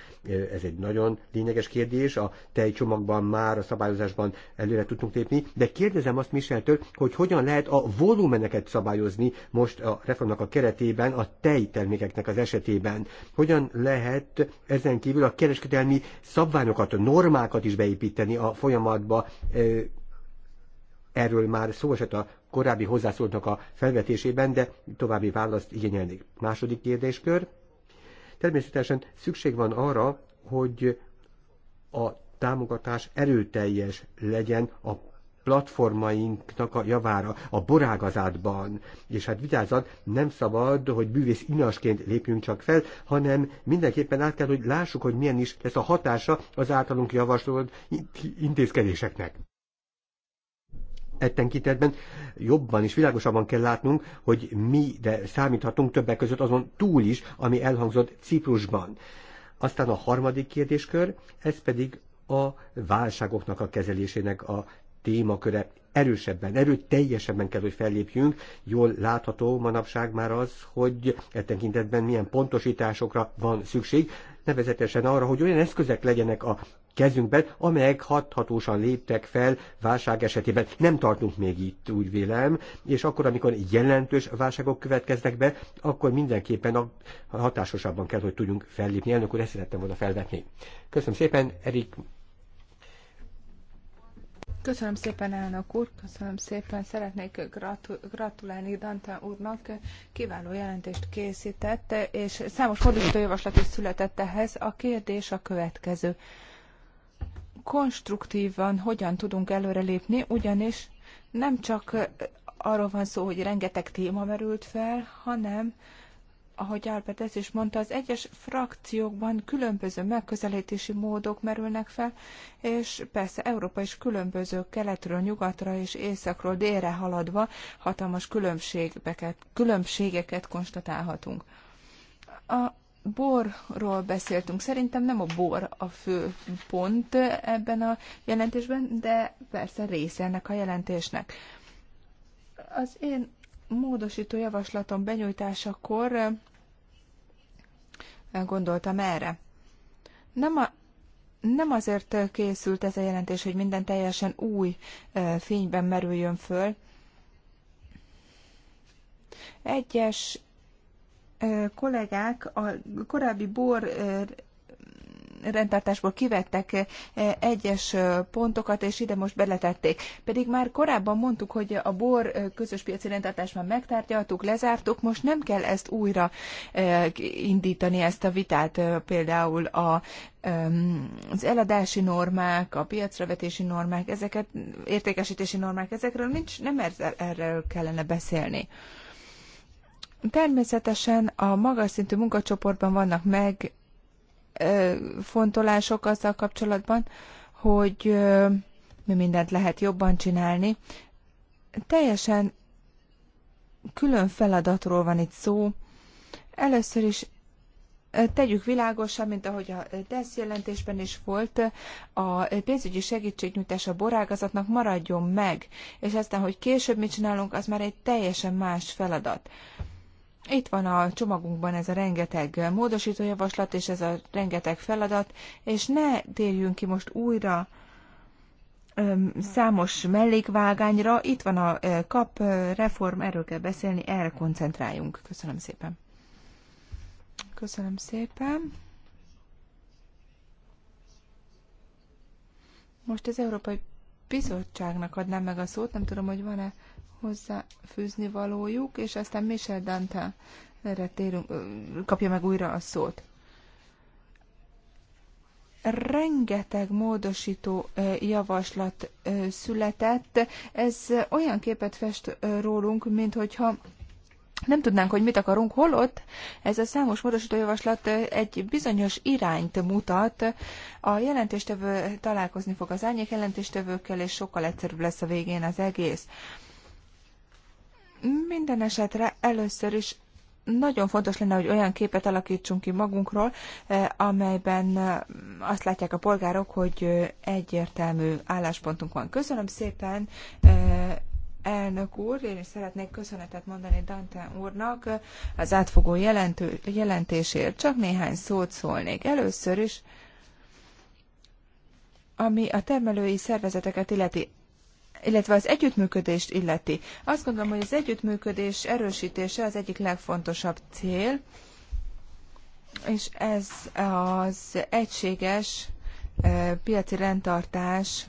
ez egy nagyon lényeges kérdés, a tejcsomagban már a szabályozásban előre tudtunk lépni, de kérdezem azt Miseltől, hogy hogyan lehet a volumeneket szabályozni most a reformnak a keretében, a tejtermékeknek az esetében. Hogyan lehet ezen kívül a kereskedelmi szabványokat, normákat is beépíteni a folyamatba, Erről már szó esett a korábbi hozzászóltnak a felvetésében, de további választ igényelnék. Második kérdéskör. Természetesen szükség van arra, hogy a támogatás erőteljes legyen a platformainknak a javára, a borágazatban. És hát vigyázat, nem szabad, hogy bűvész inasként lépjünk csak fel, hanem mindenképpen át kell, hogy lássuk, hogy milyen is lesz a hatása az általunk javasolt intézkedéseknek ettenkintetben jobban és világosabban kell látnunk, hogy mi de számíthatunk többek között azon túl is, ami elhangzott Ciprusban. Aztán a harmadik kérdéskör, ez pedig a válságoknak a kezelésének a témaköre erősebben, teljesebben kell, hogy fellépjünk. Jól látható manapság már az, hogy e tekintetben milyen pontosításokra van szükség, nevezetesen arra, hogy olyan eszközek legyenek a kezünkben, amelyek hathatósan léptek fel válság esetében. Nem tartunk még itt, úgy vélem, és akkor, amikor jelentős válságok következnek be, akkor mindenképpen a hatásosabban kell, hogy tudjunk fellépni. Elnök úr, ezt szerettem volna felvetni. Köszönöm szépen, Erik Köszönöm szépen, elnök úr, köszönöm szépen. Szeretnék gratulálni Dante úrnak, kiváló jelentést készített, és számos fordítójavaslat is született ehhez. A kérdés a következő konstruktívan hogyan tudunk előrelépni, ugyanis nem csak arról van szó, hogy rengeteg téma merült fel, hanem ahogy Albert ez is mondta, az egyes frakciókban különböző megközelítési módok merülnek fel, és persze Európa is különböző keletről, nyugatra és északról délre haladva hatalmas különbségeket, különbségeket konstatálhatunk. A borról beszéltünk. Szerintem nem a bor a fő pont ebben a jelentésben, de persze része ennek a jelentésnek. Az én módosító javaslatom benyújtásakor eh, gondoltam erre. Nem, a, nem azért készült ez a jelentés, hogy minden teljesen új eh, fényben merüljön föl. Egyes kollégák a korábbi bor rendtartásból kivettek egyes pontokat, és ide most beletették. Pedig már korábban mondtuk, hogy a bor közös piaci rendtartást már megtárgyaltuk, lezártuk, most nem kell ezt újra indítani, ezt a vitát például a az eladási normák, a piacravetési normák, ezeket, értékesítési normák, ezekről nincs, nem erről kellene beszélni. Természetesen a magas szintű munkacsoportban vannak megfontolások azzal kapcsolatban, hogy mi mindent lehet jobban csinálni. Teljesen külön feladatról van itt szó. Először is tegyük világosan, mint ahogy a TESZ jelentésben is volt, a pénzügyi segítségnyújtás a borágazatnak maradjon meg, és aztán, hogy később mit csinálunk, az már egy teljesen más feladat. Itt van a csomagunkban ez a rengeteg módosítójavaslat és ez a rengeteg feladat, és ne térjünk ki most újra számos mellékvágányra. Itt van a kap reform, erről kell beszélni, erre koncentráljunk. Köszönöm szépen. Köszönöm szépen. Most az Európai Bizottságnak adnám meg a szót, nem tudom, hogy van-e hozzáfűzni valójuk, és aztán Michel Dante erre térünk, kapja meg újra a szót. Rengeteg módosító javaslat született. Ez olyan képet fest rólunk, mint hogyha nem tudnánk, hogy mit akarunk, holott ez a számos módosító javaslat egy bizonyos irányt mutat. A jelentéstevő találkozni fog az árnyék jelentéstevőkkel, és sokkal egyszerűbb lesz a végén az egész. Minden esetre először is nagyon fontos lenne, hogy olyan képet alakítsunk ki magunkról, eh, amelyben eh, azt látják a polgárok, hogy eh, egyértelmű álláspontunk van. Köszönöm szépen, elnök úr, én is szeretnék köszönetet mondani Dante úrnak az átfogó jelentő, jelentésért. Csak néhány szót szólnék. Először is, ami a termelői szervezeteket illeti illetve az együttműködést illeti. Azt gondolom, hogy az együttműködés erősítése az egyik legfontosabb cél, és ez az egységes piaci rendtartás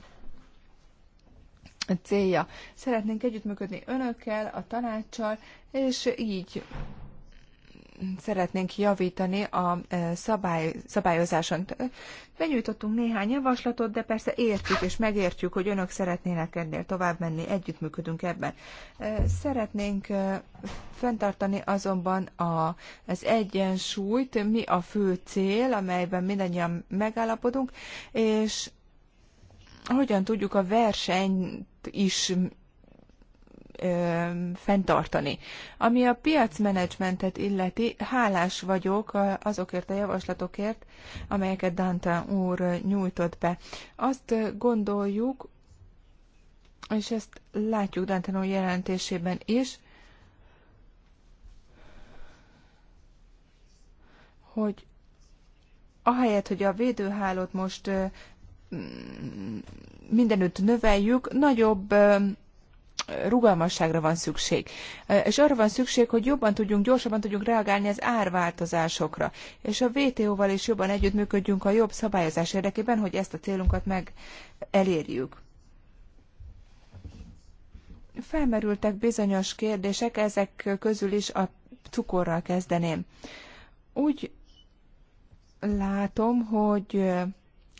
célja. Szeretnénk együttműködni önökkel, a tanácssal, és így szeretnénk javítani a e, szabály, szabályozáson. Benyújtottunk néhány javaslatot, de persze értjük és megértjük, hogy önök szeretnének ennél tovább menni, együttműködünk ebben. Szeretnénk fenntartani azonban a, az egyensúlyt, mi a fő cél, amelyben mindannyian megállapodunk, és hogyan tudjuk a versenyt is fenntartani. Ami a piacmenedzsmentet illeti, hálás vagyok azokért a javaslatokért, amelyeket Dante úr nyújtott be. Azt gondoljuk, és ezt látjuk Dante úr jelentésében is, hogy ahelyett, hogy a védőhálót most mindenütt növeljük, nagyobb rugalmasságra van szükség. És arra van szükség, hogy jobban tudjunk, gyorsabban tudjunk reagálni az árváltozásokra. És a WTO-val is jobban együttműködjünk a jobb szabályozás érdekében, hogy ezt a célunkat meg elérjük. Felmerültek bizonyos kérdések, ezek közül is a cukorral kezdeném. Úgy látom, hogy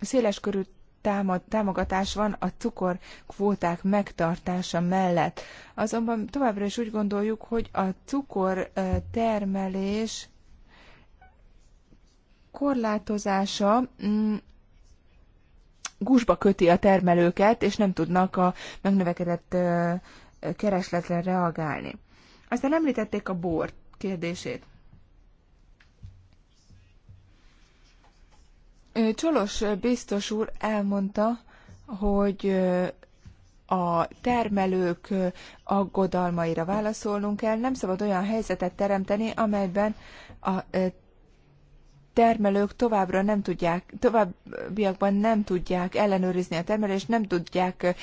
széleskörű támad, támogatás van a cukorkvóták megtartása mellett. Azonban továbbra is úgy gondoljuk, hogy a cukortermelés korlátozása mm, gusba köti a termelőket, és nem tudnak a megnövekedett keresletre reagálni. Aztán említették a bor kérdését. Csolos biztos úr elmondta, hogy a termelők aggodalmaira válaszolnunk kell. Nem szabad olyan helyzetet teremteni, amelyben a termelők továbbra nem tudják, továbbiakban nem tudják ellenőrizni a termelést, nem tudják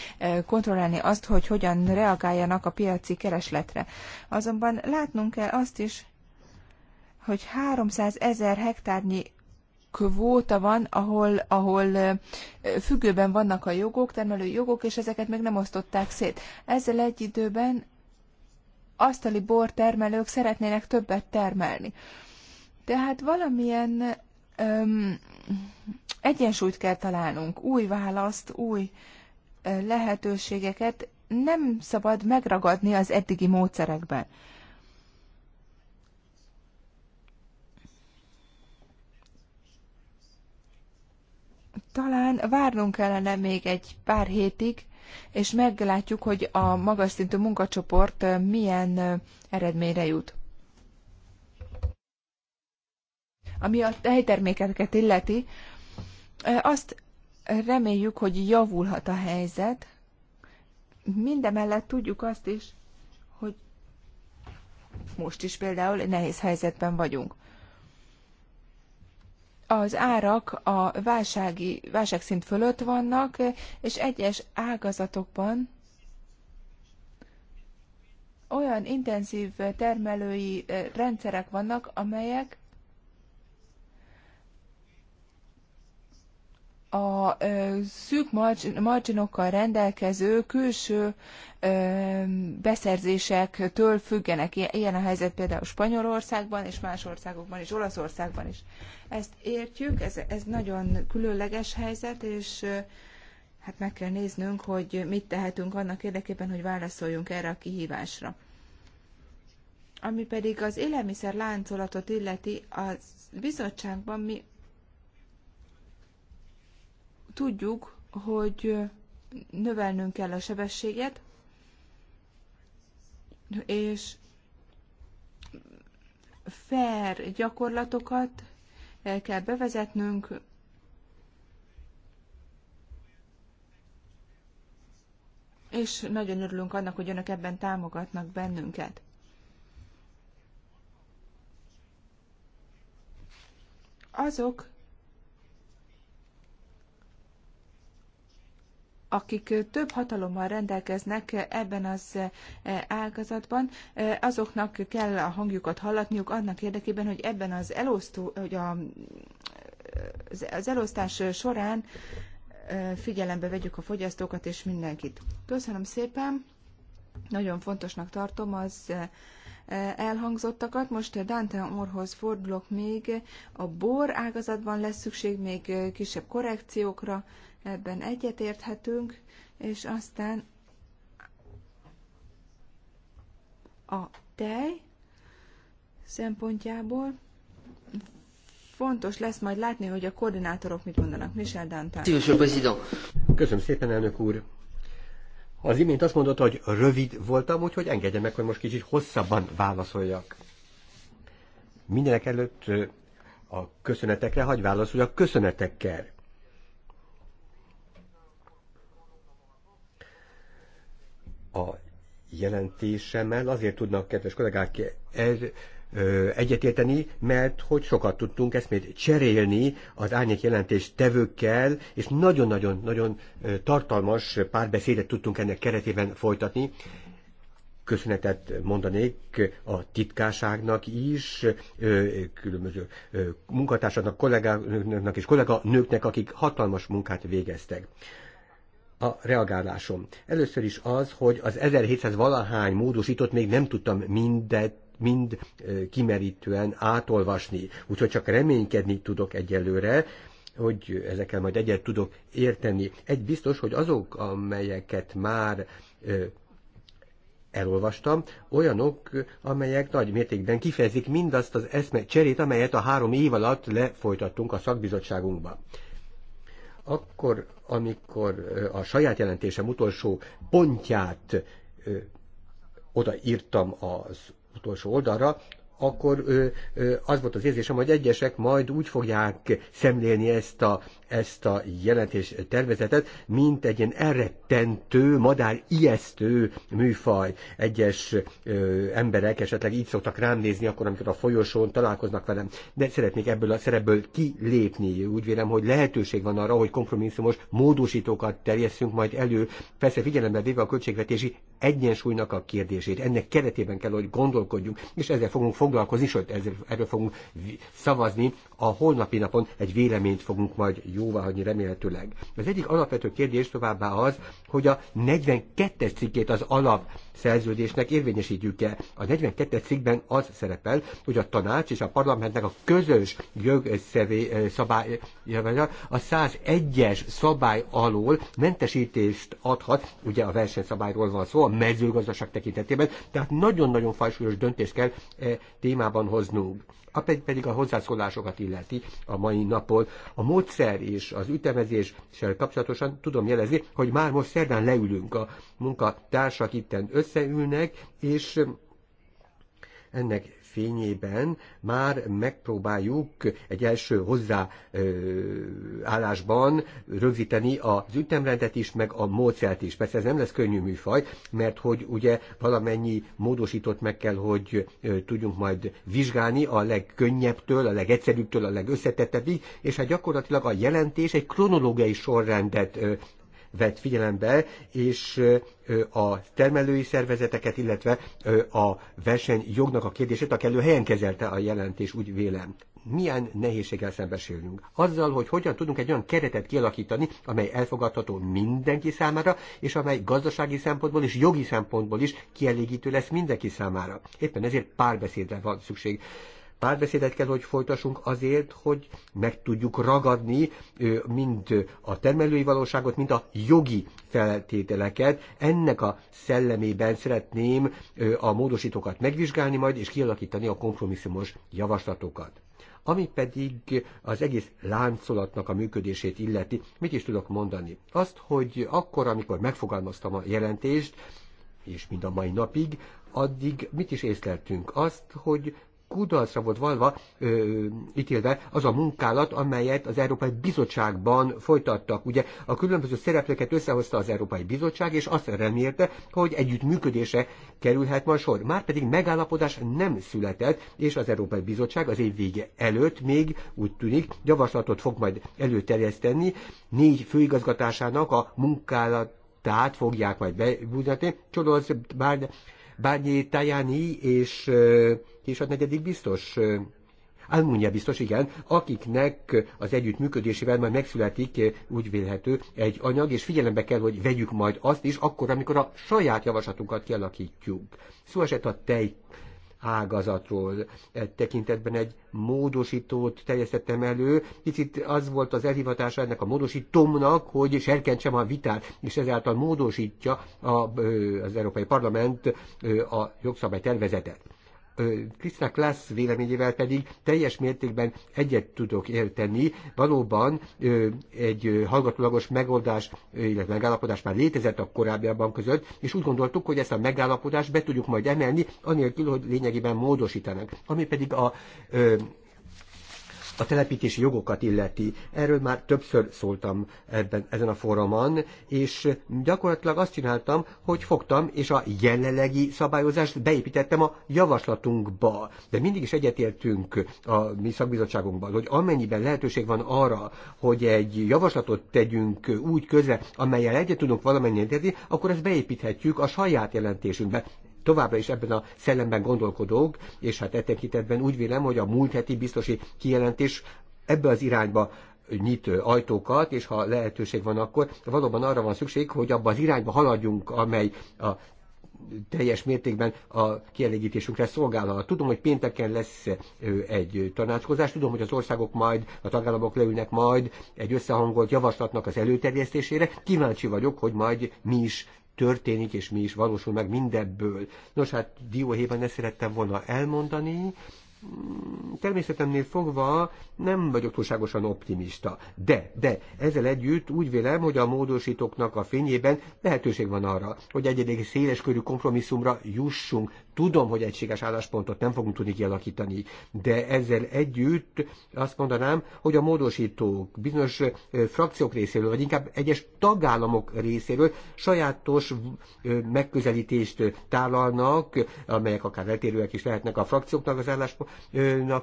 kontrollálni azt, hogy hogyan reagáljanak a piaci keresletre. Azonban látnunk kell azt is, hogy 300 ezer hektárnyi kvóta van, ahol, ahol függőben vannak a jogok, termelői jogok, és ezeket még nem osztották szét. Ezzel egy időben asztali bortermelők szeretnének többet termelni. Tehát valamilyen öm, egyensúlyt kell találnunk, új választ, új lehetőségeket nem szabad megragadni az eddigi módszerekben. talán várnunk kellene még egy pár hétig, és meglátjuk, hogy a magas szintű munkacsoport milyen eredményre jut. Ami a tejtermékeket illeti, azt reméljük, hogy javulhat a helyzet. Mindemellett tudjuk azt is, hogy most is például nehéz helyzetben vagyunk az árak a válsági, válságszint fölött vannak, és egyes ágazatokban olyan intenzív termelői eh, rendszerek vannak, amelyek a szűk marginokkal rendelkező külső beszerzésektől függenek. Ilyen a helyzet például Spanyolországban és más országokban és Olaszországban is. Ezt értjük, ez, ez nagyon különleges helyzet, és hát meg kell néznünk, hogy mit tehetünk annak érdekében, hogy válaszoljunk erre a kihívásra. Ami pedig az élelmiszer láncolatot illeti, a bizottságban mi Tudjuk, hogy növelnünk kell a sebességet, és fair gyakorlatokat kell bevezetnünk, és nagyon örülünk annak, hogy önök ebben támogatnak bennünket. Azok, akik több hatalommal rendelkeznek ebben az e, ágazatban, e, azoknak kell a hangjukat hallatniuk annak érdekében, hogy ebben az elosztó, hogy a, az elosztás során e, figyelembe vegyük a fogyasztókat és mindenkit. Köszönöm szépen, nagyon fontosnak tartom az elhangzottakat. Most Dante Amorhoz fordulok még. A bor ágazatban lesz szükség még kisebb korrekciókra, ebben egyetérthetünk, és aztán a tej szempontjából fontos lesz majd látni, hogy a koordinátorok mit mondanak. Michel Dantán. Köszönöm szépen, elnök úr. Az imént azt mondott, hogy rövid voltam, úgyhogy engedje meg, hogy most kicsit hosszabban válaszoljak. Mindenek előtt a köszönetekre hagy válaszoljak köszönetekkel. a jelentésemmel. Azért tudnak, kedves kollégák, el, ö, egyetérteni, mert hogy sokat tudtunk eszmét cserélni az árnyék jelentés tevőkkel, és nagyon-nagyon-nagyon tartalmas párbeszédet tudtunk ennek keretében folytatni. Köszönetet mondanék a titkáságnak is, különböző munkatársaknak, kollégáknak és kolléganőknek, akik hatalmas munkát végeztek a reagálásom. Először is az, hogy az 1700 valahány módosított még nem tudtam mindet mind kimerítően átolvasni. Úgyhogy csak reménykedni tudok egyelőre, hogy ezekkel majd egyet tudok érteni. Egy biztos, hogy azok, amelyeket már elolvastam, olyanok, amelyek nagy mértékben kifejezik mindazt az eszme cserét, amelyet a három év alatt lefolytattunk a szakbizottságunkba. Akkor amikor a saját jelentésem utolsó pontját odaírtam az utolsó oldalra, akkor az volt az érzésem, hogy egyesek majd úgy fogják szemlélni ezt a, ezt a jelentés tervezetet, mint egy ilyen elrettentő, madár ijesztő műfaj. Egyes ö, emberek esetleg így szoktak rám nézni akkor, amikor a folyosón találkoznak velem, de szeretnék ebből a szerepből kilépni. Úgy vélem, hogy lehetőség van arra, hogy kompromisszumos módosítókat terjesszünk majd elő, persze figyelembe véve a költségvetési egyensúlynak a kérdését. Ennek keretében kell, hogy gondolkodjunk, és ezzel fogunk foglalkozni, sőt, ezzel, erről fogunk szavazni. A holnapi napon egy véleményt fogunk majd jóváhagyni remélhetőleg. Az egyik alapvető kérdés továbbá az, hogy a 42-es cikkét az alap szerződésnek érvényesítjük-e. A 42. cikkben az szerepel, hogy a tanács és a parlamentnek a közös jogszabály a 101-es szabály alól mentesítést adhat, ugye a versenyszabályról van szó, a mezőgazdaság tekintetében, tehát nagyon-nagyon fajsúlyos döntést kell e témában hoznunk a pedig, pedig a hozzászólásokat illeti a mai napon. A módszer és az ütemezéssel kapcsolatosan tudom jelezni, hogy már most szerdán leülünk, a munkatársak itten összeülnek, és ennek fényében már megpróbáljuk egy első hozzáállásban rögzíteni az ütemrendet is, meg a módszert is. Persze ez nem lesz könnyű műfaj, mert hogy ugye valamennyi módosított meg kell, hogy tudjunk majd vizsgálni a legkönnyebbtől, a legegyszerűbbtől, a legösszetettebbig, és hát gyakorlatilag a jelentés egy kronológiai sorrendet vett figyelembe, és a termelői szervezeteket, illetve a jognak a kérdését a kellő helyen kezelte a jelentés, úgy vélem milyen nehézséggel szembesülünk. Azzal, hogy hogyan tudunk egy olyan keretet kialakítani, amely elfogadható mindenki számára, és amely gazdasági szempontból és jogi szempontból is kielégítő lesz mindenki számára. Éppen ezért párbeszédre van szükség párbeszédet kell, hogy folytassunk azért, hogy meg tudjuk ragadni mind a termelői valóságot, mind a jogi feltételeket. Ennek a szellemében szeretném a módosítókat megvizsgálni majd, és kialakítani a kompromisszumos javaslatokat ami pedig az egész láncolatnak a működését illeti. Mit is tudok mondani? Azt, hogy akkor, amikor megfogalmaztam a jelentést, és mind a mai napig, addig mit is észleltünk? Azt, hogy kudarcra volt valva, ö, ítélve az a munkálat, amelyet az Európai Bizottságban folytattak. Ugye a különböző szereplőket összehozta az Európai Bizottság, és azt remélte, hogy együttműködése kerülhet majd sor. Márpedig megállapodás nem született, és az Európai Bizottság az év vége előtt még úgy tűnik javaslatot fog majd előterjeszteni négy főigazgatásának a munkálat tehát fogják majd bemutatni. Csodolsz, bár Bányé Tajani és, és a negyedik biztos Almunia biztos, igen, akiknek az együttműködésével majd megszületik, úgy vélhető, egy anyag, és figyelembe kell, hogy vegyük majd azt is, akkor, amikor a saját javaslatunkat kialakítjuk. Szó esett a tej ágazatról. E tekintetben egy módosítót teljesítettem elő. Picit az volt az elhivatása ennek a módosítomnak, hogy serkentsem a vitát, és ezáltal módosítja a, az Európai Parlament a jogszabálytervezetet. Krista Klassz véleményével pedig teljes mértékben egyet tudok érteni. Valóban egy hallgatólagos megoldás, illetve megállapodás már létezett a korábbiakban között, és úgy gondoltuk, hogy ezt a megállapodást be tudjuk majd emelni, anélkül, hogy lényegében módosítanak. Ami pedig a a telepítési jogokat illeti. Erről már többször szóltam ebben, ezen a fórumon, és gyakorlatilag azt csináltam, hogy fogtam, és a jelenlegi szabályozást beépítettem a javaslatunkba. De mindig is egyetértünk a mi szakbizottságunkban, hogy amennyiben lehetőség van arra, hogy egy javaslatot tegyünk úgy közre, amelyel egyet tudunk valamennyi tenni, akkor ezt beépíthetjük a saját jelentésünkbe továbbra is ebben a szellemben gondolkodók, és hát e úgy vélem, hogy a múlt heti biztosi kijelentés ebbe az irányba nyit ajtókat, és ha lehetőség van, akkor valóban arra van szükség, hogy abba az irányba haladjunk, amely a teljes mértékben a kielégítésünkre szolgálhat. Tudom, hogy pénteken lesz egy tanácskozás, tudom, hogy az országok majd, a tagállamok leülnek majd egy összehangolt javaslatnak az előterjesztésére. Kíváncsi vagyok, hogy majd mi is történik, és mi is valósul meg mindebből. Nos, hát dióhéjban ezt szerettem volna elmondani, mm, természetemnél fogva nem vagyok túlságosan optimista, de, de ezzel együtt úgy vélem, hogy a módosítóknak a fényében lehetőség van arra, hogy egy elég széles körű kompromisszumra jussunk. Tudom, hogy egységes álláspontot nem fogunk tudni kialakítani, de ezzel együtt azt mondanám, hogy a módosítók bizonyos frakciók részéről, vagy inkább egyes tagállamok részéről sajátos megközelítést tálalnak, amelyek akár eltérőek is lehetnek a frakcióknak az, álláspont,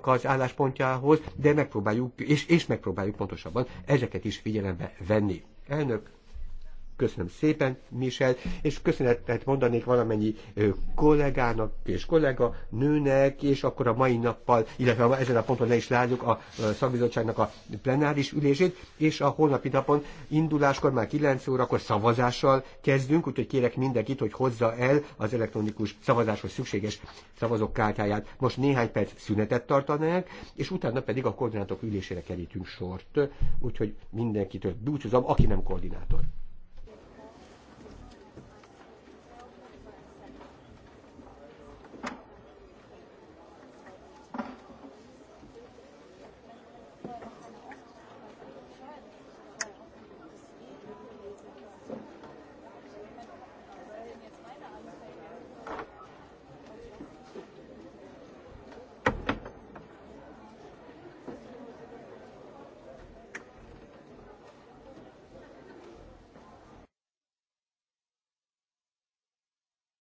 az álláspontjához, de megpróbáljuk, és, és megpróbáljuk pontosabban ezeket is figyelembe venni. Elnök, Köszönöm szépen, Michel, és köszönetet mondanék valamennyi kollégának és kollega nőnek, és akkor a mai nappal, illetve ezen a ponton le is látjuk a szakbizottságnak a plenáris ülését, és a holnapi napon induláskor már 9 órakor szavazással kezdünk, úgyhogy kérek mindenkit, hogy hozza el az elektronikus szavazáshoz szükséges szavazókártyáját. Most néhány perc szünetet tartanánk, és utána pedig a koordinátok ülésére kerítünk sort, úgyhogy mindenkitől búcsúzom, aki nem koordinátor.